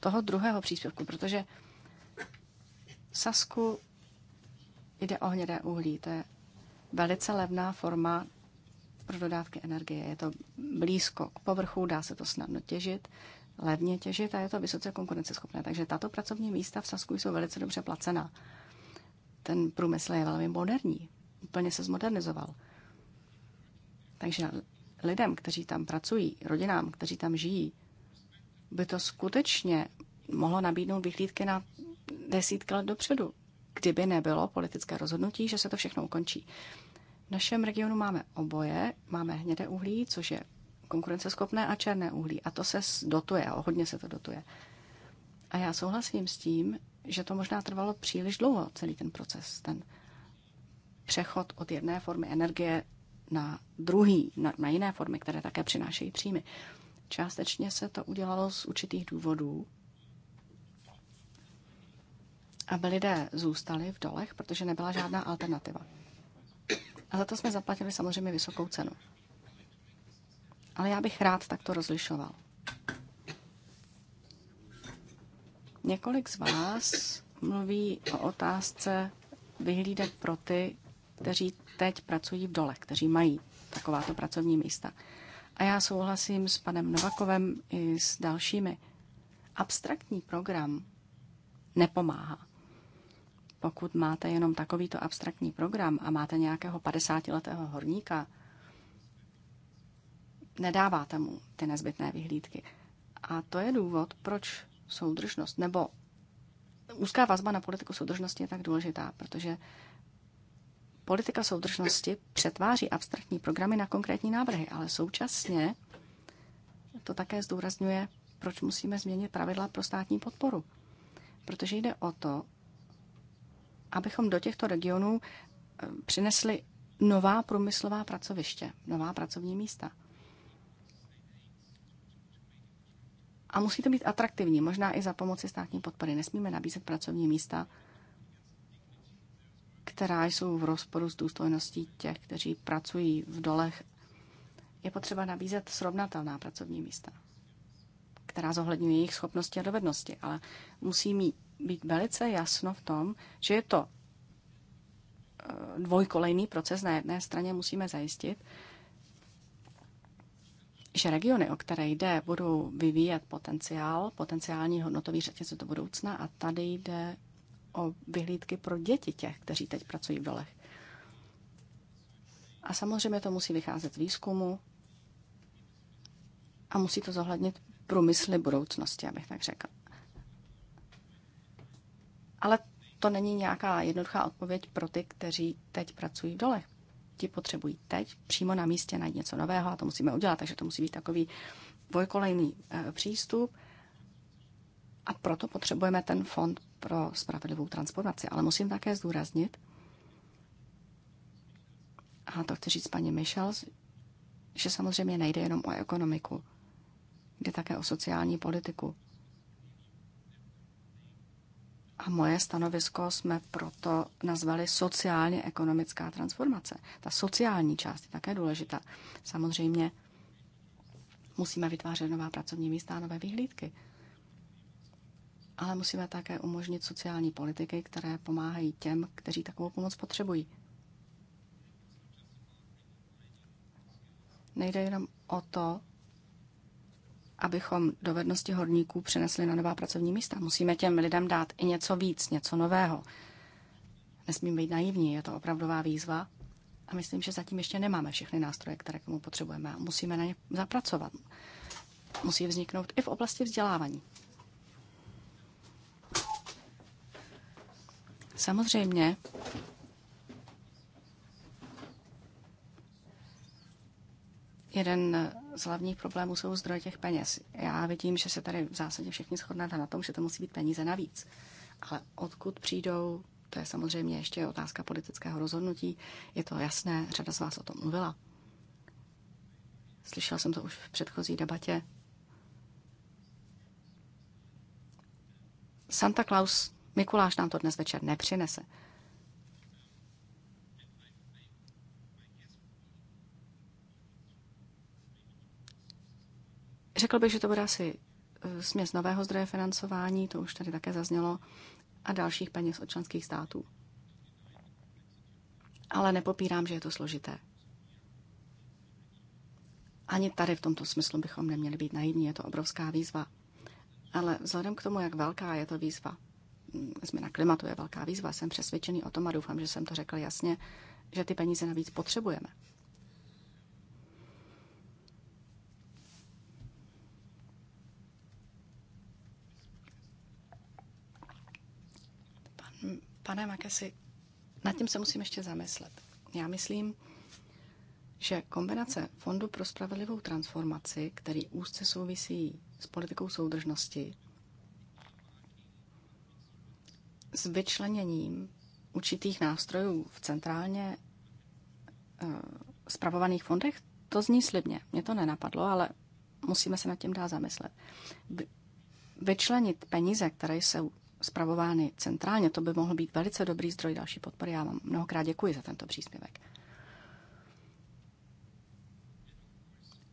toho druhého příspěvku, protože Sasku Jde o hnědé uhlí. To je velice levná forma pro dodávky energie. Je to blízko k povrchu, dá se to snadno těžit, levně těžit a je to vysoce konkurenceschopné. Takže tato pracovní místa v Sasku jsou velice dobře placená. Ten průmysl je velmi moderní, úplně se zmodernizoval. Takže lidem, kteří tam pracují, rodinám, kteří tam žijí, by to skutečně mohlo nabídnout vyhlídky na desítky let dopředu kdyby nebylo politické rozhodnutí, že se to všechno ukončí. V našem regionu máme oboje, máme hnědé uhlí, což je konkurenceschopné a černé uhlí. A to se dotuje, a hodně se to dotuje. A já souhlasím s tím, že to možná trvalo příliš dlouho, celý ten proces, ten přechod od jedné formy energie na druhý, na, na jiné formy, které také přinášejí příjmy. Částečně se to udělalo z určitých důvodů, aby lidé zůstali v dolech, protože nebyla žádná alternativa. A za to jsme zaplatili samozřejmě vysokou cenu. Ale já bych rád takto rozlišoval. Několik z vás mluví o otázce vyhlídek pro ty, kteří teď pracují v dolech, kteří mají takováto pracovní místa. A já souhlasím s panem Novakovem i s dalšími. Abstraktní program nepomáhá. Pokud máte jenom takovýto abstraktní program a máte nějakého 50-letého horníka, nedáváte mu ty nezbytné vyhlídky. A to je důvod, proč soudržnost nebo úzká vazba na politiku soudržnosti je tak důležitá, protože politika soudržnosti přetváří abstraktní programy na konkrétní návrhy, ale současně to také zdůrazňuje, proč musíme změnit pravidla pro státní podporu. Protože jde o to, abychom do těchto regionů eh, přinesli nová průmyslová pracoviště, nová pracovní místa. A musí to být atraktivní, možná i za pomoci státní podpory. Nesmíme nabízet pracovní místa, která jsou v rozporu s důstojností těch, kteří pracují v dolech. Je potřeba nabízet srovnatelná pracovní místa, která zohledňují jejich schopnosti a dovednosti, ale musí mít být velice jasno v tom, že je to eh, dvojkolejný proces. Na jedné straně musíme zajistit, že regiony, o které jde, budou vyvíjet potenciál, potenciální hodnotový řetěz do budoucna a tady jde o vyhlídky pro děti těch, kteří teď pracují v dolech. A samozřejmě to musí vycházet z výzkumu a musí to zohlednit průmysly budoucnosti, abych tak řekl. Ale to není nějaká jednoduchá odpověď pro ty, kteří teď pracují v dolech. Ti potřebují teď přímo na místě najít něco nového a to musíme udělat, takže to musí být takový dvojkolejný eh, přístup. A proto potřebujeme ten fond pro spravedlivou transformaci. Ale musím také zdůraznit, a to chci říct paní Michels, že samozřejmě nejde jenom o ekonomiku, jde také o sociální politiku, a moje stanovisko jsme proto nazvali sociálně-ekonomická transformace. Ta sociální část je také důležitá. Samozřejmě musíme vytvářet nová pracovní místa a nové vyhlídky. Ale musíme také umožnit sociální politiky, které pomáhají těm, kteří takovou pomoc potřebují. Nejde jenom o to, abychom dovednosti horníků přenesli na nová pracovní místa. Musíme těm lidem dát i něco víc, něco nového. Nesmíme být naivní, je to opravdová výzva. A myslím, že zatím ještě nemáme všechny nástroje, které k tomu potřebujeme. Musíme na ně zapracovat. Musí vzniknout i v oblasti vzdělávání. Samozřejmě jeden z hlavních problémů jsou zdroje těch peněz. Já vidím, že se tady v zásadě všichni shodnete na tom, že to musí být peníze navíc. Ale odkud přijdou, to je samozřejmě ještě otázka politického rozhodnutí. Je to jasné, řada z vás o tom mluvila. Slyšela jsem to už v předchozí debatě. Santa Claus, Mikuláš nám to dnes večer nepřinese. Řekl bych, že to bude asi eh, směs nového zdroje financování, to už tady také zaznělo, a dalších peněz od členských států. Ale nepopírám, že je to složité. Ani tady v tomto smyslu bychom neměli být naivní, je to obrovská výzva. Ale vzhledem k tomu, jak velká je to výzva, hm, změna klimatu je velká výzva, jsem přesvědčený o tom a doufám, že jsem to řekl jasně, že ty peníze navíc potřebujeme. Pane Makesi, nad tím se musím ještě zamyslet. Já myslím, že kombinace Fondu pro spravedlivou transformaci, který úzce souvisí s politikou soudržnosti, s vyčleněním určitých nástrojů v centrálně eh, spravovaných fondech, to zní slibně. Mě to nenapadlo, ale musíme se nad tím dát zamyslet. Vyčlenit peníze, které jsou Spravovány centrálně, to by mohl být velice dobrý zdroj další podpory. Já vám mnohokrát děkuji za tento příspěvek.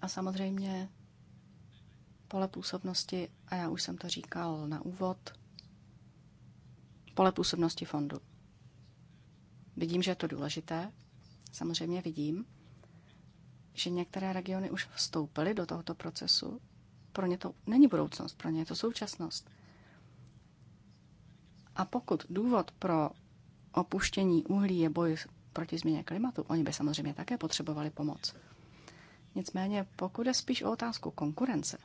A samozřejmě pole působnosti, a já už jsem to říkal na úvod, pole působnosti fondu. Vidím, že je to důležité. Samozřejmě vidím, že některé regiony už vstoupily do tohoto procesu. Pro ně to není budoucnost, pro ně je to současnost. A pokud důvod pro opuštění uhlí je boj proti změně klimatu, oni by samozřejmě také potřebovali pomoc. Nicméně, pokud je spíš o otázku konkurence,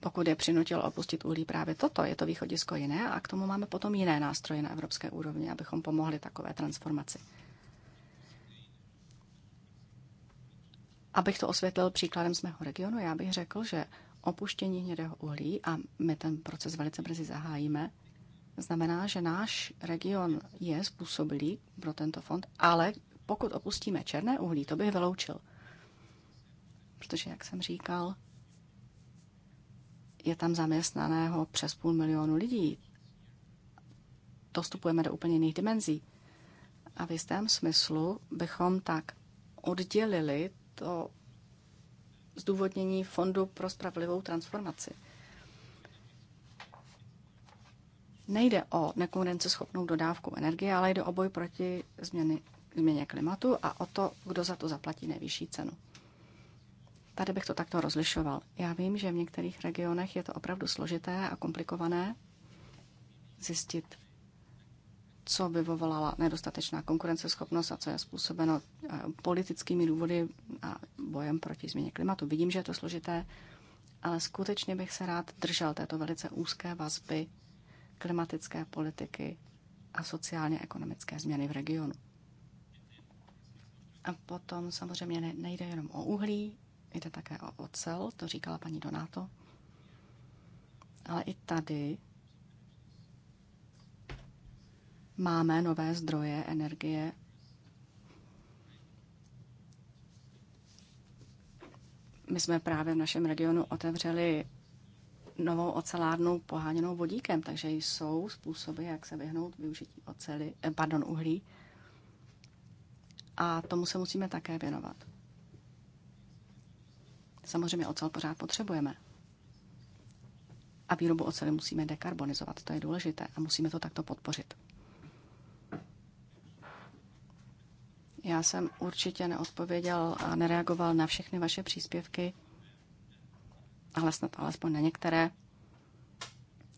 pokud je přinutil opustit uhlí právě toto, je to východisko jiné a k tomu máme potom jiné nástroje na evropské úrovni, abychom pomohli takové transformaci. Abych to osvětlil příkladem z mého regionu, já bych řekl, že opuštění hnědého uhlí, a my ten proces velice brzy zahájíme, znamená, že náš region je způsobilý pro tento fond, ale pokud opustíme černé uhlí, to bych vyloučil. Protože, jak jsem říkal, je tam zaměstnaného přes půl milionu lidí. Dostupujeme do úplně jiných dimenzí. A v jistém smyslu bychom tak oddělili to zdůvodnění Fondu pro spravedlivou transformaci. Nejde o nekonkurenceschopnou dodávku energie, ale jde o boj proti změny, změně klimatu a o to, kdo za to zaplatí nejvyšší cenu. Tady bych to takto rozlišoval. Já vím, že v některých regionech je to opravdu složité a komplikované zjistit co by vyvolala nedostatečná konkurenceschopnost a co je způsobeno eh, politickými důvody a bojem proti změně klimatu. Vidím, že je to složité, ale skutečně bych se rád držel této velice úzké vazby klimatické politiky a sociálně-ekonomické změny v regionu. A potom samozřejmě nejde jenom o uhlí, jde také o ocel, to říkala paní Donáto. Ale i tady máme nové zdroje energie. My jsme právě v našem regionu otevřeli novou ocelárnu poháněnou vodíkem, takže jsou způsoby, jak se vyhnout využití oceli, eh, pardon, uhlí. A tomu se musíme také věnovat. Samozřejmě ocel pořád potřebujeme. A výrobu oceli musíme dekarbonizovat, to je důležité a musíme to takto podpořit. Já jsem určitě neodpověděl a nereagoval na všechny vaše příspěvky, ale snad alespoň na některé.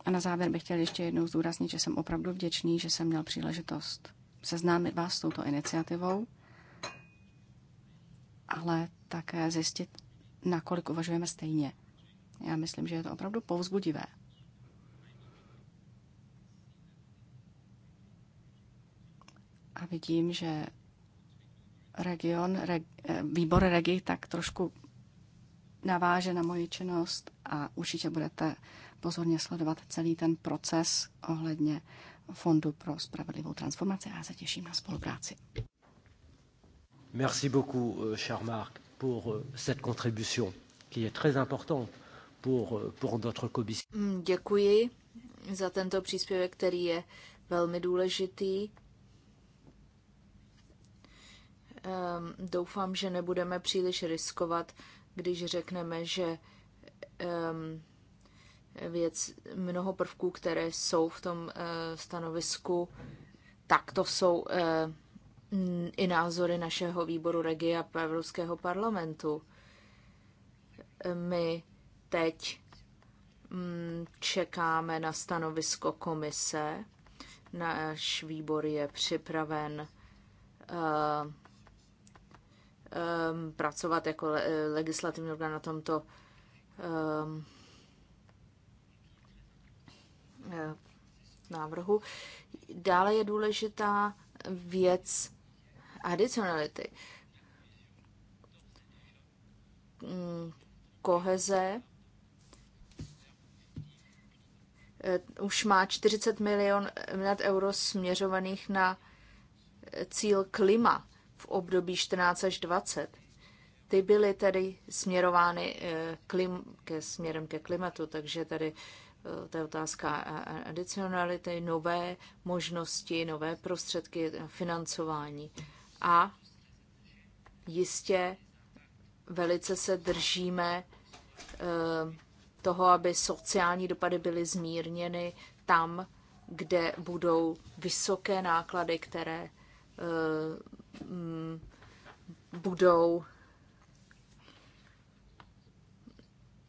A na závěr bych chtěl ještě jednou zdůraznit, že jsem opravdu vděčný, že jsem měl příležitost seznámit vás s touto iniciativou, ale také zjistit, nakolik uvažujeme stejně. Já myslím, že je to opravdu povzbudivé. A vidím, že region, reg, eh, výbor regi, tak trošku naváže na moji činnost a určitě budete pozorně sledovat celý ten proces ohledně Fondu pro spravedlivou transformaci a já se těším na spolupráci. Merci beaucoup, euh, cher Marc, pour euh, cette contribution qui est très importante pour, euh, pour notre commission. Mm, děkuji za tento příspěvek, který je velmi důležitý Ehm, doufám, že nebudeme příliš riskovat, když řekneme, že ehm, věc, mnoho prvků, které jsou v tom eh, stanovisku, tak to jsou eh, i názory našeho výboru regie a Evropského parlamentu. My teď mm, čekáme na stanovisko komise. Náš výbor je připraven eh, um, pracovat jako le- legislativní orgán na tomto um, eh, návrhu. Dále je důležitá věc adicionality. Mm, koheze eh, už má 40 milion miliard euro směřovaných na cíl klima v období 14 až 20. Ty byly tedy směrovány eh, klim, ke směrem ke klimatu, takže tady eh, ta je otázka adicionality, nové možnosti, nové prostředky eh, financování. A jistě velice se držíme toho, aby sociální dopady byly zmírněny tam, kde budou vysoké náklady, které Mm, budou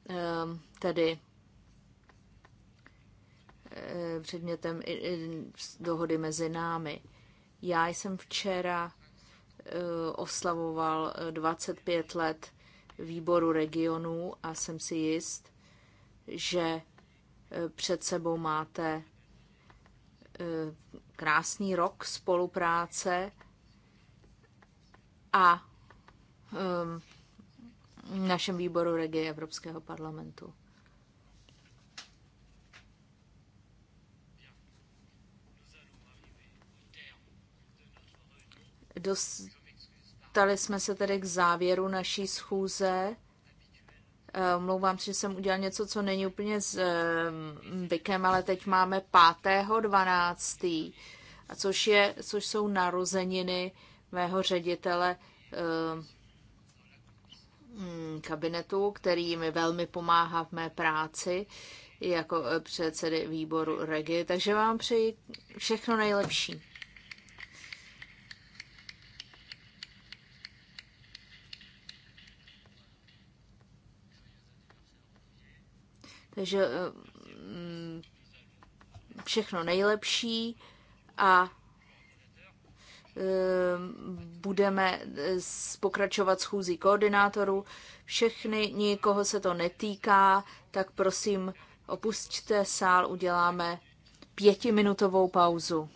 ehm, tedy eh, předmětem dohody mezi námi. Já jsem včera eh, oslavoval 25 eh, let výboru regionů a jsem si jist, že před sebou máte krásný rok spolupráce a um, našem výboru regie Evropského parlamentu. Dostali jsme se tedy k závěru naší schůze. Eh, Mluvám si, že jsem udělal něco, co není úplně s Bikem, eh, ale teď máme 5.12., což, je, což jsou narozeniny uh, mého ředitele eh, mm, kabinetu, který mi velmi pomáhá v mé práci jako eh, předsedy výboru Regi. Takže vám přeji všechno nejlepší. Takže eh, mm, všechno nejlepší a Eh, budeme eh, pokračovat schůzí koordinátorů. Všechny, nikoho se to netýká, tak prosím opusťte sál, uděláme pětiminutovou pauzu.